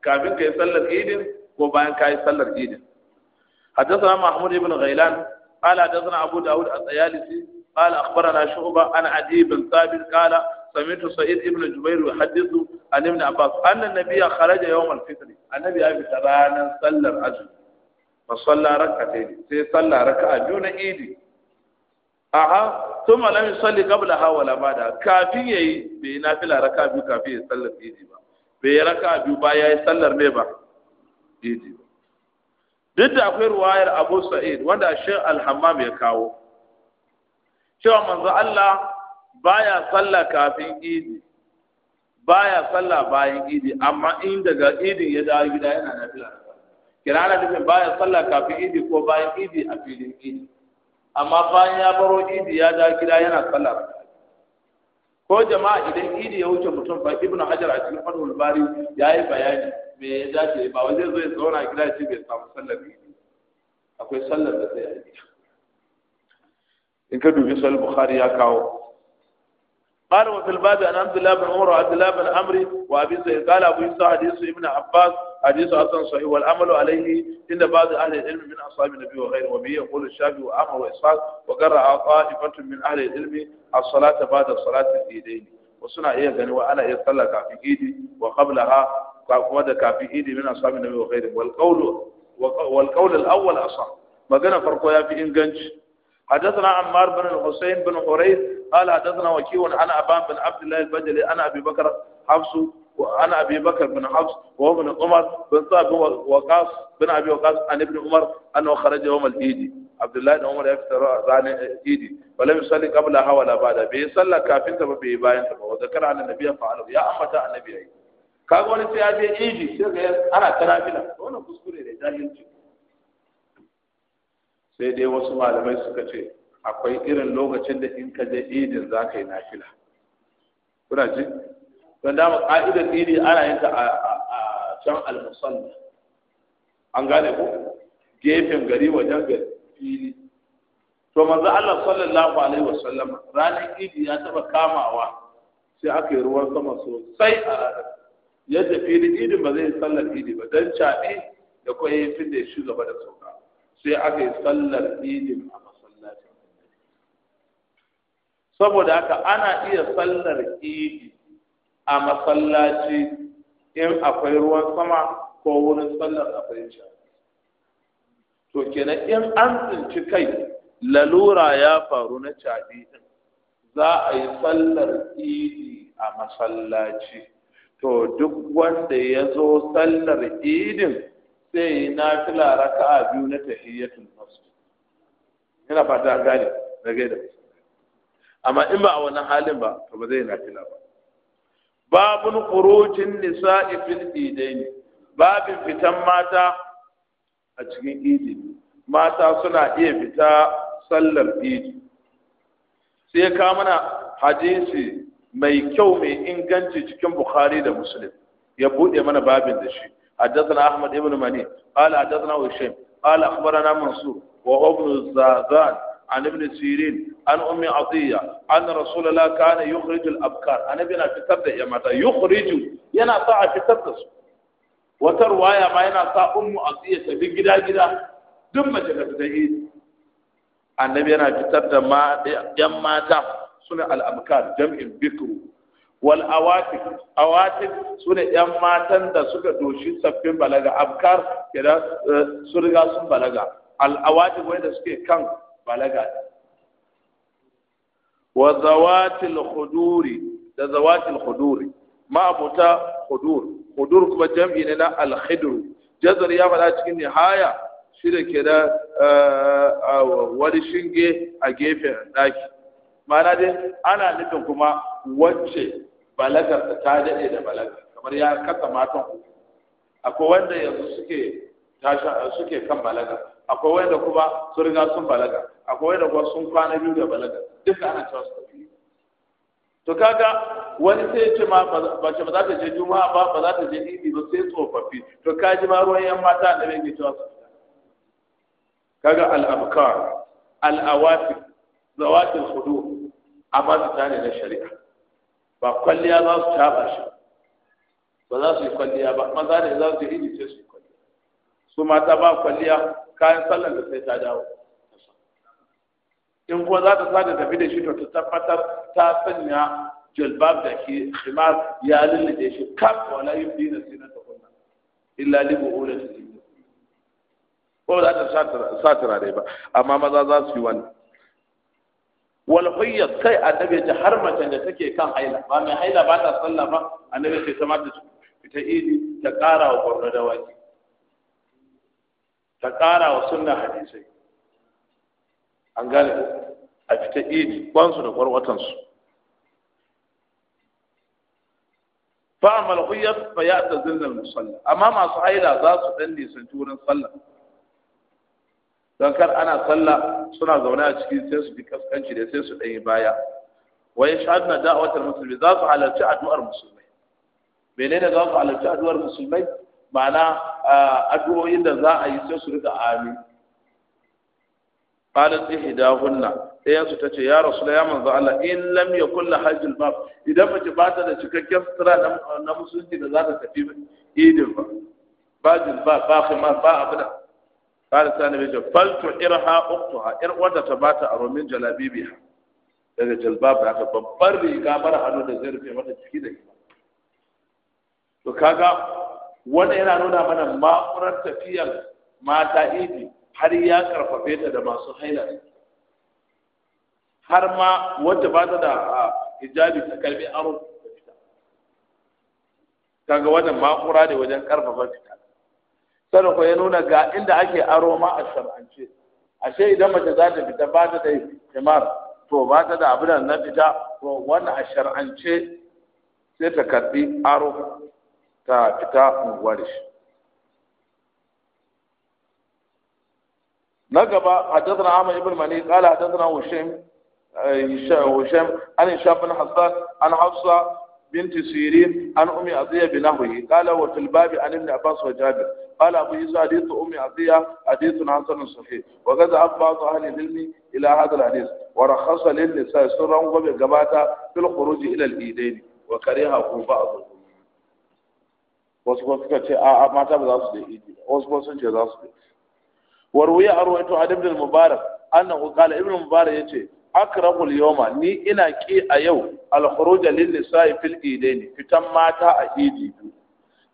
kafin kai sallar idin ko bayan kai sallar idin حدثنا محمود بن غيلان قال abu daud al الطيالسي qala akhbarana شعبة an adib بن ثابت qala سمعت سعيد ابن جبير يحدث عن ابن عباس ان النبي خرج يوم الفطر النبي أبي ترانا صلى الرجل فصلى ركعتين سي صلى ركعه دون إيدي اها ثم لم يصلي قبلها ولا بعدها كافي يي بنافلة ركعة بيو كافي يصلي إيدي با بي ركعه بيو بايا يصلي ميبا إيدي با duk da akwai ruwayar abu sa'id wanda shi alhammam ya kawo cewa manzo Allah baya sallah kafin idi baya sallah bayan idi amma in daga idin ya dawo gida yana nafila kirana nufin baya sallah kafin idi ko bayan idi a filin idi amma bayan ya baro idi ya dawo gida yana sallah ko jama'a idan idi ya wuce mutum fa ibnu hajar a cikin fadul bari yayi bayani me ya dace ba wai zai zo ya zauna gida ya ce bai samu sallar idi akwai sallar da zai yi in ka dubi sahih bukhari ya kawo قال وفي الباب عن عبد الله بن عمر وعبد الله بن عمري وابي سعيد قال ابو يوسف حديث ابن عباس حديث حسن صحيح والعمل عليه عند بعض اهل العلم من اصحاب النبي وغيره وبه يقول الشافعي وعمر واسحاق وقرع طائفه من اهل العلم الصلاه بعد صلاه الايدين وصنع ايه غني يعني وانا ايه صلى كافي ايدي وقبلها كما كافي ايدي من اصحاب النبي وغيره والقول والقول الاول اصح ما كان فرقه يا في انجنش حدثنا عمار بن الحسين بن حريث قال حدثنا وكيع عن ابان بن عبد الله البجلي عن ابي بكر حفص وعن ابي بكر بن حفص وهو من عمر بن صعب وقاص بن ابي وقاص عن ابن عمر انه خرج يوم العيد عبد الله بن عمر يفتر عن العيد ولم يصلي قبلها ولا بعدها بي صلى كافين تبع بي باين تبع وذكر عن النبي فعله يا امتا النبي كاغوني سي ابي عيد سي انا تنافلا وانا كسكري جاهلتي sai dai wasu malamai suka ce akwai irin lokacin da in ka je idin za ka yi nafila kuna ji don dama ka'idar idi ana yin ta a can almusanna an gane ku gefen gari wajen ga fili to manzo Allah sallallahu alaihi wasallam ranar idi ya taba kamawa sai aka yi ruwan sama sosai a ranar yadda fili idin ba zai sallar idi ba don caɓe da kwaye fi da ya shi gaba da sauka sai aka yi sallar idin a masallacin saboda haka ana iya sallar idi a masallaci in akwai ruwan sama ko wurin sallar akwai to kenan in an tsinci kai lalura ya faru na caɗi din za a yi sallar idi a masallaci to duk wanda ya zo sallar idin sai yi na laraka a biyu na tahiyyatul masjid yana fata gane na gaida amma in ba a wannan halin ba to ba zai na fila ba babun khurujin nisa'i fil idaini babin fitan mata a cikin idi mata suna iya fita sallar idi sai ka mana hadisi mai kyau mai inganci cikin bukhari da muslim ya buɗe mana babin da shi حدثنا احمد ابن مني قال حدثنا هشام قال اخبرنا منصور وهو ابن الزاغان عن ابن سيرين عن ام عطيه ان رسول الله كان يخرج الابكار انا بنا في تبدا يا متى يخرج ينا طاع في تبدس وتروايا ما ينا طاع ام عطيه في غدا غدا دم جنب تهيد النبي انا في تبدا ما يما تا سنه الابكار جمع بكر wal awatif awatif sune yan matan da suka doshi sabbin balaga abkar kira eh, surga sun balaga al awatif wanda suke kan balaga wa zawatil khuduri da zawatil khuduri ma abuta khudur khudur kuma jam'i ne na al khidr jazar ya faɗa cikin nihaya shi da ke da eh, wani shinge a gefen ɗaki ma'ana dai ana nufin kuma wacce balagar ta daɗe da balagar kamar ya kasa matan uku akwai wanda yanzu suke suke kan balaga akwai wanda kuma sun riga sun balaga akwai wanda kuma sun kwana biyu da balaga duk ana cewa su tafi to kaga wani sai ya ce ma ba ce ba za ta je juma'a ba ba za ta je idi ba sai tsofaffi to ka ji ma ruwan yan mata da bai cewa su kaga al-abkar al awatif zawatil hudud amma su tare na shari'a ba kwalliya za su taba shi ba za su yi kwalliya ba maza ne za su yi iji sai su yi kwalliya su mata ba kwalliya kayan sallar da sai ta dawo in kuma za ta sa da tafi da shi to ta tabbatar ta sanya jilbab da ke khimar ya lullube shi kaf wala yubdina sinata kunna illa libu li bu'ulati ko za ta sa turare ba amma maza za su yi wani. wal hayyat kai annabi ji har macen da take kan haila ba mai haila ba ta sallah ba annabi sai ta mata ta idi ta ƙara wa gwamna dawaki ta ƙara wa sunna hadisai an gane a fita idi kwansu da kwarwatansu fa amal huyat fa ya tazilna musalla amma masu haila za su dan nisanci wurin sallah don kar ana sallah suna zaune a cikin sai su bi kaskanci da sai su ɗanyi baya Wai wa yashhaduna da'watal musulmi za su halarci addu'ar musulmai ne za su halarci addu'ar musulmai ma'ana addu'o'in da za a yi sai su rika amin qalat ihdahunna ɗayan su tace ya rasul ya manzo Allah in lam yakul la hajjul bab idan mace ba ta da cikakken sutura na musulunci da za ta tafi idin ba ba jilbab ba kuma ba abada قال سأنا بيجا فلتعرها أختها إر ودا تباتا أرو من جلابيبها daga jalbab da aka babbar riga mara hannu da zai rufe mata ciki da ita to kaga wannan yana nuna mana ma'urar tafiyar mata idi har ya karfafe ta da masu haila har ma wadda ba ta da hijabi ta kalbi aro kaga wannan ma'ura ne wajen karfafa fita kada ko ya nuna ga inda ake aro ma a shar'ance ashe idan mace za ta fita ba ta da himar to ba ta da abin na fita to wannan a shar'ance sai ta karbi aro ta fita unguwar shi na gaba حدثنا amma بن mani قال حدثنا هشام هشام عن هشام بن حسان عن حفصه بنت سيرين عن أمي عطيه بنهوه قال وفي الباب عن ابن عباس وجابر قال أبو عيسى حديث أم عطية حديث حسن صحيح وقد أب بعض أهل العلم إلى هذا الحديث ورخص للنساء سرا وبقباتا في الخروج إلى الإيدين وكرهه بعض wasu kuma suka ce a mata ba za su da idi wasu kuma sun ce za su da warwiya a ruwaito a ibn mubarak annahu qala ibn mubarak ya ce al-yawma ni ina ki a yau al-khuruj lin nisa'i fil idaini fitan mata a idi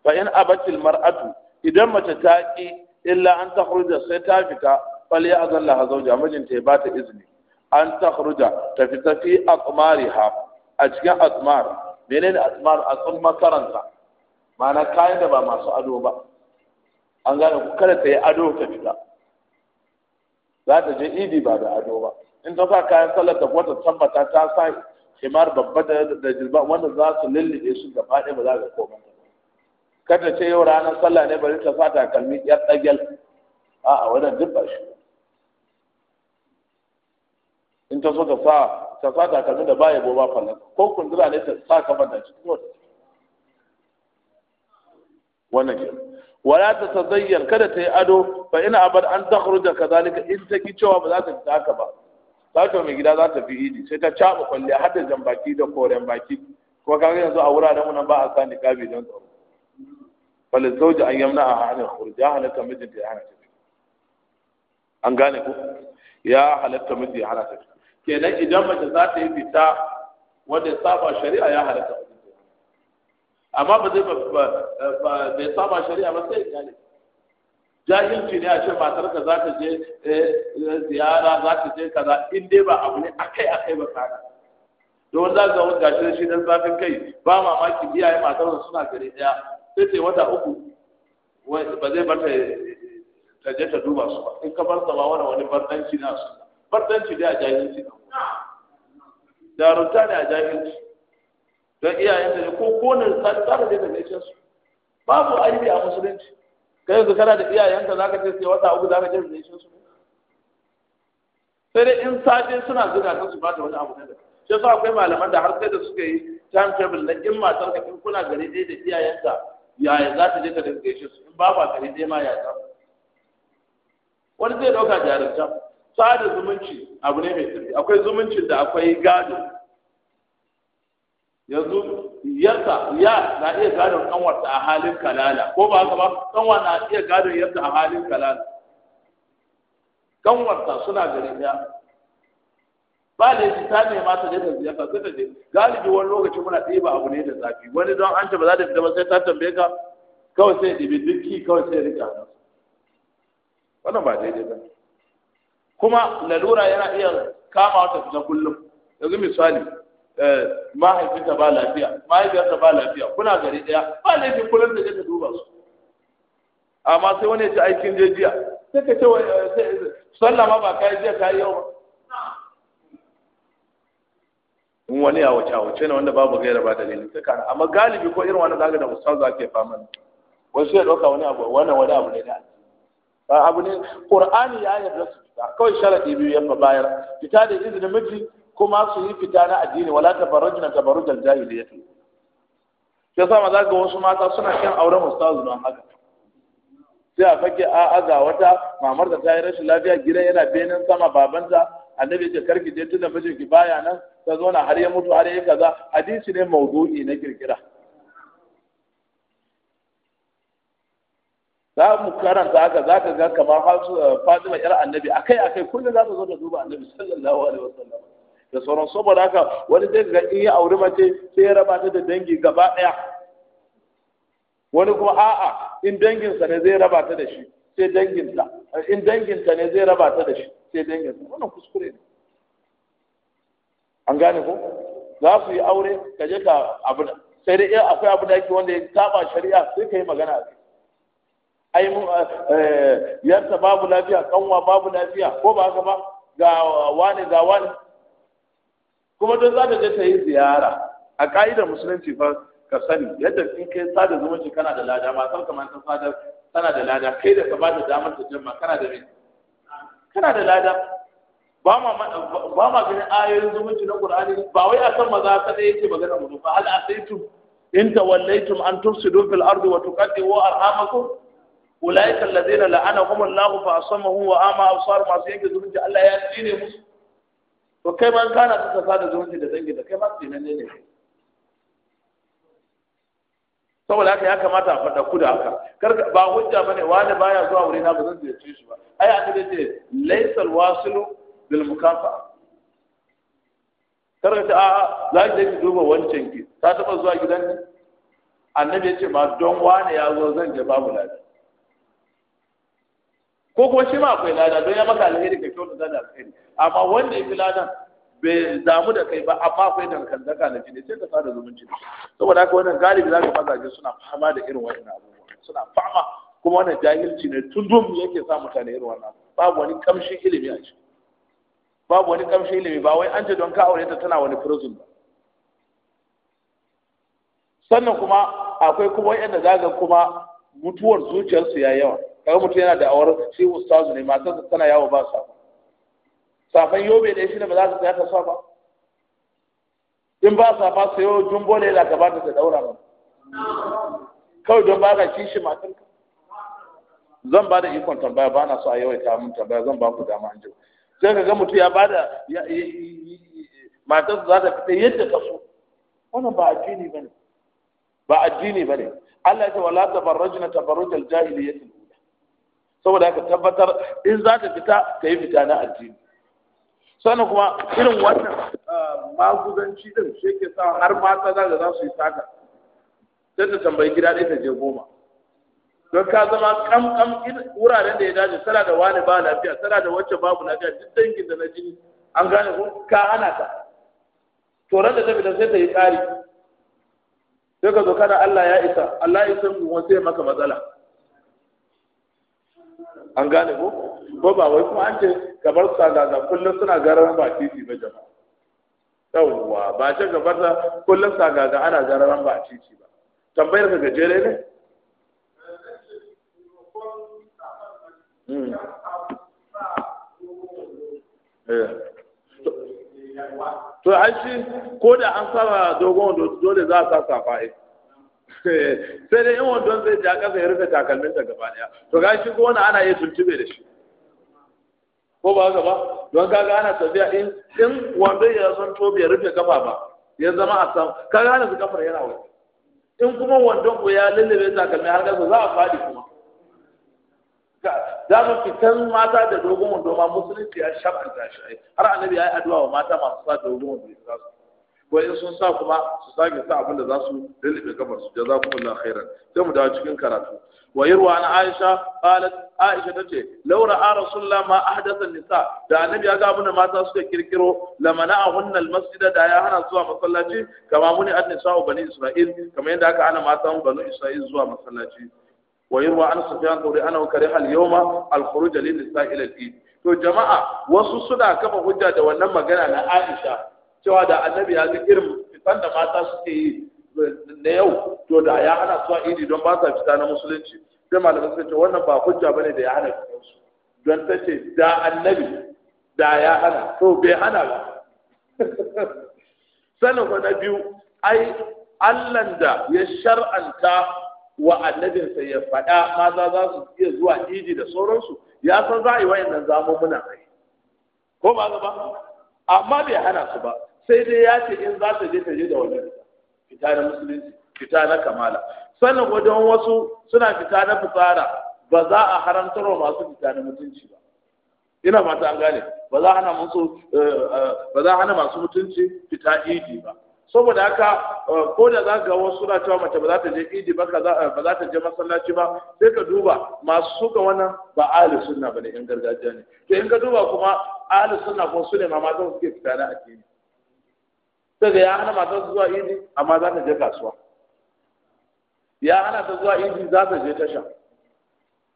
fa in abati al-mar'atu idan mace ta ƙi illa an ta khurja sai ta fita bal ya azan laha zauja mijinta ya ba ta izini an ta khurja ta fita fi aqmariha a cikin asmar menene asmar a tsun makaranta ma'ana kayan da ba masu ado ba an gane ku kada ta yi ado ta fita za ta je idi ba da ado ba in ta sa kayan sallar ta wata tabbata ta sa himar babba da jilba wanda za su lullube su gaba ɗaya ba za ga koma. kada ce yau ranar sallah ne bari ta fata kalmi yar tsagel a'a wannan duk ba shi in ta so ta sa ta sa takalmin da baya goba fallan ko kundura ne ta sa kamar da cikin wata wannan ke wala ta tazayyar kada ta yi ado fa ina abar an da kazalika in ta ki cewa ba za ta fita haka ba za ta mai gida za ta fi idi sai ta caɓa kwalliya har da jambaki da koren baki kuma kaga yanzu a wuraren mu nan ba a sa niqabi don tsaro falin sauji an yamna a hannun khuruj ya halatta mijinta ya hana ta an gane ku ya halatta miji ya hana ta kenan idan mace za ta yi fita wanda ya saba shari'a ya halatta amma ba zai bai saba shari'a ba sai ya ne jahilci ne a ce matar ka za ta je ziyara za ta je kaza in dai ba abu ne akai akai ba kana don za ga wani gashi shi don zafin kai ba mamaki biyaye matar suna gari daya sai ta wata uku ba zai bar ta je ta duba su ba in ka bar ta ba wani wani bardanci na su bardanci dai a jahilci darunta ne a jahilci don iyayen da ko ko ne tsara da gaishe su babu aibi a musulunci kai yanzu kana da ta zaka ce sai wata uku zaka je da gaishe su sai dai in safe suna zuga ta su ba ta wani abu na sai su akwai malaman da har sai da suka yi time table na in matar ka in kuna gari ɗaya da iyayenta. yaya za ta je ka dinga gaishe su in ba ba kare dai ma ya ta wani zai dauka jarumta sada zumunci abu ne mai tafi akwai zumunci da akwai gado yanzu yarka ya na iya gadon kanwarta a halin kalala ko ba haka ba kanwa na iya gadon yarta a halin kalala kanwarta suna gari ya? ba da yake ta ne ta je ta ziyarta sai ta je galibi wani lokaci muna ba abu ne da zafi wani don an ta ba za ta fita ba sai ta tambaye ka kawai sai ɗibi dukki kawai sai rika nan wannan ba daidai ba kuma lalura yana iya kama wata fita kullum yanzu misali eh, mahaifinta ba lafiya mahaifiyarta ba lafiya kuna gari ɗaya ba laifin kullum da ta duba su amma sai wani ya ci aikin je jiya sai ka ce eh, eh, sallama ba ka yi jiya ka yi yau ba in wani ya wuce wuce ne wanda babu gaira ba lili suka kana amma galibi ko irin wani zaga da ustaz ke fama wasu ya ɗauka wani abu wannan wani abu ne da ba abu ne qur'ani ya yarda su fita kawai sharadi biyu ya bayar fita da izinin miji kuma su yi fita na addini wala tabarrujna tabarrujal jahiliyyah sai sa maza ga wasu mata suna kan auren ustaz don haka sai a fage a aga wata mamar da ta yi rashin lafiya gidan yana benin sama babanta annabi ya karki je tunda mijinki baya nan ta na har ya mutu har ya kaza hadisi ne mawdu'i na kirkira za mu karanta haka za ka ga kamar eh, fatima yar annabi akai akai kullum za ta zo da duba annabi sallallahu alaihi wasallam da sauran saboda haka wani zai ga in ya auri mace sai ya raba ta da dangi gaba daya wani kuma a'a in danginsa ne zai raba ta da shi sai danginta in danginta ne zai raba ta da shi sai danginta wannan kuskure ne an gane ko za su yi aure ka je ka abu da sai dai akwai abu da yake wanda ya saba shari'a sai ka yi magana a ai mu eh, yarta babu lafiya kanwa babu lafiya ko ba haka ba ga wani ga wani kuma don za ta je ta yi ziyara a ka'idar musulunci fa ka sani yadda in kai sada zumunci kana da lada ma san kamar ta sada tana da lada kai da ka ba da damar ta jama kana da me kana da lada ba ma ganin ayoyin zumunci na Qur'ani ba wai akan maza kada yake magana mu ba hal asaitum in tawallaytum an tufsidu fil ardi wa tuqaddimu arhamakum ulaika alladhina la'anahum Allahu fa asamahum wa ama absarum masu yanke zumunci Allah ya tsine musu to kai ma kana ta saka da zumunci da dangi da kai ma tsine ne ne saboda haka ya kamata a faɗa ku da haka ba hujja bane wani baya zuwa wurina ba zan ziyarci shi ba ai a da ce Laisal wasilu bil mukafa kar ta a za ki je duba wancan ki ta taba zuwa gidan annabi ya ce ma don wani ya zo zan je babu lada ko kuma shi ma akwai lada don ya maka alheri ka kyautu da alheri amma wanda ya fi ladan bai damu da kai ba amma akwai dangantaka na jini sai ka sada zumunci saboda haka wannan galibi za ka ji suna fama da irin wannan abubuwa suna fama kuma wannan jahilci ne tun dum yake sa mutane irin wannan babu wani kamshin ilimi a ciki babu wani kamshin ilimi ba wai an ce don ka aure ta tana wani prison ba sannan kuma akwai kuma yadda zaga kuma mutuwar zuciyarsu ya yawa kaga mutum yana da awar shi ustazu ne matarsa tana yawo ba sa safan yobe da shi ne ba za ta ta sa ba in ba fa sayo jumbo ne da gaba ba ta daura ba kawai don ba ka kishi matarka zan ba da ikon tambaya ba na so a yawaita mun tambaya zan ba ku dama an jiwa sai ka ga mutum ya bada matarsa za ta fita yadda ka so wannan ba addini bane ba addini bane Allah ya ce wala tabarrajna tabarruj al jahiliyyah saboda ka tabbatar in za ta fita ta yi fita na addini sannan kuma irin wannan ah, maguzanci din shi ke sa har mata za ga za su yi saka sai ta tambayi gida ɗaya ta je goma don ka zama kamkam wuraren da ya dace tana da wani ba lafiya tana da wacce babu lafiya duk dangin da na jini an gane ko ka ana ta to ran da ta fita sai ta yi ƙari sai ka zo kana Allah ya isa Allah ya san mu sai maka matsala an gane ko ko ba wai kuma an ce gabar su gaza kullum suna gararan ba titi ba jama'a yawwa ba ce gabar sa kullum sa ga ana gararan ba titi ba tambayar ka gajere ne to ai shi ko da an saba dogon wando dole za a sa safa ai sai dai in wandon zai ja kasa ya rufe takalminta gaba daya to ga shi ko wani ana yi tuntube da shi ko ba gaba don kaga ana tafiya in in wando ya san to bai rufe kafa ba ya zama a sam kaga ana su kafar yana wani in kuma wandon ko ya bai takalmi har kasa za a fadi kuma mu fitan mata da dogon wando ma musulunci ya shar'anta shi har annabi ya yi addu'a wa mata masu sa dogon wando ya sa su in sun sa kuma su sake sa abin da za su da kafar su jazakumullahu khairan sai mu dawo cikin karatu wa yarwa an aisha qalat aisha tace law ra'a rasulullah ma ahdatha nisa da annabi ya ga abin da mata suka kirkiro lamana'ahunna almasjida da ya hana zuwa masallaci kama muni an bani isra'il kamar yadda aka hana mata bani isra'il zuwa masallaci ويروى عن سفيان ثوري انه كره اليوم الخروج للنساء الى الإيد to jama'a wasu suna kafa hujja da wannan magana na Aisha cewa da annabi ya irin fitan da mata suke yi na yau to da ya hana su idi don ba sa fita na musulunci sai malamin sai ce wannan ba hujja bane da ya hana su don ta ce da annabi da ya hana to bai hana ba ko na biyu ai Allah da ya shar'anta wa annabinsa ya faɗa maza za su iya zuwa iji da sauransu ya san za a yi nan zamo muna kai ko ba ba amma bai hana su ba sai dai ya ce in za ta je ta je da wani fita na musulunci fita na kamala sannan wajen wasu suna fita na fitsara ba za a haramtar wa masu fita na mutunci ba ina mata an gane eh, eh, ba za a hana masu mutunci fita idi ba saboda haka eh, ko da za ga wasu suna cewa mace ba za ta je idi ba eh, ba za ta je masallaci ba sai ka duba masu suka wannan ba ahli sunna bane in gargajiya ne to in ka duba kuma ahli sunna ko su ne ma matan suke fita na addini sai ya hana matan zuwa idi amma za ta je kasuwa ya hana ta zuwa idi za ta je tasha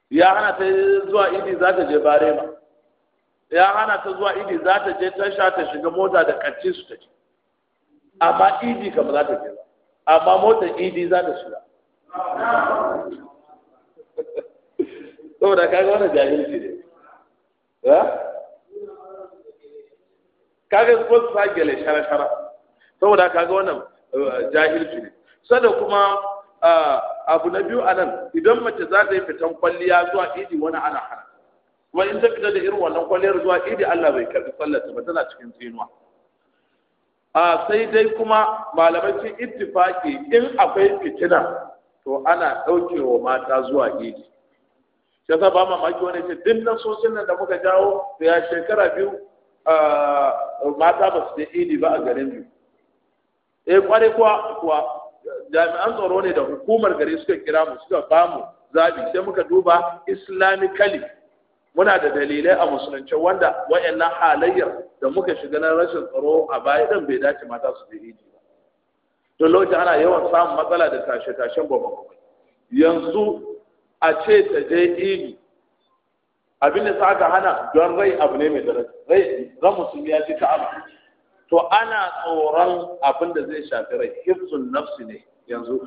ya hana ta zuwa idi za ta je barema ya hana ta zuwa idi za ta je tasha ta shiga mota da kacce su ta ci amma idi e ka ba za ta ce ba amma motar idi e za ta shiga saboda kaga wannan jahilci ne kaga ko sa gele shara shara da kaga wannan eh, jahilci ne sannan kuma eh, abu na biyu anan idan mace za ta yi fitan kwalliya zuwa idi e wani ana hana kuma in ta fita da irin wannan kwalliyar zuwa idi Allah bai karbi sallar ta ba tana cikin tsinuwa a sai dai kuma malamai sun ittifaki in akwai fitina to ana ɗaukewa mata zuwa idi shi yasa mamaki wani ce duk sosin nan da muka jawo ya shekara biyu mata ba su je idi ba a garin biyu eh kware kuwa kuwa jami'an tsaro ne da hukumar gari suka kira mu suka bamu zabi sai muka duba islamically muna da dalilai a musulunci wanda wayannan halayyar da muka shiga na rashin tsaro a baya dan bai dace mata su je iji ba to lokaci ana yawan samun matsala da tashe tashen bomba yanzu a ce ta je iji abin da aka hana don rai abu ne mai daraja rai ran musulmi ya ce ka'aba to ana tsoron abin da zai shafi rai hifzun nafsi ne yanzu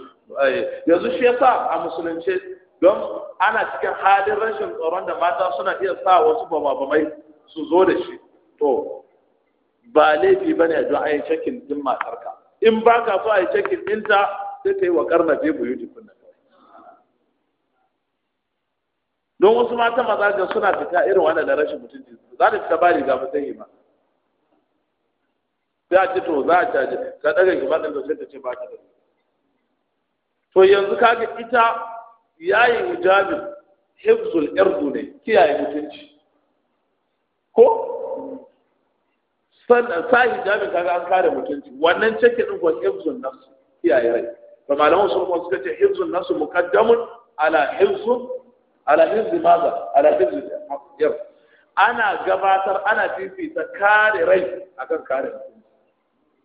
eh, yanzu shi yasa a musulunci don ana cikin halin rashin tsaron da mata suna iya sa wasu bamabamai su zo da shi to ba laifi ne a don ayi cikin din matarka in ba ka so ayi cikin cekin sai ta yi wa karna je buyu jikin don wasu mata maza ga suna fita irin wannan da rashin mutunci za ta fita ba riga ba sai ma sai a ce to za a caje ka daga gaba da sai ta ce ba ta da to yanzu kaga ita yayi hijabi hifzul irdu ne kiyaye mutunci ko sannan sa hijabi kaga an kare mutunci wannan cikin din ko hifzun nafs kiyaye rai fa malamu sun ko suka ce hifzun nafs muqaddamun ala hifzun ala hifzi maza ala hifzi yau ana gabatar ana fifita kare rai akan kare mutunci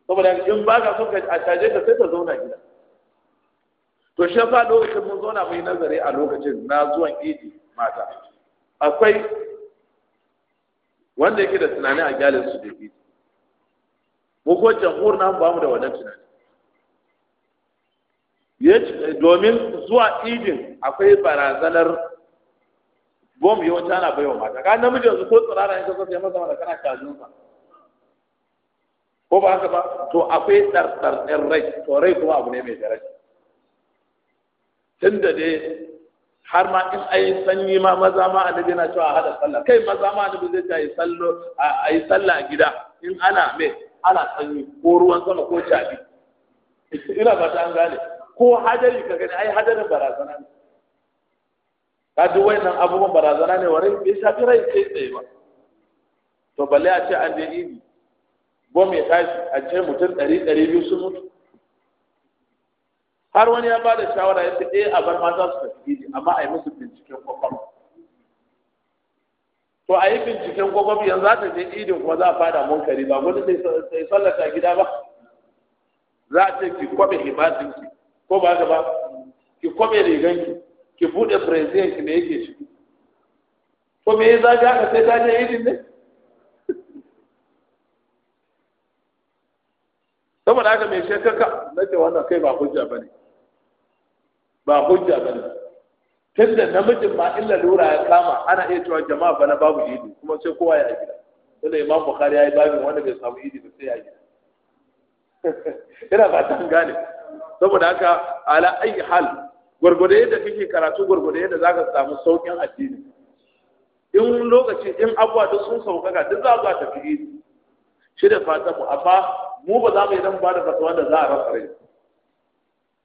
saboda in baka son ka a caje ka sai ka zauna gida to shi yasa lokacin mun zauna mai nazari a lokacin na zuwan idi mata akwai wanda yake da tunani a gyalin su da idi mu ko jamhur na ba mu da wannan tunani domin zuwa idin akwai barazanar bom yawanci na baiwa mata ka namiji yanzu ko tsirara yanzu sai masa da kana kajin sa ko ba haka ba to akwai tsartsar rai to rai kuma abu ne mai daraja tunda dai har ma in yi sanyi ma maza ma annabi na cewa hada sallah kai maza ma annabi zai ta yi sallo a yi sallah gida in ana me ana sanyi ko ruwan sama ko cabi [LAUGHS] ina ba ta an gane ko hadari ka gani ai hadarin barazana ne ka ji wayannan abubuwan barazana ne warai bai shafi rai kai tsaye ba to balle a ce an je ibi bom ya tashi a ce mutum ɗari ɗari biyu sun mutu har wani ya ba da shawara ya fi eh, a bar ma za su tafi idi amma a yi musu binciken kwakwam to a yi binciken kwakwam yanzu za ta je idin kuma za a fada munkari ba wani sai sallata gida ba za a ce ki kwabe himatin ki ko ba ka ba ki kwabe rigan ki ki bude brazil ki ne yake shi ko me za ka ka sai ta je idin ne saboda haka mai shekaka nake wannan kai ba hujja ne. ba hujja bane tunda namijin ba illa lura ya kama ana iya cewa jama'a bana babu idi kuma sai kowa ya gida tunda imam bukhari yayi babin wanda bai samu idi ba sai ya gida [LAUGHS] ina ba tan gane saboda haka ala ayi hal gurgurde yadda kake karatu gurgurde yadda zaka samu saukin addini in lokaci in abuwa duk sun sauƙaƙa duk za tafi idi shi da fatan mu amma mu ba za mu yi dan ba da fatawa da za a rasa rai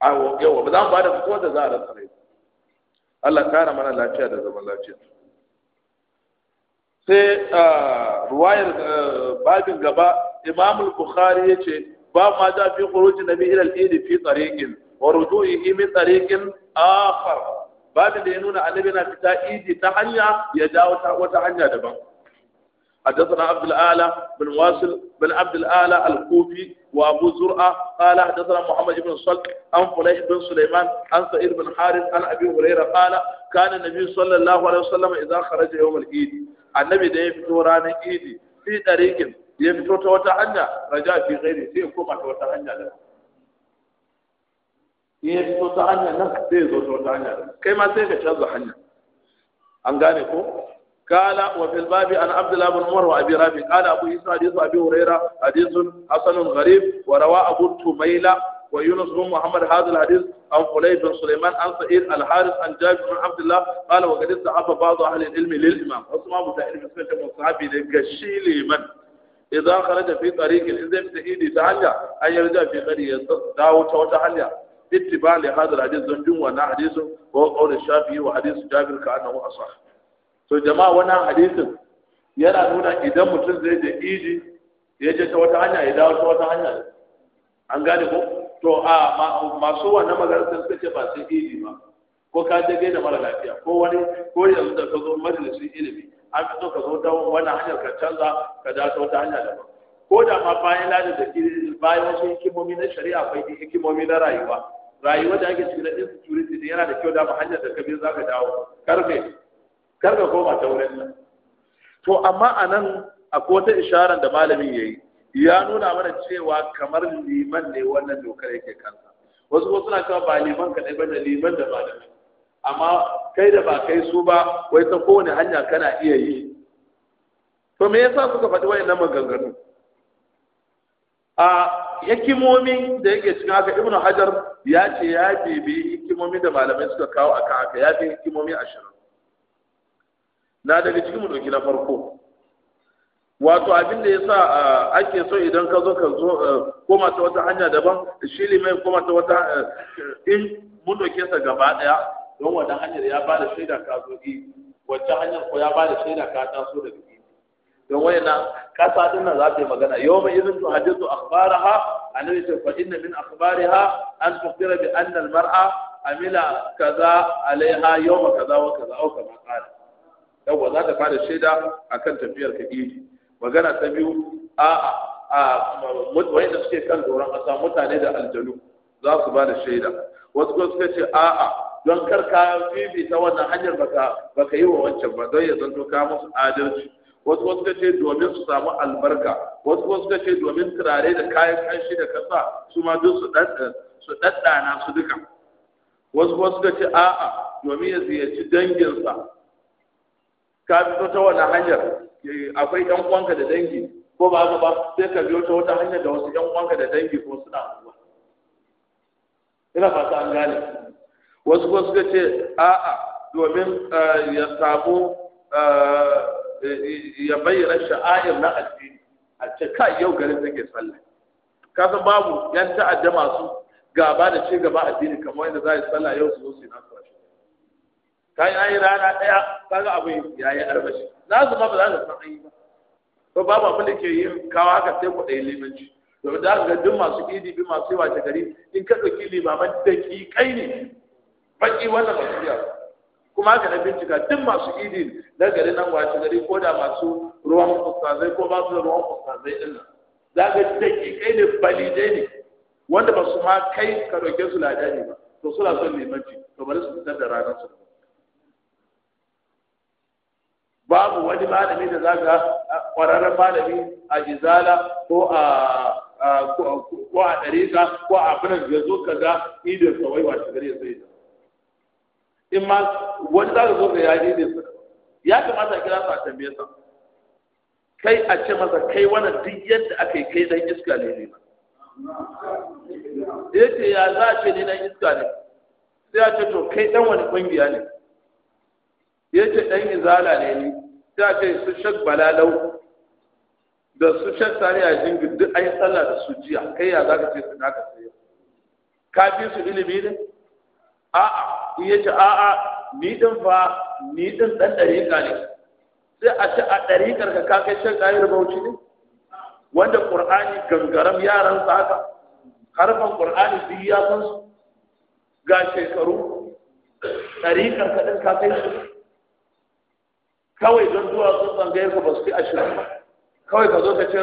awo yawa ba za mu bada ko da za a rasa rai Allah kare mana lafiya da zaman lafiya sai ruwayar babin gaba imam bukhari ya ce ba ma da fi khuruji nabi ila al-eid fi tariqin wa rujuhi min tariqin akhar babin da ya nuna annabi na fita idi ta hanya ya dawo ta wata hanya daban حدثنا عبد الأعلى بن واصل بن عبد الأعلى الكوفي وأبو زرعة قال حدثنا محمد بن صلت عن فليح بن سليمان عن سعيد بن حارث عن أبي هريرة قال كان النبي صلى الله عليه وسلم إذا خرج يوم العيد النبي ده يفتو رانا عيد في طريق يفتو توتا حنيا رجاء في غيره في كما توتا حنيا ده يفتو توتا حنيا نفس ده توتا حنيا كما سيكا شاذ قال وفي الباب عن عبد الله بن عمر وابي رافع قال ابو عيسى حديث ابي هريره حديث حسن غريب وروى ابو التميله ويونس بن محمد هذا الحديث عن خليل بن سليمان عن سعيد الحارث عن جابر بن عبد الله قال وقد استعاب بعض اهل العلم للامام اسمع ابو سعيد بن الصحابي لقشيل من إذا خرج في طريق الإذن سعيدي تعالى أن يرجع في قرية داوت وتعالى اتباع لهذا الحديث ذنب وانا حديث وهو قول الشافعي وحديث جابر كأنه أصح to jama'a wannan hadisin yana nuna idan mutum zai je iji ya je ta wata hanya ya dawo ta wata hanya an gane ko to a masu wannan magana sun ce ba sai iji ba ko ka je gaida mara lafiya ko wani ko yanzu da ka zo majalisin ilimi an fi so ka zo ta wannan hanyar ka canza ka dawo ta wata hanya daban ko da ma bayan lada da bayan wasu hikimomi na shari'a akwai hikimomi na rayuwa rayuwa da ake cikin insecurity ne yana da kyau da hanyar da ka bi za ka dawo karfe kar ka koma ta wurin nan to amma a nan akwai wata isharar da malamin ya yi ya nuna mana cewa kamar liman ne wannan dokar yake kansa wasu wasu na cewa ba liman kaɗai ba da liman da malami amma kai da ba kai su ba wai ta kowane hanya kana iya yi to me yasa suka faɗi wayannan maganganu a hikimomi da yake cikin haka ibnu hajar ya ce ya bibi hikimomi da malamai suka kawo akan haka ya fi hikimomi ashirin na daga cikin mu na farko wato abin da yasa ake so idan ka zo ka zo koma ta wata hanya daban shi mai koma ta wata in mun sa gaba daya don wannan hanyar ya bada shaida ka zo yi wacce hanyar ko ya bada shaida ka taso daga yi don wani ka sa din nan za ta yi magana yau mai izin to hadithu akhbaraha annabi ce fa inna min akhbariha an tukhbira bi anna al mar'a amila kaza alaiha yawma kaza wa kaza aw kama qala za ta fara shaida kan tafiyar ka idi magana ta biyu a a wanda suke kan doron kasa mutane da aljanu za su ba da shaida wasu kuma suka ce a'a don kar ka fifita wannan hanyar baka baka yi wa wancan ba don ya zanto ka musu adalci wasu wasu ka ce domin su samu albarka wasu wasu ka ce domin turare da kayan kanshi da kasa su ma duk su su daddana su duka wasu wasu ka ce a'a domin ya ziyarci danginsa ka fito ta wani hanyar eh, akwai yan uwanka da dangi ko ba ba sai ka biyo ta wata hanyar da wasu yan uwanka da dangi ko suna kuwa ina ta an gane wasu ko suka ce a'a domin eh, ya samu eh, ya bayyana sha'air na addini a ce kai yau garin take sallah ka san babu yan ta'adda masu gaba da ce gaba addini kamar yadda za a yi sallah yau su zo su yi nasu kai an yi rana ɗaya kaga abu ya yi armashi za su ma ba za su san an yi ba to babu abin da ke yin kawo haka sai ku ɗaya limanci domin da ga duk masu bi masu yi wace gari in ka ɗauki limaman daƙiƙai ne baki wannan masu yawa kuma haka na bincika duk masu idi na gari nan wace gari ko da masu ruwan ustazai ko ba su da ruwan ustazai din nan za ga daƙiƙai ne balidai ne wanda ba su ma kai ka ɗauke su lada ne ba to suna son limanci to bari su fitar da ranar su babu wani malami da za ka ƙwararren malami a jizala ko a ko a ɗarika ko a abinan da zo ka ga idon kawai wace gari ya zai in ma wani za ka zo ka yaji ne su ya kamata ka kira su a tambaye sa kai a ce masa kai wani duk yadda aka yi kai dan iska ne ne ya ce ya za a ce ni dan iska ne sai a ce to kai dan wani ƙungiya ne ya ce ɗan izala ne ni ta ce su shak balalau da su shak sani a jin duk a yi sallah da su jiya kai ya za ka ce su naka sai ka fi su ilimi ne a'a a ya ce a'a ni ɗin fa ni ɗin ɗan ɗariƙa ne sai a ce a ɗariƙar ka ka kai shak ɗayar bauchi ne wanda ƙur'ani gangaram yaran sa haka harfan ƙur'ani duk ya san su ga shekaru ɗariƙar ka ɗin ka kai su kawai don zuwa sun bangayar ka ba su fi ashirin ba kawai ka zo ka ce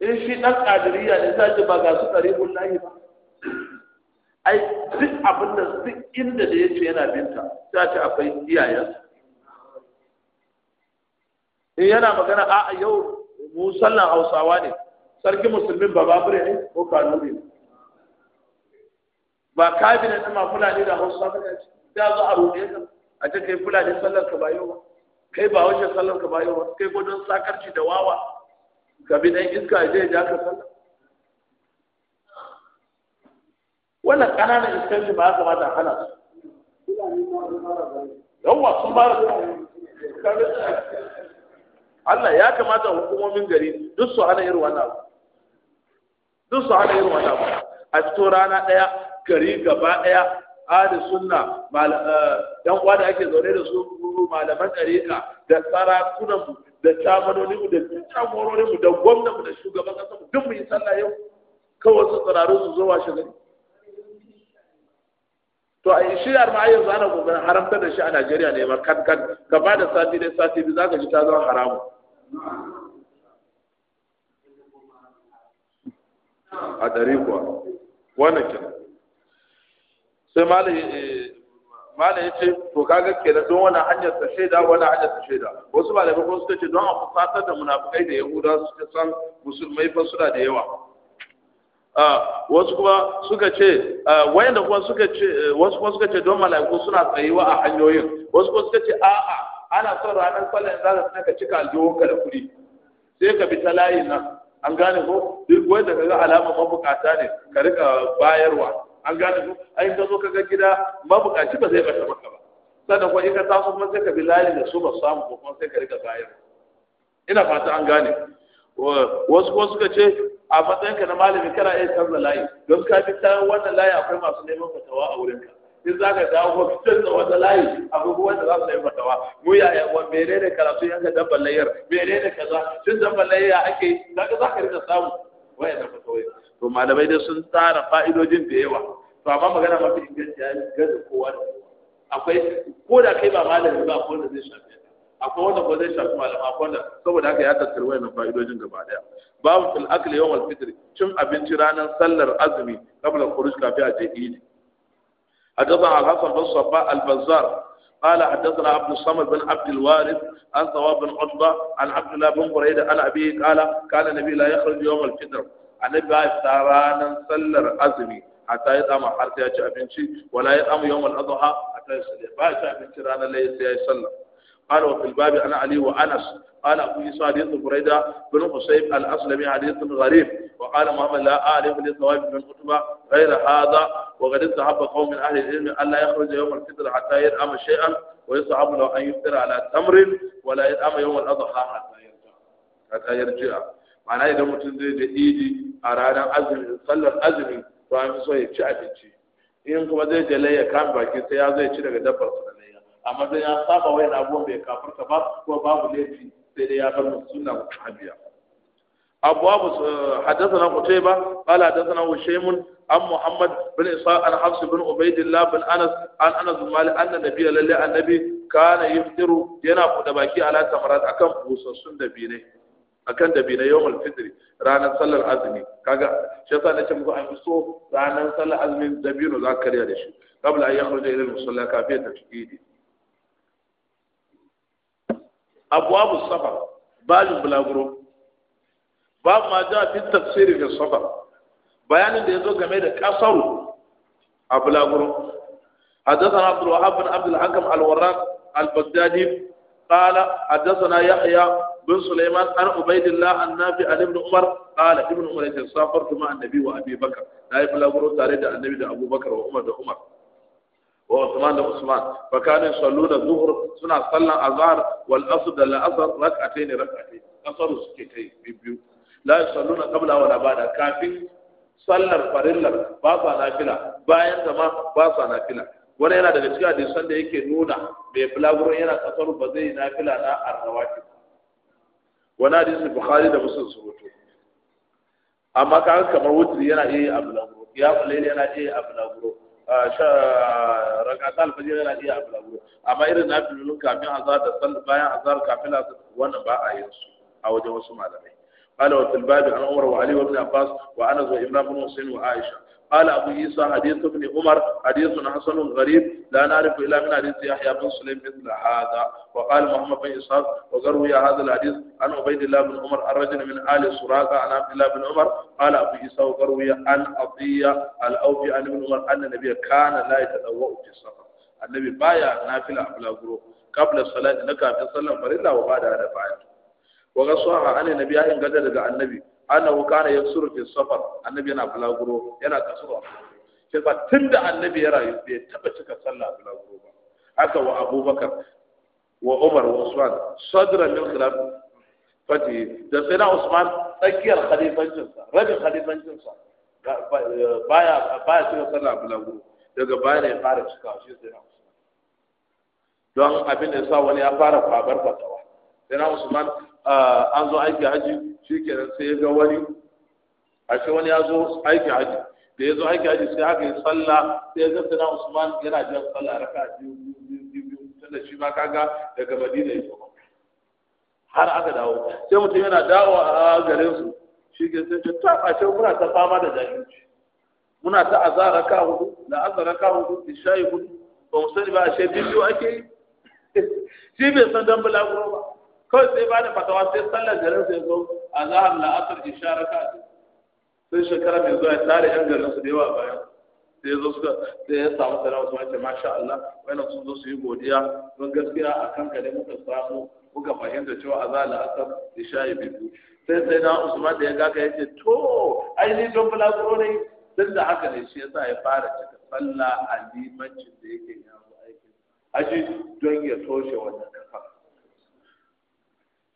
in shi ɗan ƙadiriya ne za ba ga su ɗari layi ba ai duk abin da duk inda da ya ce yana binta za ta akwai iyayensa in yana magana a yau mu sallan hausawa ne sarki musulmin ba babure ne ko kanuri ne ba kabinet ma fulani da hausawa ne da zo a ruɗe ka a kai kai fulani sallar ka bayo ba kai ba wace sallar ka bayo ba kai ko don sakarci da wawa Gabi bi dan iska je ja ka sallar wannan ƙananan iskanci ba ya kamata a hana su yawwa sun ba Allah ya kamata hukumomin gari duk su hana irin wannan abu duk su hana irin wannan abu a fito rana ɗaya gari gaba ɗaya ahli sunna dan eh, uwa da ake zaune da su malaman dariqa da sarakunan da tamanoni mu da jagororin mu da gwamnati mu da shugaban Kasa mu duk mu yi sallah yau kawai su tsararu su zo washe gari to a shi yar ma yanzu ana gobe haramta da shi a Najeriya ne ma kan kan ka ba da sati dai sati bi zaka ji ta zo haramu a dariqa wannan kenan sai malai eh, ya ce to kaga kenan don wani hanyar ta shaida wani hanyar ta shaida wasu malamai kuma suka ce don a fusatar da munafukai da yahuda suka san musulmai fa suna da yawa wasu kuma suka ce wayan da kuma suka ce eh, wasu kuma suka ce don malaiku suna tsayuwa a hanyoyin wasu kuma suka ce a'a ana son ranar kwallon za ka cika aljihun ka da kuɗi sai ka bi ta layi nan an gane ko duk wanda ga alamar mabukata ne ka rika bayarwa an gane ku ai ka zo ka ga gida bukaci ba zai bata maka ba sannan kuma in ka taso kuma sai ka bi layi da su ba samu ko kuma sai ka rika bayar ina fata an gane wasu kuma suka ce a matsayin ka na malami kana iya canza layi don ka bi ta wannan layi akwai masu neman fatawa a wurin ka in za ka dawo ko fitar da wata layi abubuwan da za su neman fatawa mu yaya wa ne karatu yan ka dabban layar ne kaza shin dabban layar ake za ka rika samu waya da fatawai to malamai dai sun tsara fa'idojin da yawa to amma magana mafi inganci ya gaza kowa da akwai ko da kai ba malami ba ko da zai shafe akwai wanda ko zai shafi malama akwai wanda saboda haka ya tattara wayannan fa'idojin gaba daya babu fil akli yawm al fitr cin abinci ranar sallar azumi qabla khuruj kafi a jihidi حدثنا الحسن بن صباح البزار قال حدثنا عبد الصمد بن عبد الوارث عن ثواب بن عتبة عن عبد الله بن بريدة عن أبيه قال كان النبي لا يخرج يوم الفطر annabi ya sa ranar sallar azumi hatta ya tsama har sai ya ci abinci wala ya tsama yawmal adha hatta ya salli ba ya ci abinci ranar laye sai ya yi sallah قال وفي الباب أنا علي وأنس قال أبو عيسى حديث بريدة بن حسين الأسلمي حديث غريب وقال محمد لا أعرف لثواب من خطبة غير هذا وقد ذهب قوم من أهل العلم ألا يخرج يوم الفطر حتى يرأم شيئا ويصعب له أن يفطر على تمر ولا يرأم يوم الأضحى حتى يرجع حتى يرجع ma'ana idan mutum zai da idi a ranar azumi sallar azumi to an so ya ci abinci in kuma zai da layya kan baki sai ya zo ya ci daga dabbar sa layya amma dan ya saba wai na abun bai kafurta ba ko babu laifi sai dai ya bar sunna ko habiya abu abu eh, hadathana qutayba qala hadathana shaymun an muhammad bin isa an hafs bin ubaydillah bin anas an anas mal an nabi lalle annabi kana yiftiru yana kuda baki ala tamrat akan busassun dabine akan da bina yawon fitri ranar sallar azumi kaga shi yasa nace muku a so ranar sallar azumi da bino za ka karya da shi qabla an yakhruja ila al-musalla kafin ta idi abwabu safar babin bulaguro babu ma ja fi tafsiri fi safar bayanin da yazo game da kasaru a bulaguro حدثنا عبد الوهاب بن عبد الحكم الوراق البغدادي قال حدثنا يحيى بن سليمان عن عبيد الله عن نافع عن ابن عمر قال ابن عمر يقول سافرت مع النبي وابي بكر لا يبلغ غرو تاريد النبي ده ابو بكر وعمر ده عمر وعثمان ده عثمان فكانوا يصلون الظهر سنة صلى الظهر والعصر ده العصر ركعتين ركعتين قصر سكتين بيبيو لا يصلون قبل ولا بعد كافي sallar farillar ba sa nafila bayan zama ba sa nafila wani yana daga cikin hadisan da yake nuna mai bulaguro yana kasar ba zai nafila na arrawati wani hadisi bukhari da musulun su rutu amma ka kamar wutri yana iya yi abu laguro ya kula yana iya yi abu laguro rakata alfajir yana iya abu laguro amma irin na filin kafin azar da sallu bayan azar kafin a wannan ba a yin su a wajen wasu malamai قال وفي الباب عن عمر وعلي وابن عباس وانس وابراهيم بن حسين وعائشه قال أبو عيسى حديث ابن عمر حديث حسن غريب لا نعرف إلا من حديث يحيى بن سليم مثل هذا وقال محمد بن إسحاق وقروا يا هذا الحديث عن عبيد الله بن عمر الرجل من آل سراقة عن عبد الله بن عمر قال أبو عيسى وقروا عن عطية الأوفي عن ابن عمر أن النبي كان لا يتدوأ في السفر النبي بايع نافلة قبل الغروب قبل الصلاة لك في الصلاة فريلا وبعدها نفعل وقد صح عن النبي أن قدر النبي annahu kana yaksuru fi safar annabi yana bulaguro yana kasuwa sai ba tunda annabi ya rayu bai taba cika sallah bulaguro ba haka wa abubakar wa umar wa usman sadra min khilaf fati da sai na usman tsakiyar khalifancinsa rabin khalifancinsa baya baya cika sallah bulaguro daga baya ne fara cika shi sai na usman don abin da ya sa wani ya fara kwabar fatawa sai na usman an zo aiki haji shi kenan sai ya ga wani ashe wani ya zo aiki haji da ya zo aiki haji sai aka yi sallah sai ya zarta na usman yana jan sallah raka biyu biyu biyu tunda shi ma kaga daga madina ya zama har aka dawo sai mutum yana dawo a garin su shi ke sai ce ta ashe muna ta fama da jahilci muna ta azara ka hudu da azara ka hudu ishayi hudu ba mu sani ba ashe biyu ake yi [LAUGHS] shi bai san dan bulaguro ba kawai sai bani fatawa sai sallar garin sai zo a zahar la'asar ishara ka sai shekara mai zuwa ya tare yan garin su da yawa bayan sai zo suka sai ya samu salama su wace masha Allah wannan sun zo su yi godiya don gaskiya a kan ka ne muka samu muka fahimta cewa a zahar la'asar ishara biyu sai sai na usman da ya gaka ya ce to ai ni don bulaguro ne duk da haka ne shi yasa ya fara cika sallah a limancin da yake yawo aiki. aji don ya toshe wannan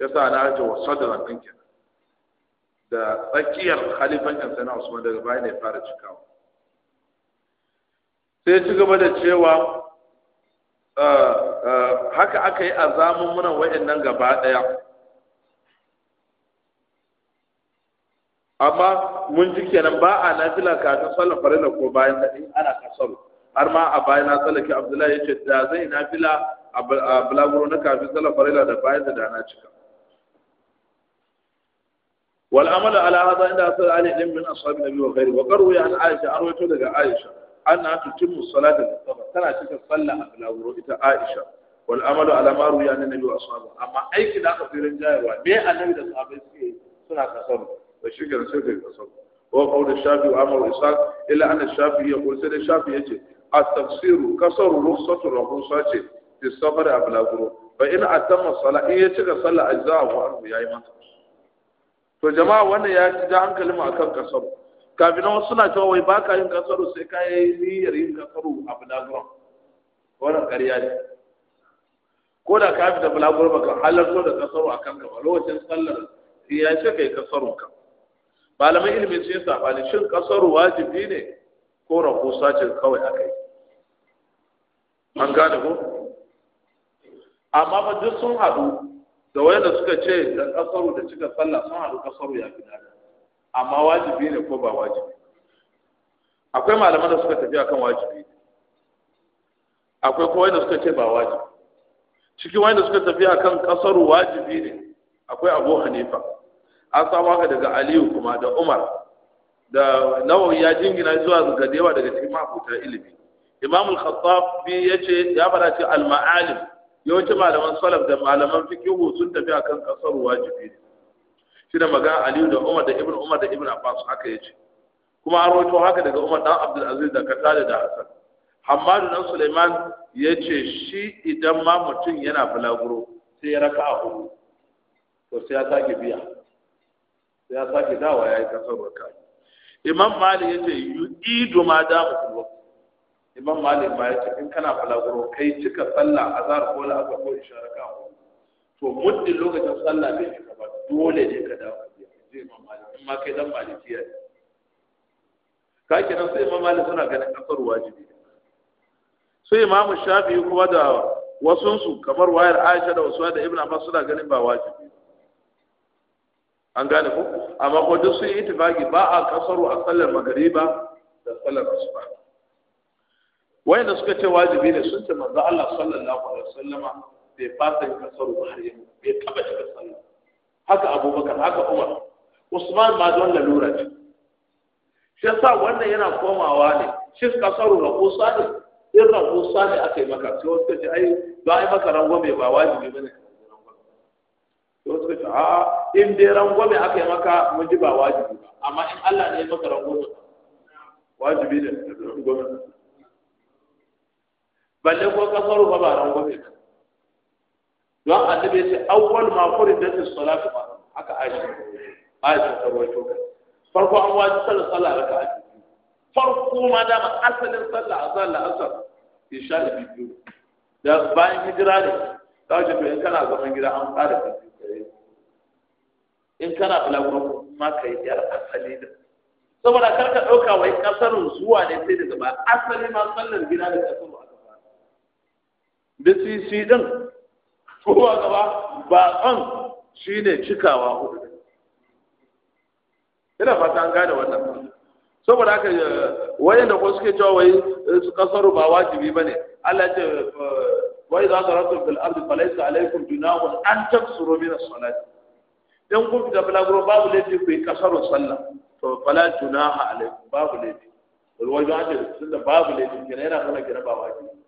ya sa na aje wa sadran din kenan da tsakiyar yan sana Usman daga baya ne fara cikawa sai ci gaba da cewa ah, ah, haka aka yi a zamummunan wa'annan gaba ɗaya amma mun ji kenan ba a nafila kafin sallar farila ko bayan da in ana kasaru har ma a bayan na tsallake abdullahi ya ce da zai nafila a bulaguro na kafin sallar farila da bayan da na cika والعمل على هذا عند أثر علي من أصحاب النبي وغيره وقروا عن عائشة أرويته لك عائشة أنها تتم الصلاة في القبر ترى تلك الصلاة على ورؤية عائشة والعمل على ما روي عن النبي وأصحابه أما أي كده كثير جاي وبيع النبي وأصحابه سنة تصرف وشكرا شكرا تصرف وقول الشافعي وعمر إسحاق إلا أن الشافعي يقول سيد الشافعي يجي التفسير كسر رخصة الرخصة في السفر أبلغه فإن أتم الصلاة إيه تلك الصلاة أجزاءه عنه يا إمام to jama'a wannan ya ji hankalin mu akan kasaru kafin wasu suna cewa wai baka yin kasaru sai ka yi niyyar yin kasaru a bulaguron wannan ƙarya ne ko da ka da bulaguron baka halarto da kasaru a kan gaba lokacin sallar ya ce ka yi kasarun ka malaman ilimin sun yi saɓani shin kasaru wajibi ne ko rako ce kawai aka yi an gane ko amma ba duk sun haɗu da wanda suka ce da kasaru da cika sallah sun haɗu kasaru ya fi dada amma wajibi ne ko ba wajibi akwai malaman da suka tafi akan wajibi akwai kuma wanda suka ce ba wajibi cikin wanda suka tafi akan kasaru wajibi ne akwai abu hanifa an samu haka daga aliyu kuma da umar da nawawi ya jingina zuwa ga dewa daga cikin mafuta ilimi Imamul khattab bi yace ya fara ce al-ma'alim yawancin malaman salaf da malaman fikihu sun tafi akan kasar wajibi ne shi da maga aliyu da umar da ibn umar da ibn abbas haka ya ce kuma an rawaito haka daga umar dan abdul aziz da katada da hasan hamadu dan suleiman ya ce shi idan ma mutum yana bulaguro sai ya raka a hudu to sai ya sake biya sai ya sake dawa ya yi kasar raka imam mali ya ce ido ma da mutum imam malik ma ya ce in kana falaguro kai cika sallah azhar ko azhar ko ko to muddin lokacin sallah bai cika ba dole ne ka dawo je imam malik in ma kai dan malikiya ya ka kenan sai imam malik suna ganin kasar wajibi sai imam shafi kuma da wasunsu kamar wayar aisha da wasu da ibn abbas suna ganin ba wajibi an gane ku amma ko duk sun yi itifaki ba a kasaru a sallar magariba da sallar asuba wayanda suka ce wajibi ne sun ce manzo Allah sallallahu alaihi wasallama bai fasa yin kasar ba har yau bai taba cika sallah haka Abubakar haka Umar Usman ma don lalura ce shi yasa wannan yana komawa ne shi kasaru kusa ne in kusa ne aka yi maka sai wasu ce ai ba ai maka rangwame ba wajibi bane sai wasu ce a in dai rangwame aka yi maka mun ji ba wajibi ba amma in Allah ne ya maka rangwame wajibi ne gwamnati balle ko kafaru ba ba ran gobe don annabi sai ce awwal ma furidat salatu ba haka aisha aisha ta wato ka farko an waji sallar sallah raka'a farko ma dama asalin sallah azhar la asar isha da biyu da bayan hijira ne ta ce to in kana zaman gida an fara biyu in kana bulaguro ma kai yar asali da saboda karka dauka wai kasarun zuwa ne sai daga ba asali ma sallar gida da kasarun da sisi ɗin kowa gaba ɗan shi ne cikawa hudu ina fata an gane wannan saboda haka eh, wayan da ko suke cewa wai eh, su kasaru ba wajibi ba ne. Allah ya ce eh, wai za su rasu fil ardi falaysa Alaikum junahun an su romi na salati dan kun fita bulaguro babu laifi ku yi kasaru sallah to fala junaha alaykum babu laifi wai ba sun da babu laifi kenan yana kana kira ba wajibi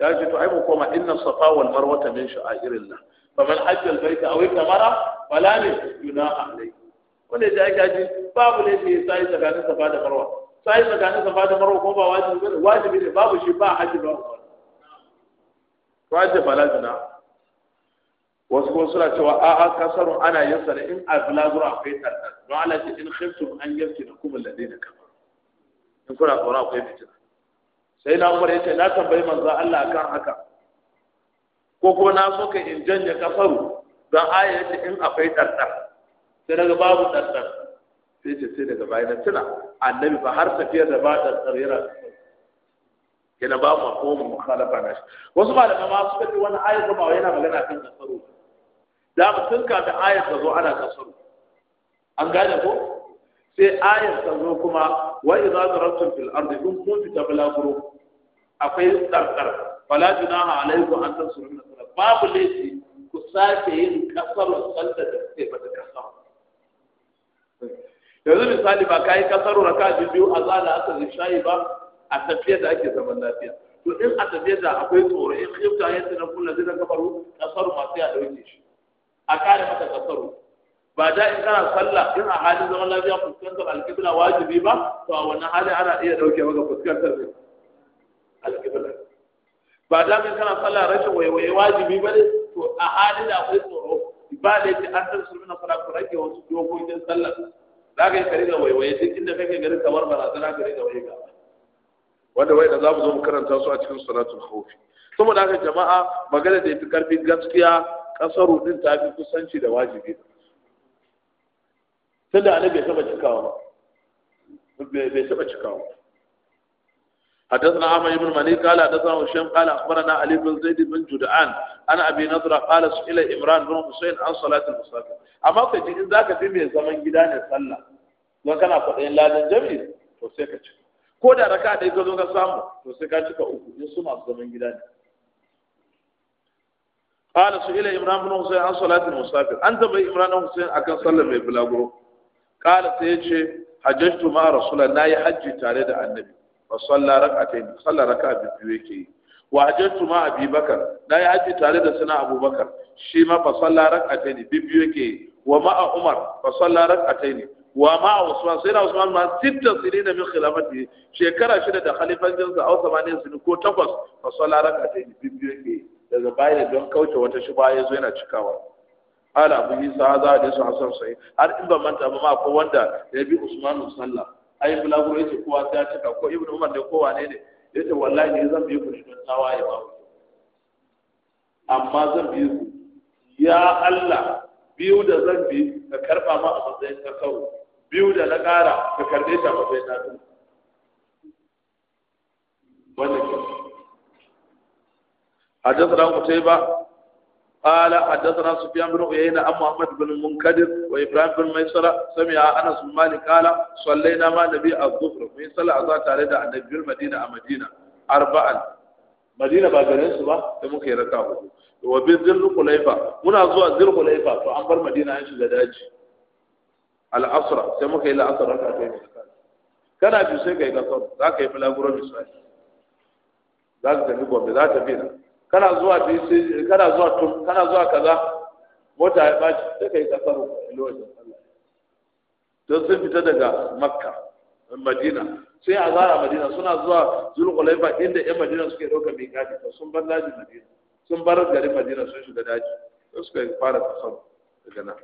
ya ce to ai mu koma inna safa wal marwa min sha'airillah faman hajjal baita aw tamara fala li yunaha alayhi wanda ya ji gaji babu ne sai sai tsakanin safa da marwa sai tsakanin safa da marwa ko ba wajibi ne wajibi ne babu shi ba haji ba wajibi fala juna wasu kuma suna cewa a'a kasarun ana yin sa in a zuwa akwai tartar don Allah ce in khiftum an yafti da kuma ladina kama in kuna tsoro akwai fitina sai na umar ce na tambayi manzon Allah kan haka ko ko na so ka in janye kafaru dan aya yace in akwai dardar sai daga babu dardar sai ce sai daga bayan tuna annabi fa har tafiyar da ba da tsarira yana ba mu ko mu mukhalafa na shi wasu da ma su ce wani ga ba yana magana kan kafaru da mu tun da aya ta zo ana kafaru an gane ko sai ayat ta zo kuma wa idza darabtum fil ardi kun kun fita balaguro akwai tsarkar fala junaha alaykum an tansuru min babu laifi ku sake yin kasarun sallar da kuke bata Ya yanzu misali ba ka yi raka biyu a zala aka shayi ba a tafiya da ake zaman lafiya to in a tafiya da akwai tsoro in khifta ya na kullu zai da kasaru ma masu a dauke shi a kare mata kasaru ba da in kana sallah in a halin zaman lafiya fuskantar alƙibla wajibi ba to a wannan halin ana iya ɗauke maka fuskantar alƙibla ba da in kana sallah rashin waiwaye wajibi ba ne to a halin da akwai tsoro ba da yake an san sulmina fara ku rage wasu dokokin sallah za ka yi kare ga waiwaye duk inda kake garin kamar barazana ka riga waiwaye gaba wanda wai da za mu zo mu karanta su a cikin salatul khawfi saboda haka jama'a magana da yafi karfin gaskiya kasaru din ta fi kusanci da wajibi sai da annabi bai saba cikawa bai saba cikawa حدثنا عمرو بن مالك قال حدثنا هشام قال اخبرنا علي بن زيد بن جدعان انا ابي نضره قال سئل عمران بن حسين عن صلاه المسافر اما ka ji in zaka bi mai zaman gida ne sallah don kana faɗin ladan jami to sai ka ci ko da raka ɗaya ka zo ka samu to sai ka cika uku in suna zaman gida ne قال سئل عمران بن حسين عن صلاه المسافر انت بي عمران بن حسين akan sallar mai bulaguro kala sai yace hajjatu ma na yi hajji tare da annabi wa salla rak'atayn salla raka'a biyu yake yi wa hajjatu ma abubakar yi hajji tare da suna abubakar shi ma fa salla rak'atayn biyu yake yi wa ma umar fa salla rak'atayn wa ma usman sai da usman ma sitta sinin min khilafati shekara shida da khalifan sa au 80 sun ko takwas fa salla rak'atayn biyu yake daga baya don kauce wata shuba yazo yana cikawa قال ابو عيسى هذا حديث حسن sai. har in ban manta ba ma ko wanda ya bi Usman sallah ai bulagu yace kowa ta cika ko Ibn Umar ne ko wane ne yace wallahi ne zan bi ku ne don tawaye ba amma zan bi ku ya Allah biyu da zan bi ka karba ma a matsayin ta karo biyu da na ƙara ka karbe ta matsayin na biyu wannan ke حدثنا ba? قال حدثنا سفيان بن عيينة عن محمد بن منكدر وإبراهيم بن ميسرة سمع أنس بن مالك قال صلينا مع النبي الظهر من صلى عزاء تعالى النبي المدينة المدينة أربعا مدينة بعدين سبا تمك يركعه وبذل قليفة هنا زوا ذل قليفة فأمر مدينة عن على الأسرة تمك إلى أسرة ركعتين كان أبي سيك إلى ذاك يفلا قرب إسرائيل ذاك تبي قوم ذاك تبي kana zuwa bisi kana zuwa tun kana zuwa kaza mota ya baci sai kai kasar lokacin sallah don sun fita daga makka madina sai a zara madina suna zuwa zulkulaifa inda yan madina suke ɗaukar miƙati to sun bar daji madina sun bar garin madina sun shiga daji to suka fara kasar daga nan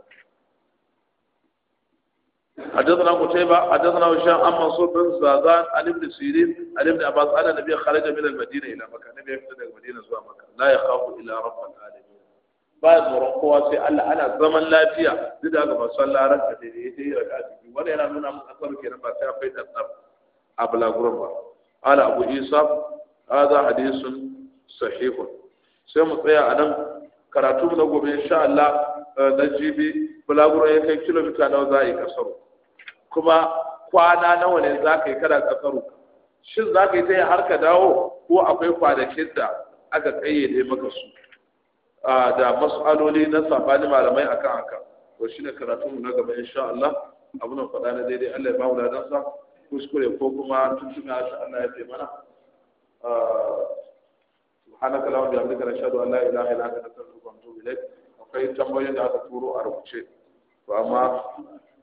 حدثنا قتيبة حدثنا هشام عن منصور بن زازان عن ابن سيرين عن ابن عباس أن النبي خرج من المدينة إلى مكة النبي يفتح المدينة زوا مكة لا يخاف إلا رب العالمين بعد مرقوة سي ألا أنا زمن لا فيها زد هذا ما صلى ركعة يديه ركعة ولا أنا من أكثر كنا ما فيها بين الأرض أبلا غربة قال أبو عيسى هذا حديث صحيح سيما طيا أنا كراتوب نقول إن شاء الله نجيبي بلا غربة كيلومتر أنا وزاي كسره kuma kwana nawa ne za ka yi kada tsaro shin za ka yi yi har ka dawo ko akwai kwanakin da aka kayyade maka su da mas'aloli na sabani malamai akan haka to ne karatun na gaba insha Allah abun faɗa na daidai Allah ya ba mu ladan sa kuskure ko kuma tuntuna shi Allah ya taimana subhanaka allahumma bihamdika nashhadu an la ilaha illa anta astaghfiruka wa atubu ilaik akwai tambayoyin da aka turo a rubuce to amma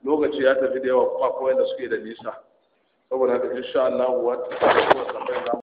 lokaci ya tafi da yawa kuma akwai wanda suke da nisa saboda haka insha Allah wa ta